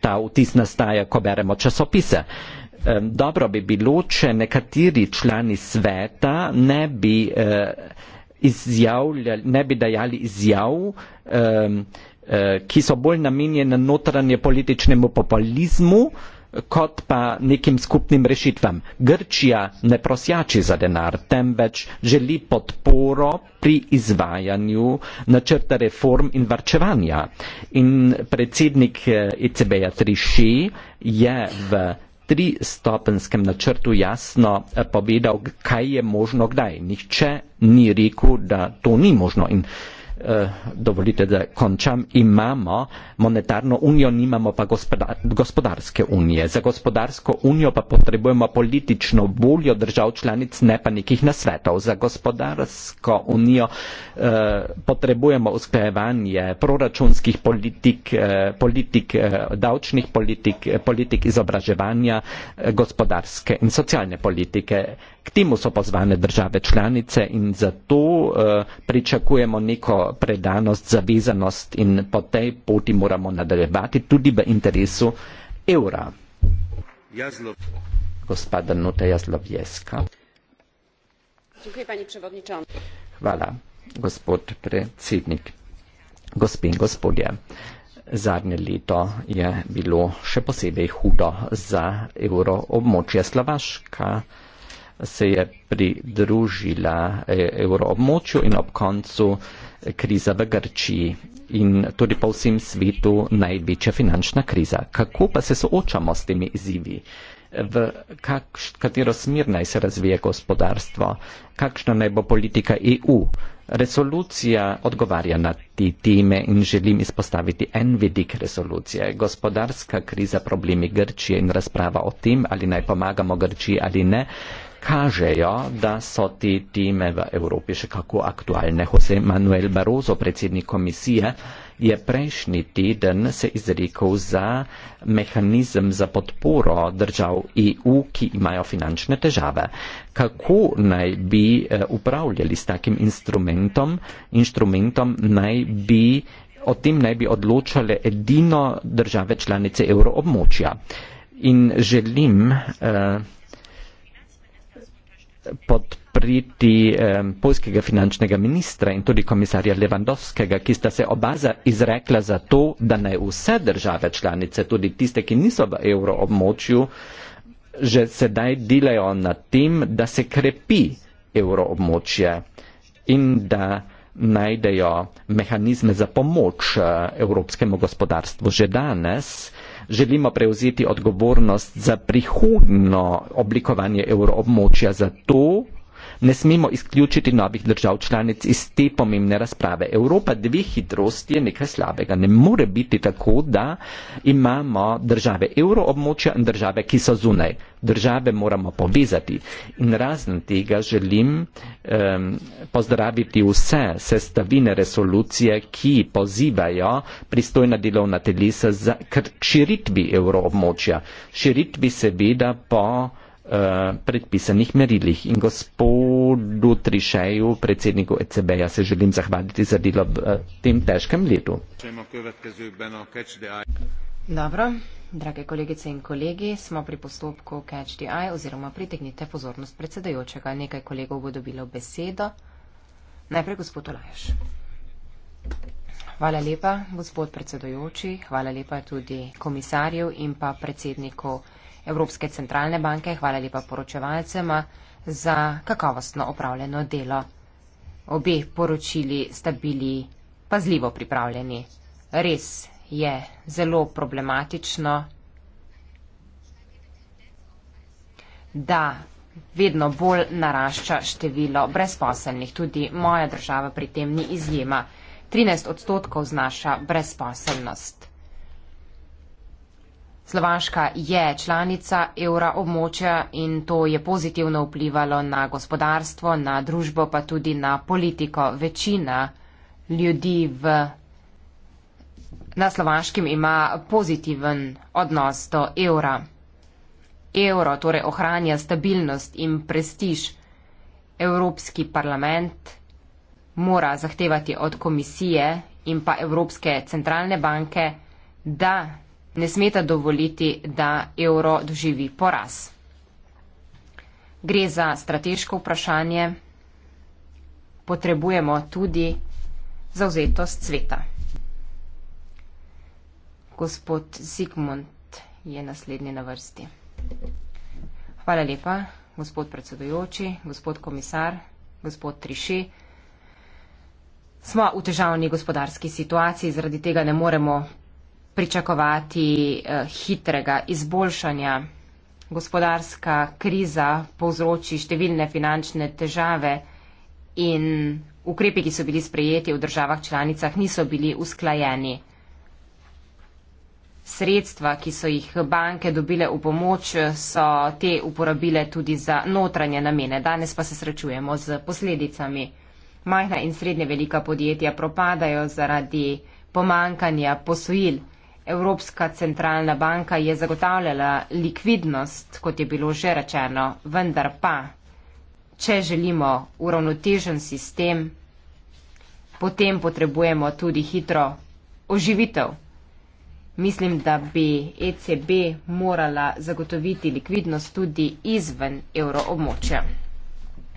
ta vtis nastaja, ko beremo časopise. Dobro bi bilo, če nekateri člani sveta ne bi, ne bi dajali izjav, Eh, ki so bolj namenjene notranje političnemu populizmu kot pa nekim skupnim rešitvam. Grčija ne prosjači za denar, temveč želi podporo pri izvajanju načrta reform in varčevanja. In predsednik ECB-ja eh, e Triši je v tristopenskem načrtu jasno eh, povedal, kaj je možno kdaj. Nihče ni rekel, da to ni možno. In Eh, dovolite da končam, imamo monetarno unijo, nimamo pa gospodarske unije. Za gospodarsko unijo pa potrebujemo politično voljo držav članic, ne pa nekih nasvetov. Za gospodarsko unijo eh, potrebujemo usklajevanje proračunskih politik, eh, politik eh, davčnih politik, eh, politik izobraževanja, eh, gospodarske in socialne politike. K temu so pozvane države članice in zato uh, pričakujemo neko predanost, zavezanost in po tej poti moramo nadaljevati tudi v interesu evra. Jazlov. Gospa Danuta Jazlovjeska. Hvala, gospod predsednik. Gospe in gospodje, zadnje leto je bilo še posebej hudo za evroobmočje Slovaška se je pridružila eh, evroobmočju in ob koncu eh, kriza v Grčiji in tudi po vsem svetu največja finančna kriza. Kako pa se soočamo s temi izzivi? V kak, katero smer naj se razvije gospodarstvo? Kakšna naj bo politika EU? Resolucija odgovarja na te teme in želim izpostaviti en vidik resolucije. Gospodarska kriza, problemi Grčije in razprava o tem, ali naj pomagamo Grčiji ali ne, kažejo, da so te teme v Evropi še kako aktualne. Jose Manuel Barroso, predsednik komisije, je prejšnji teden se izrekel za mehanizem za podporo držav EU, ki imajo finančne težave. Kako naj bi eh, upravljali s takim instrumentom? Instrumentom naj bi. O tem naj bi odločale edino države članice evroobmočja. In želim. Uh, podpriti eh, polskega finančnega ministra in tudi komisarja Levandovskega, ki sta se oba izrekla za to, da naj vse države članice, tudi tiste, ki niso v evroobmočju, že sedaj delajo na tem, da se krepi evroobmočje in da najdejo mehanizme za pomoč eh, evropskemu gospodarstvu že danes želimo prevzeti odgovornost za prihodno oblikovanje evroobmočja zato, ne smemo izključiti novih držav članic iz te pomembne razprave. Evropa dve hitrosti je nekaj slabega. Ne more biti tako, da imamo države euroobmočja in države, ki so zunaj. Države moramo povezati. In razen tega želim um, pozdraviti vse sestavine resolucije, ki pozivajo pristojna delovna telesa za, k širitvi evroobmočja. Širitvi seveda po Eh, predpisanih merilih. In gospodu Trišeju, predsedniku ECB-ja, se želim zahvaliti za delo v eh, tem težkem letu. Dobro, drage kolegice in kolegi, smo pri postopku Catch the Eye oziroma pritegnite pozornost predsedajočega. Nekaj kolegov bo dobilo besedo. Najprej gospod Olajš. Hvala lepa, gospod predsedojoči, hvala lepa tudi komisarju in pa predsedniku. Evropske centralne banke. Hvala lepa poročevalcema za kakovostno opravljeno delo. Obe poročili sta bili pazljivo pripravljeni. Res je zelo problematično, da vedno bolj narašča število brezposelnih. Tudi moja država pri tem ni izjema. 13 odstotkov znaša brezposelnost. Slovaška je članica evra območja in to je pozitivno vplivalo na gospodarstvo, na družbo, pa tudi na politiko. Večina ljudi v, na slovaškem ima pozitiven odnos do evra. Evro torej ohranja stabilnost in prestiž. Evropski parlament mora zahtevati od komisije in pa Evropske centralne banke, da ne smeta dovoliti, da evro doživi poraz. Gre za strateško vprašanje, potrebujemo tudi zauzetost sveta. Gospod Zigmund je naslednji na vrsti. Hvala lepa, gospod predsedujoči, gospod komisar, gospod Triši. Smo v težavni gospodarski situaciji, zaradi tega ne moremo pričakovati eh, hitrega izboljšanja. Gospodarska kriza povzroči številne finančne težave in ukrepi, ki so bili sprejeti v državah članicah, niso bili usklajeni. Sredstva, ki so jih banke dobile v pomoč, so te uporabile tudi za notranje namene. Danes pa se srečujemo z posledicami. Majhna in srednje velika podjetja propadajo zaradi pomankanja posojil. Evropska centralna banka je zagotavljala likvidnost, kot je bilo že rečeno, vendar pa, če želimo uravnotežen sistem, potem potrebujemo tudi hitro oživitev. Mislim, da bi ECB morala zagotoviti likvidnost tudi izven evroobmočja.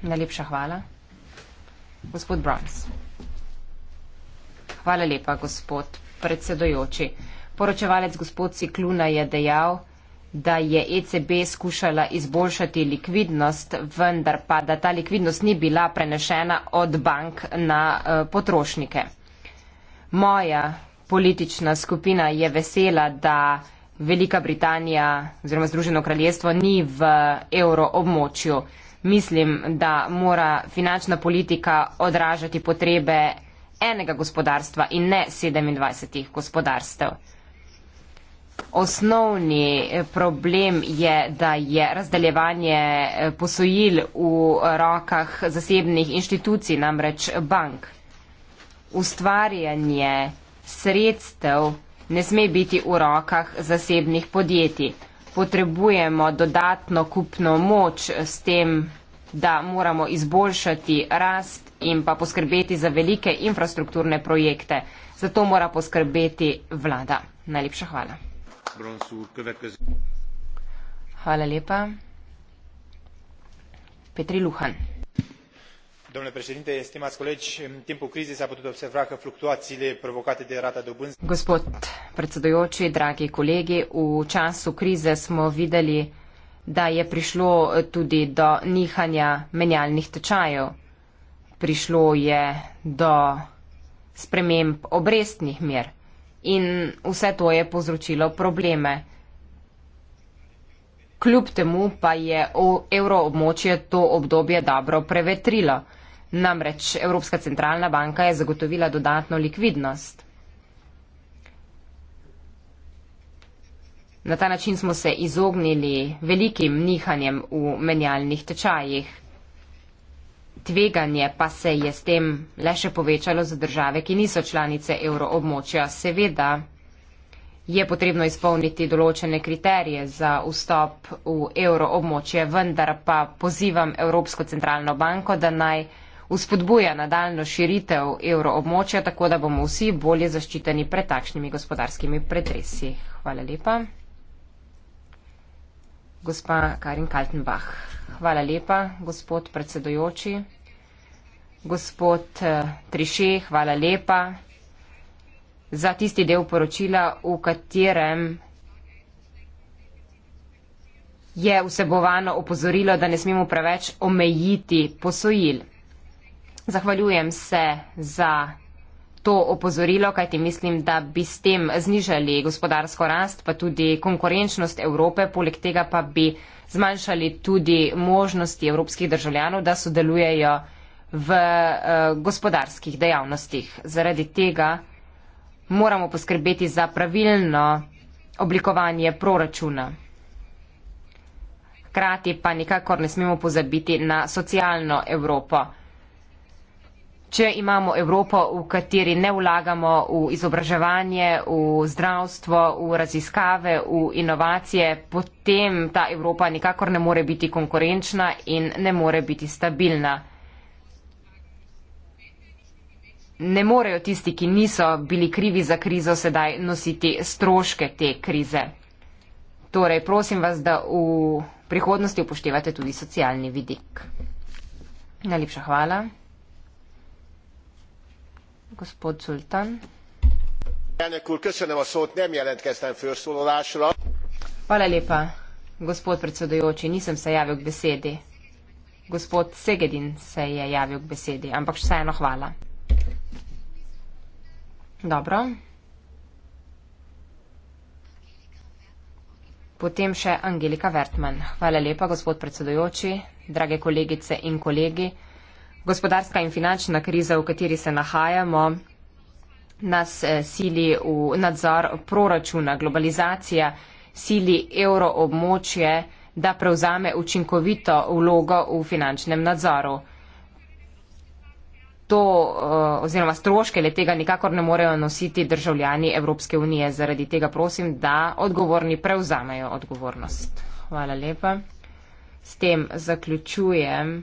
Najlepša hvala. Gospod Brons. Hvala lepa, gospod predsedojoči. Poročevalec gospod Cikluna je dejal, da je ECB skušala izboljšati likvidnost, vendar pa da ta likvidnost ni bila prenešena od bank na eh, potrošnike. Moja politična skupina je vesela, da Velika Britanija oziroma Združeno kraljestvo ni v evroobmočju. Mislim, da mora finančna politika odražati potrebe enega gospodarstva in ne 27 gospodarstev. Osnovni eh, problem je, da je razdeljevanje eh, posojil v rokah zasebnih inštitucij, namreč bank. Ustvarjanje sredstev ne sme biti v rokah zasebnih podjetij. Potrebujemo dodatno kupno moč s tem, da moramo izboljšati rast in pa poskrbeti za velike infrastrukturne projekte. Zato mora poskrbeti vlada. Najlepša hvala. Hvala lepa. Petri Luhan. Domnule președinte, stimați colegi, în timpul crizei s-a putut observa că fluctuațiile provocate de rata dobânzii. Gospod predsedujoči, dragi colegi, v času krize smo videli, da je prišlo tudi do nihanja menjalnih tečajev. Prišlo je do sprememb obrestnih mer in vse to je povzročilo probleme. Kljub temu pa je evroobmočje to obdobje dobro prevetrilo. Namreč Evropska centralna banka je zagotovila dodatno likvidnost. Na ta način smo se izognili velikim nihanjem v menjalnih tečajih. Tveganje pa se je s tem le še povečalo za države, ki niso članice evroobmočja. Seveda je potrebno izpolniti določene kriterije za vstop v evroobmočje, vendar pa pozivam Evropsko centralno banko, da naj uspodbuja nadaljno širitev evroobmočja, tako da bomo vsi bolje zaščiteni pred takšnimi gospodarskimi pretresi. Hvala lepa gospa Karin Kaltenbach. Hvala lepa, gospod predsedojoči. Gospod eh, Triše, hvala lepa za tisti del poročila, v katerem je vsebovano opozorilo, da ne smemo preveč omejiti posojil. Zahvaljujem se za to opozorilo, kajti mislim, da bi s tem znižali gospodarsko rast, pa tudi konkurenčnost Evrope, poleg tega pa bi zmanjšali tudi možnosti evropskih državljanov, da sodelujejo v uh, gospodarskih dejavnostih. Zaradi tega moramo poskrbeti za pravilno oblikovanje proračuna. Hkrati pa nikakor ne smemo pozabiti na socialno Evropo. Če imamo Evropo, v kateri ne vlagamo v izobraževanje, v zdravstvo, v raziskave, v inovacije, potem ta Evropa nikakor ne more biti konkurenčna in ne more biti stabilna. Ne morejo tisti, ki niso bili krivi za krizo, sedaj nositi stroške te krize. Torej, prosim vas, da v prihodnosti upoštevate tudi socialni vidik. Najlepša hvala elnök úr köszönöm a szót nem jelentkeztem felszólalásra. Hvala lepa, gospod predsedujoči, nisem se javil k besedi. Gospod Segedin se je javil k besedi, ampak vseeno hvala. Dobro. Potem še Angelika Wertmann. Hvala lepa, gospod predsedujoči, drage kolegice in kolegi. Gospodarska in finančna kriza, v kateri se nahajamo, nas eh, sili v nadzor proračuna. Globalizacija sili evroobmočje, da prevzame učinkovito vlogo v finančnem nadzoru. To eh, oziroma stroške le tega nikakor ne morejo nositi državljani Evropske unije. Zaradi tega prosim, da odgovorni prevzamejo odgovornost. Hvala lepa. S tem zaključujem.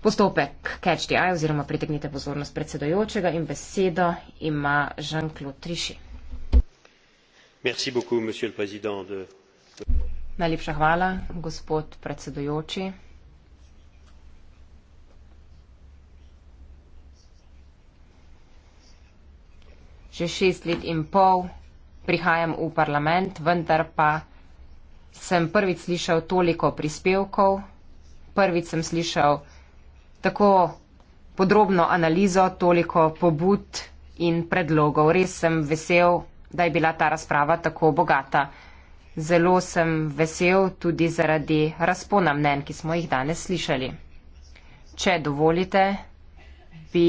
Postopek catch the eye oziroma pritegnite pozornost predsedojočega in besedo ima Jean-Claude Triši. Beaucoup, de... Najlepša hvala, gospod predsedojoči. Že šest let in pol prihajam v parlament, vendar pa sem prvič slišal toliko prispevkov, prvič sem slišal tako podrobno analizo, toliko pobud in predlogov. Res sem vesel, da je bila ta razprava tako bogata. Zelo sem vesel tudi zaradi razpona mnen, ki smo jih danes slišali. Če dovolite, bi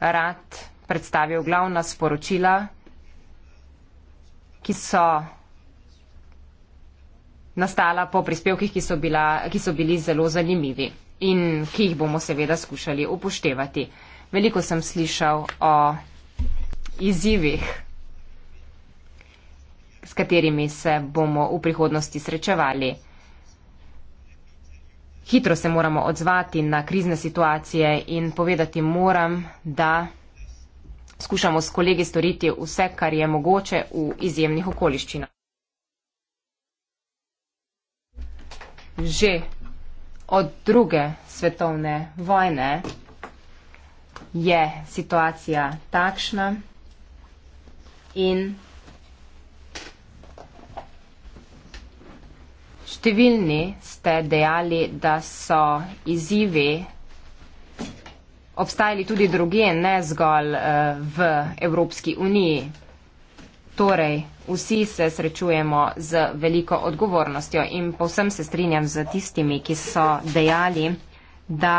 rad predstavil glavna sporočila, ki so nastala po prispevkih, ki so, bila, ki so bili zelo zanimivi in ki jih bomo seveda skušali upoštevati. Veliko sem slišal o izzivih, s katerimi se bomo v prihodnosti srečevali. Hitro se moramo odzvati na krizne situacije in povedati moram, da skušamo s kolegi storiti vse, kar je mogoče v izjemnih okoliščinah. Že od druge svetovne vojne je situacija takšna in številni ste dejali, da so izzivi obstajali tudi druge, ne zgolj eh, v Evropski uniji. Torej, vsi se srečujemo z veliko odgovornostjo in povsem se strinjam z tistimi, ki so dejali, da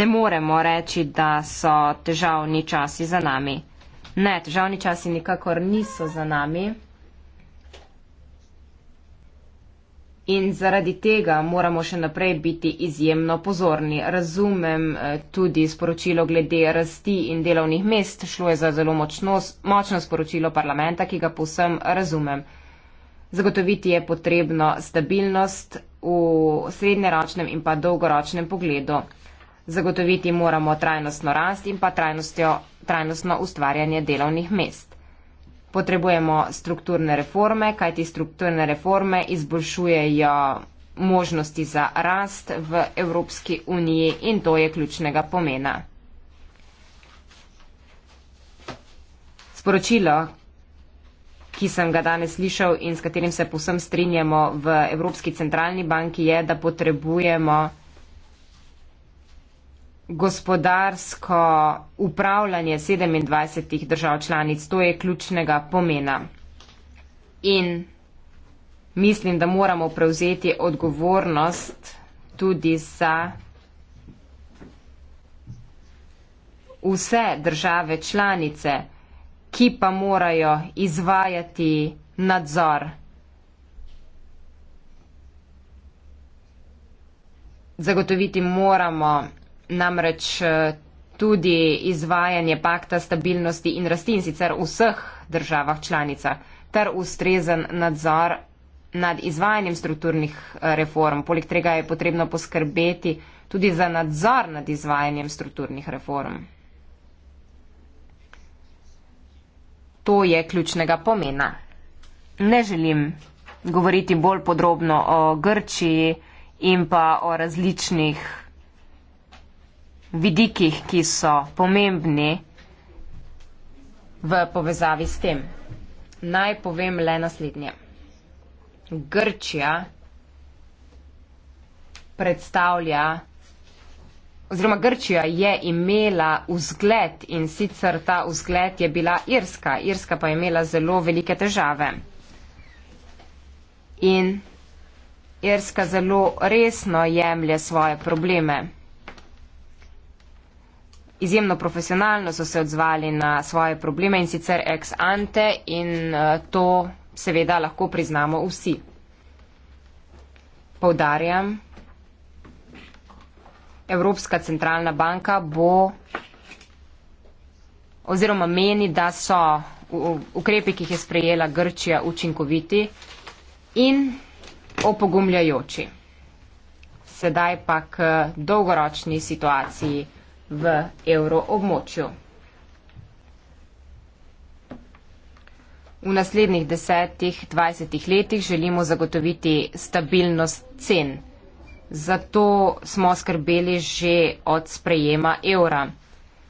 ne moremo reči, da so težavni časi za nami. Ne, težavni časi nikakor niso za nami. In zaradi tega moramo še naprej biti izjemno pozorni. Razumem eh, tudi sporočilo glede rasti in delovnih mest. Šlo je za zelo močno, močno sporočilo parlamenta, ki ga posem razumem. Zagotoviti je potrebno stabilnost v srednjeročnem in pa dolgoročnem pogledu. Zagotoviti moramo trajnostno rast in pa trajnostno ustvarjanje delovnih mest potrebujemo strukturne reforme, kajti strukturne reforme izboljšujejo možnosti za rast v Evropski uniji in to je ključnega pomena. Sporočilo, ki sem ga danes slišal in s katerim se posem strinjamo v Evropski centralni banki, je, da potrebujemo gospodarsko upravljanje 27 držav članic. To je ključnega pomena. In mislim, da moramo prevzeti odgovornost tudi za vse države članice, ki pa morajo izvajati nadzor. Zagotoviti moramo namreč eh, tudi izvajanje pakta stabilnosti in rasti in sicer v vseh državah članicah ter ustrezen nadzor nad izvajanjem strukturnih eh, reform. Poleg tega je potrebno poskrbeti tudi za nadzor nad izvajanjem strukturnih reform. To je ključnega pomena. Ne želim govoriti bolj podrobno o Grčiji in pa o različnih vidikih, ki so pomembni v povezavi s tem. Naj povem le naslednje. Grčija predstavlja oziroma Grčija je imela vzgled in sicer ta vzgled je bila Irska. Irska pa je imela zelo velike težave. In Irska zelo resno jemlje svoje probleme. Izjemno profesionalno so se odzvali na svoje probleme in sicer ex ante in eh, to seveda lahko priznamo vsi. Povdarjam, Evropska centralna banka bo oziroma meni, da so ukrepi, ki jih je sprejela Grčija, učinkoviti in opogumljajoči. Sedaj pa k eh, dolgoročni situaciji v evroobmočju. V naslednjih desetih, dvajsetih letih želimo zagotoviti stabilnost cen. Zato smo skrbeli že od sprejema evra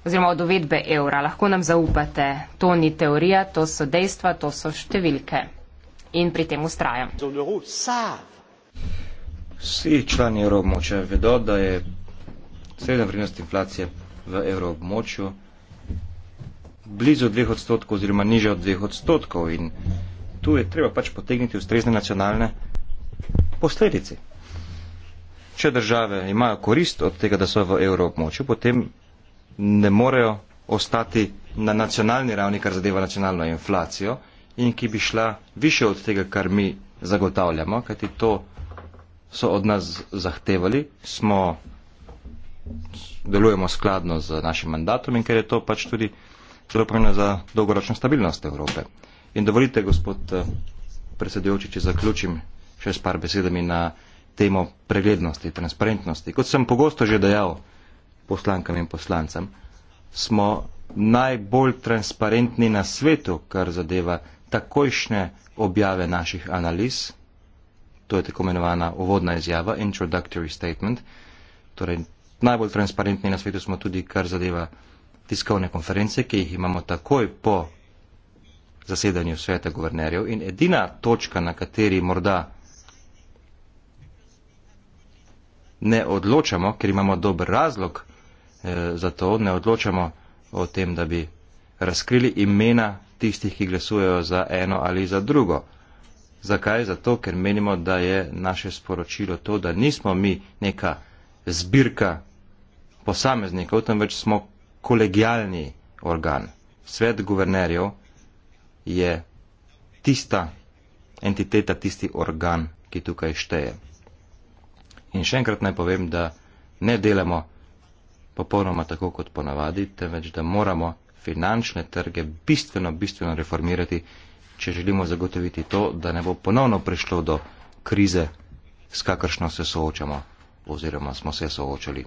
oziroma od uvedbe evra. Lahko nam zaupate, to ni teorija, to so dejstva, to so številke. In pri tem ustrajam. Vsi člani evroobmočja vedo, da je Sredna vrednost inflacije v evroobmočju blizu dveh odstotkov oziroma niže od dveh odstotkov in tu je treba pač potegniti ustrezne nacionalne posledice. Če države imajo korist od tega, da so v evroobmočju, potem ne morejo ostati na nacionalni ravni, kar zadeva nacionalno inflacijo in ki bi šla više od tega, kar mi zagotavljamo, kajti to so od nas zahtevali, smo delujemo skladno z našim mandatom in ker je to pač tudi zelo pomembno za dolgoročno stabilnost Evrope. In dovolite, gospod eh, predsedujoči, če zaključim še s par besedami na temo preglednosti, transparentnosti. Kot sem pogosto že dejal poslankam in poslancem, smo najbolj transparentni na svetu, kar zadeva takojšnje objave naših analiz, to je tako imenovana uvodna izjava, introductory statement, torej najbolj transparentni na svetu smo tudi, kar zadeva tiskovne konference, ki jih imamo takoj po zasedanju sveta guvernerjev. In edina točka, na kateri morda ne odločamo, ker imamo dober razlog eh, za to, ne odločamo o tem, da bi razkrili imena tistih, ki glasujejo za eno ali za drugo. Zakaj? Zato, ker menimo, da je naše sporočilo to, da nismo mi neka zbirka posameznikov, temveč smo kolegijalni organ. Svet guvernerjev je tista entiteta, tisti organ, ki tukaj šteje. In še enkrat naj povem, da ne delamo popolnoma tako kot ponavadi, temveč da moramo finančne trge bistveno, bistveno reformirati, če želimo zagotoviti to, da ne bo ponovno prišlo do krize, s kakršno se soočamo oziroma smo se soočali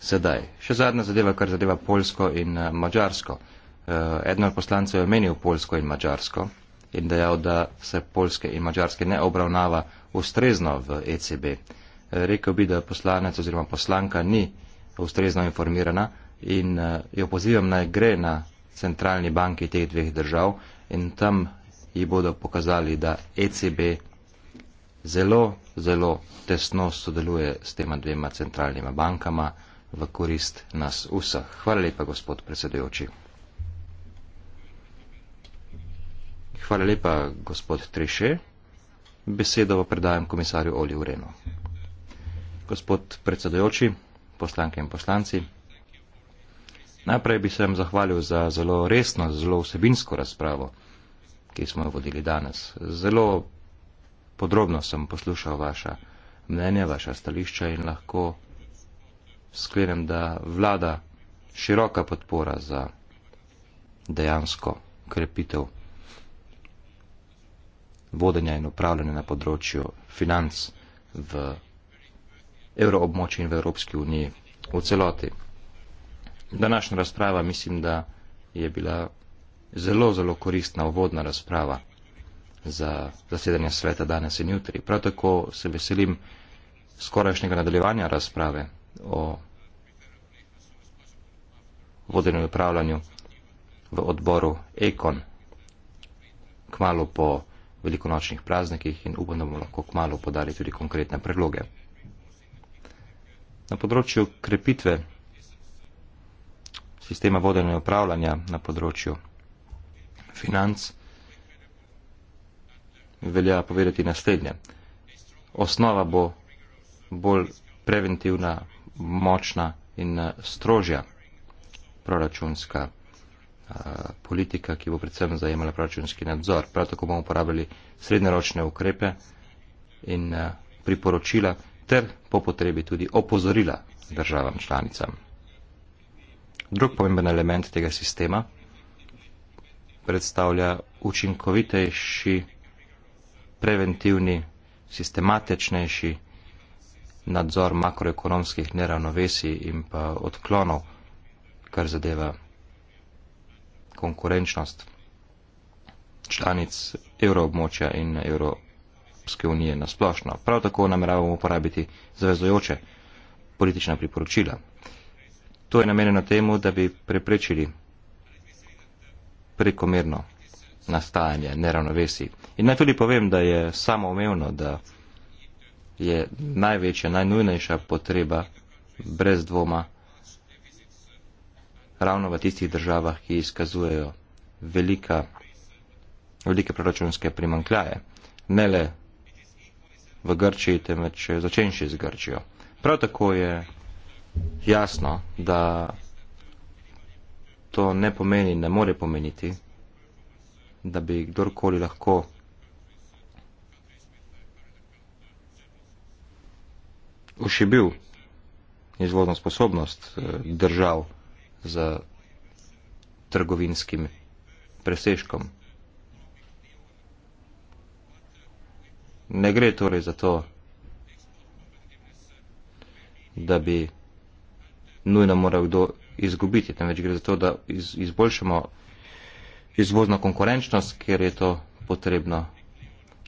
sedaj. Še zadnja zadeva, kar zadeva Polsko in eh, Mačarsko. Eh, eden od poslancev je omenil Polsko in Mačarsko in dejal, da se Polske in Mačarske ne obravnava ustrezno v ECB. Eh, rekel bi, da poslanec oziroma poslanka ni ustrezno informirana in jo pozivam naj gre na centralni banki teh dveh držav in tam ji bodo pokazali, da ECB zelo, zelo tesno sodeluje s tema dvema centralnima bankama v korist nas vseh. Hvala lepa, gospod predsedujoči. Hvala lepa, gospod Treše. Besedo v predajem komisarju Oli Urenu. Gospod predsedujoči, poslanke in poslanci, najprej bi se vam zahvalil za zelo resno, zelo vsebinsko razpravo, ki smo jo vodili danes. Zelo podrobno sem poslušal vaša mnenja, vaša stališča in lahko sklenem, da vlada široka podpora za dejansko krepitev vodenja in upravljanja na področju financ v evroobmočju in v Evropski uniji v celoti. Današnja razprava mislim, da je bila zelo, zelo koristna uvodna razprava za zasedanje sveta danes in jutri. Prav tako se veselim skorajšnjega nadaljevanja razprave o vodenem upravljanju v odboru Ekon kmalo po velikonočnih praznikih in upam, da bomo lahko kmalo podali tudi konkretne predloge. Na področju krepitve sistema vodenja upravljanja na področju financ velja povedati naslednje. Osnova bo bolj preventivna močna in eh, strožja proračunska eh, politika, ki bo predvsem zajemala proračunski nadzor. Prav tako bomo uporabljali srednjeročne ukrepe in eh, priporočila ter po potrebi tudi opozorila državam članicam. Drug pomemben element tega sistema predstavlja učinkovitejši, preventivni, sistematičnejši nadzor makroekonomskih neravnovesij in pa odklonov, kar zadeva konkurenčnost članic evroobmočja in Evropske unije na splošno. Prav tako nameravamo uporabiti zavezojoče politična priporočila. To je namenjeno temu, da bi preprečili prekomerno nastajanje neravnovesij. In naj tudi povem, da je samoumevno, da je največja, najnujnejša potreba brez dvoma ravno v tistih državah, ki izkazujejo velika, velike proračunske primankljaje. Ne le v Grčiji, temveč začenši z Grčijo. Prav tako je jasno, da to ne pomeni, ne more pomeniti, da bi kdorkoli lahko пошибил изложенную способность, э, держал за торговинским пресечком. Не грет ори за то, да би нужно морал до изгубить, там ведь за то, да из, избольшимо izvozno konkurenčnost, ker je to potrebno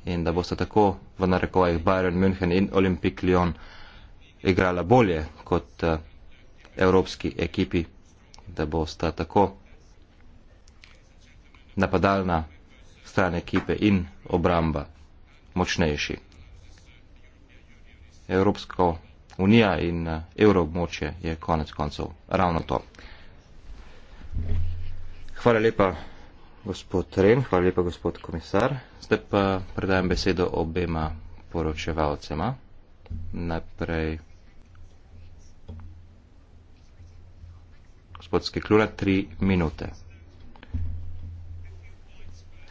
in da boste tako v narekovajih Bayern München in Olympique Lyon igrala bolje kot eh, evropski ekipi, da bo sta tako napadalna stran ekipe in obramba močnejši. Evropsko unija in eh, evroobmočje je konec koncev ravno to. Hvala lepa, gospod Ren, hvala lepa, gospod komisar. Zdaj pa predajam besedo obema poročevalcema. Najprej gospodske klura tri minute.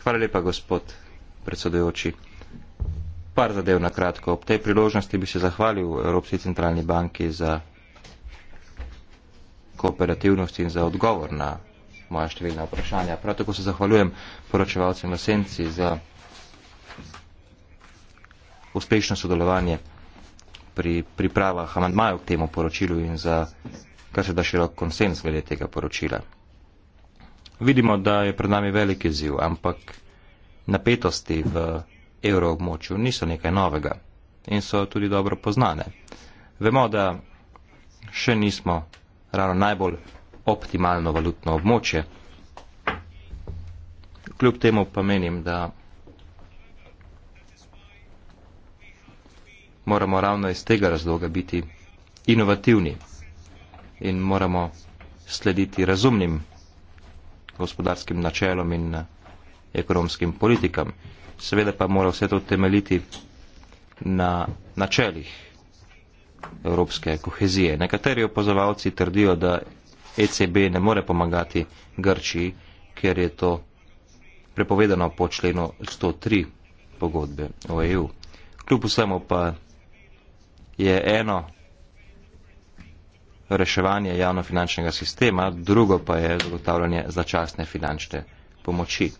Hvala lepa, gospod predsedujoči. Par zadev na kratko. Ob tej priložnosti bi se zahvalil Evropski centralni banki za kooperativnost in za odgovor na moja številna vprašanja. Prav tako se zahvaljujem poročevalcem v Senci za uspešno sodelovanje pri pripravah amandmajev k temu poročilu in za kar se da širok konsens glede tega poročila. Vidimo, da je pred nami velik izziv, ampak napetosti v evroobmočju niso nekaj novega in so tudi dobro poznane. Vemo, da še nismo ravno najbolj optimalno valutno območje. Kljub temu pa menim, da moramo ravno iz tega razloga biti inovativni in moramo slediti razumnim gospodarskim načelom in eh, ekonomskim politikam. Seveda pa mora vse to temeljiti na načelih evropske kohezije. Nekateri opozovalci trdijo, da ECB ne more pomagati Grčiji, ker je to prepovedano po členu 103 pogodbe o EU. Kljub vsemu pa je eno reševanje javnofinančnega sistema, drugo pa je zagotavljanje začasne finančne pomoči.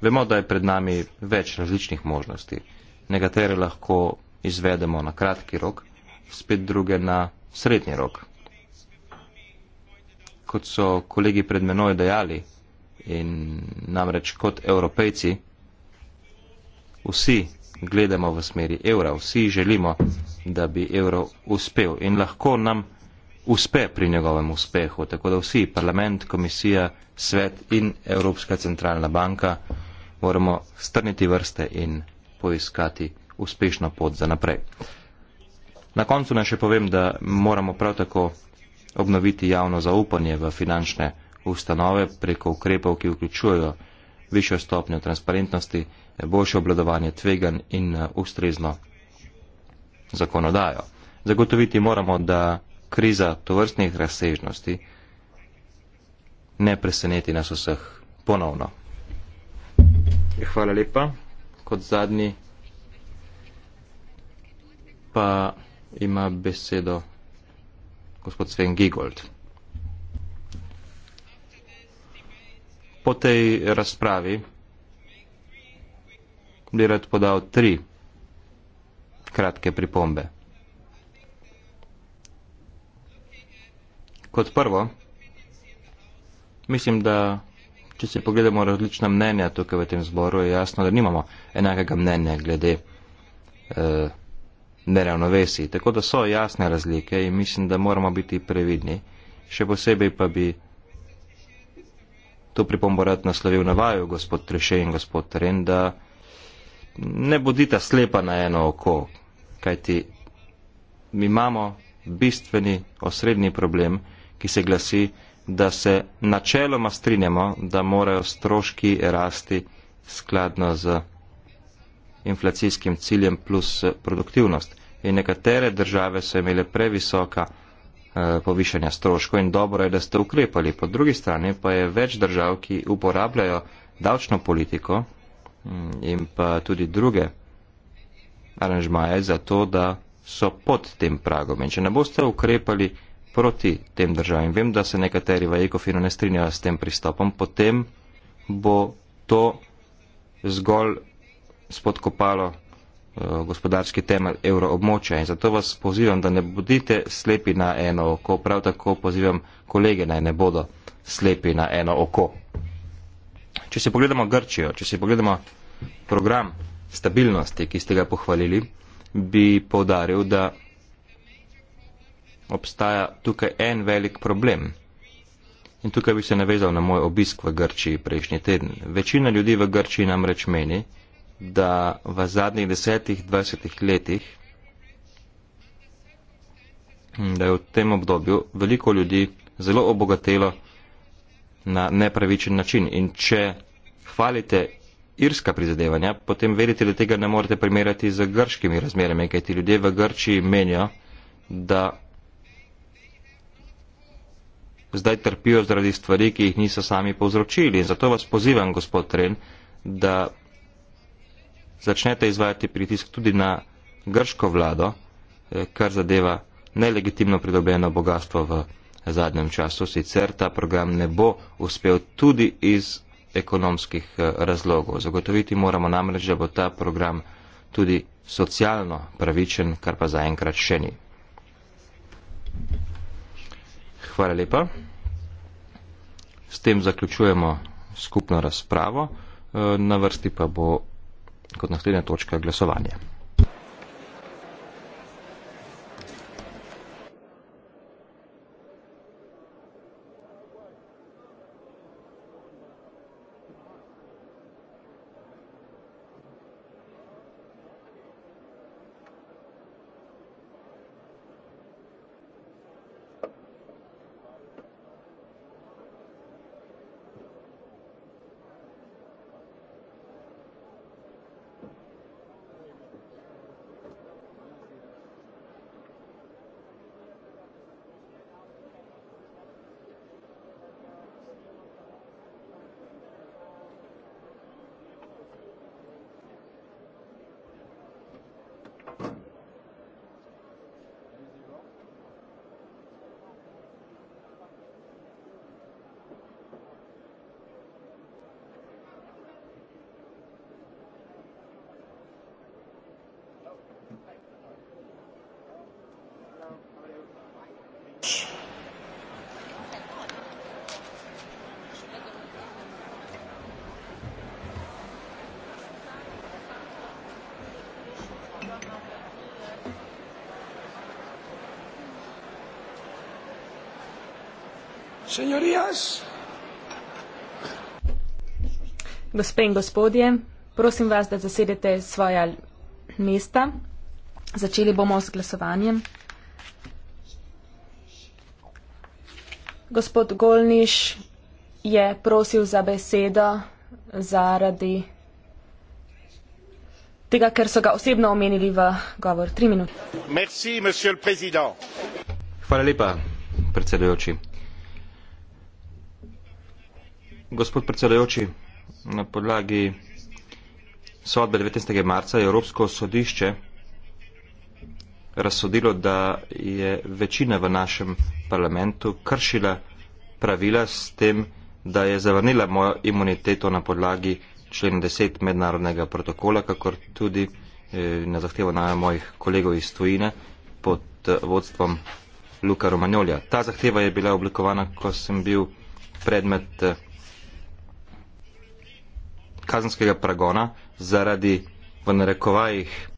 Vemo, da je pred nami več različnih možnosti. Nekatere lahko izvedemo na kratki rok, spet druge na srednji rok. Kot so kolegi pred menoj dejali in namreč kot evropejci, vsi gledamo v smeri evra, vsi želimo, da bi evro uspel in lahko nam uspe pri njegovem uspehu. Tako da vsi, parlament, komisija, svet in Evropska centralna banka, moramo strniti vrste in poiskati uspešno pot za naprej. Na koncu naj še povem, da moramo prav tako obnoviti javno zaupanje v finančne ustanove preko ukrepov, ki vključujejo višjo stopnjo transparentnosti, boljše obladovanje tvegan in uh, ustrezno zakonodajo. Zagotoviti moramo, da kriza tovrstnih razsežnosti ne preseneti nas vseh ponovno. Hvala lepa. Kot zadnji pa ima besedo gospod Sven Gigold. Po tej razpravi bi rad podal tri kratke pripombe. Kot prvo, mislim, da če se pogledamo različna mnenja tukaj v tem zboru, je jasno, da nimamo enakega mnenja glede eh, neravnovesij. Tako da so jasne razlike in mislim, da moramo biti previdni. Še posebej pa bi to pripombo rad naslovil na vaju, gospod Trešej in gospod Ren, da ne bodita slepa na eno oko, kajti mi imamo bistveni osrednji problem, ki se glasi, da se načeloma strinjamo, da morajo stroški rasti skladno z inflacijskim ciljem plus eh, produktivnost. In nekatere države so imele previsoka eh, povišanja stroškov in dobro je, da ste ukrepali. Po drugi strani pa je več držav, ki uporabljajo davčno politiko mm, in pa tudi druge aranžmaje za to, da so pod tem pragom. In če ne boste ukrepali proti tem državam. Vem, da se nekateri v ECOFIN-u ne strinjajo s tem pristopom, potem bo to zgolj spodkopalo eh, gospodarski temelj evroobmočja. In zato vas pozivam, da ne bodite slepi na eno oko. Prav tako pozivam kolege naj ne bodo slepi na eno oko. Če si pogledamo Grčijo, če si pogledamo program stabilnosti, ki ste ga pohvalili, bi povdaril, da obstaja tukaj en velik problem. In tukaj bi se navezal na moj obisk v Grčiji prejšnji teden. Večina ljudi v Grčiji namreč meni, da v zadnjih desetih, dvajsetih letih, da je v tem obdobju veliko ljudi zelo obogatelo na nepravičen način. In če hvalite irska prizadevanja, potem vedite, da tega ne morete primerjati z grškimi razmerami, kajti ljudje v Grčiji menijo, da zdaj trpijo zaradi stvari, ki jih niso sami povzročili. In zato vas pozivam, gospod Tren, da začnete izvajati pritisk tudi na grško vlado, eh, kar zadeva nelegitimno pridobljeno bogatstvo v zadnjem času. Sicer ta program ne bo uspel tudi iz ekonomskih eh, razlogov. Zagotoviti moramo namreč, da bo ta program tudi socialno pravičen, kar pa zaenkrat še ni. Thank you. Hvala lepa. S tem zaključujemo skupno razpravo. Eh, na vrsti pa bo kot naslednja točka glasovanje. nas. Gospe in gospodje, prosim vas, da zasedete svoja mesta. Začeli bomo s glasovanjem. Gospod Golniš je prosil za besedo zaradi tega, ker so ga osebno omenili v govor. Tri minute. Merci, Hvala lepa, predsedujoči. Gospod predsedajoči, na podlagi sodbe 19. marca je Evropsko sodišče razsodilo, da je večina v našem parlamentu kršila pravila s tem, da je zavrnila mojo imuniteto na podlagi člen 10 mednarodnega protokola, kakor tudi eh, na zahtevo na mojih kolegov iz Tvojine pod eh, vodstvom Luka Romanjolja. Ta zahteva je bila oblikovana, ko sem bil predmet eh, kazenskega pregona zaradi v narekovajih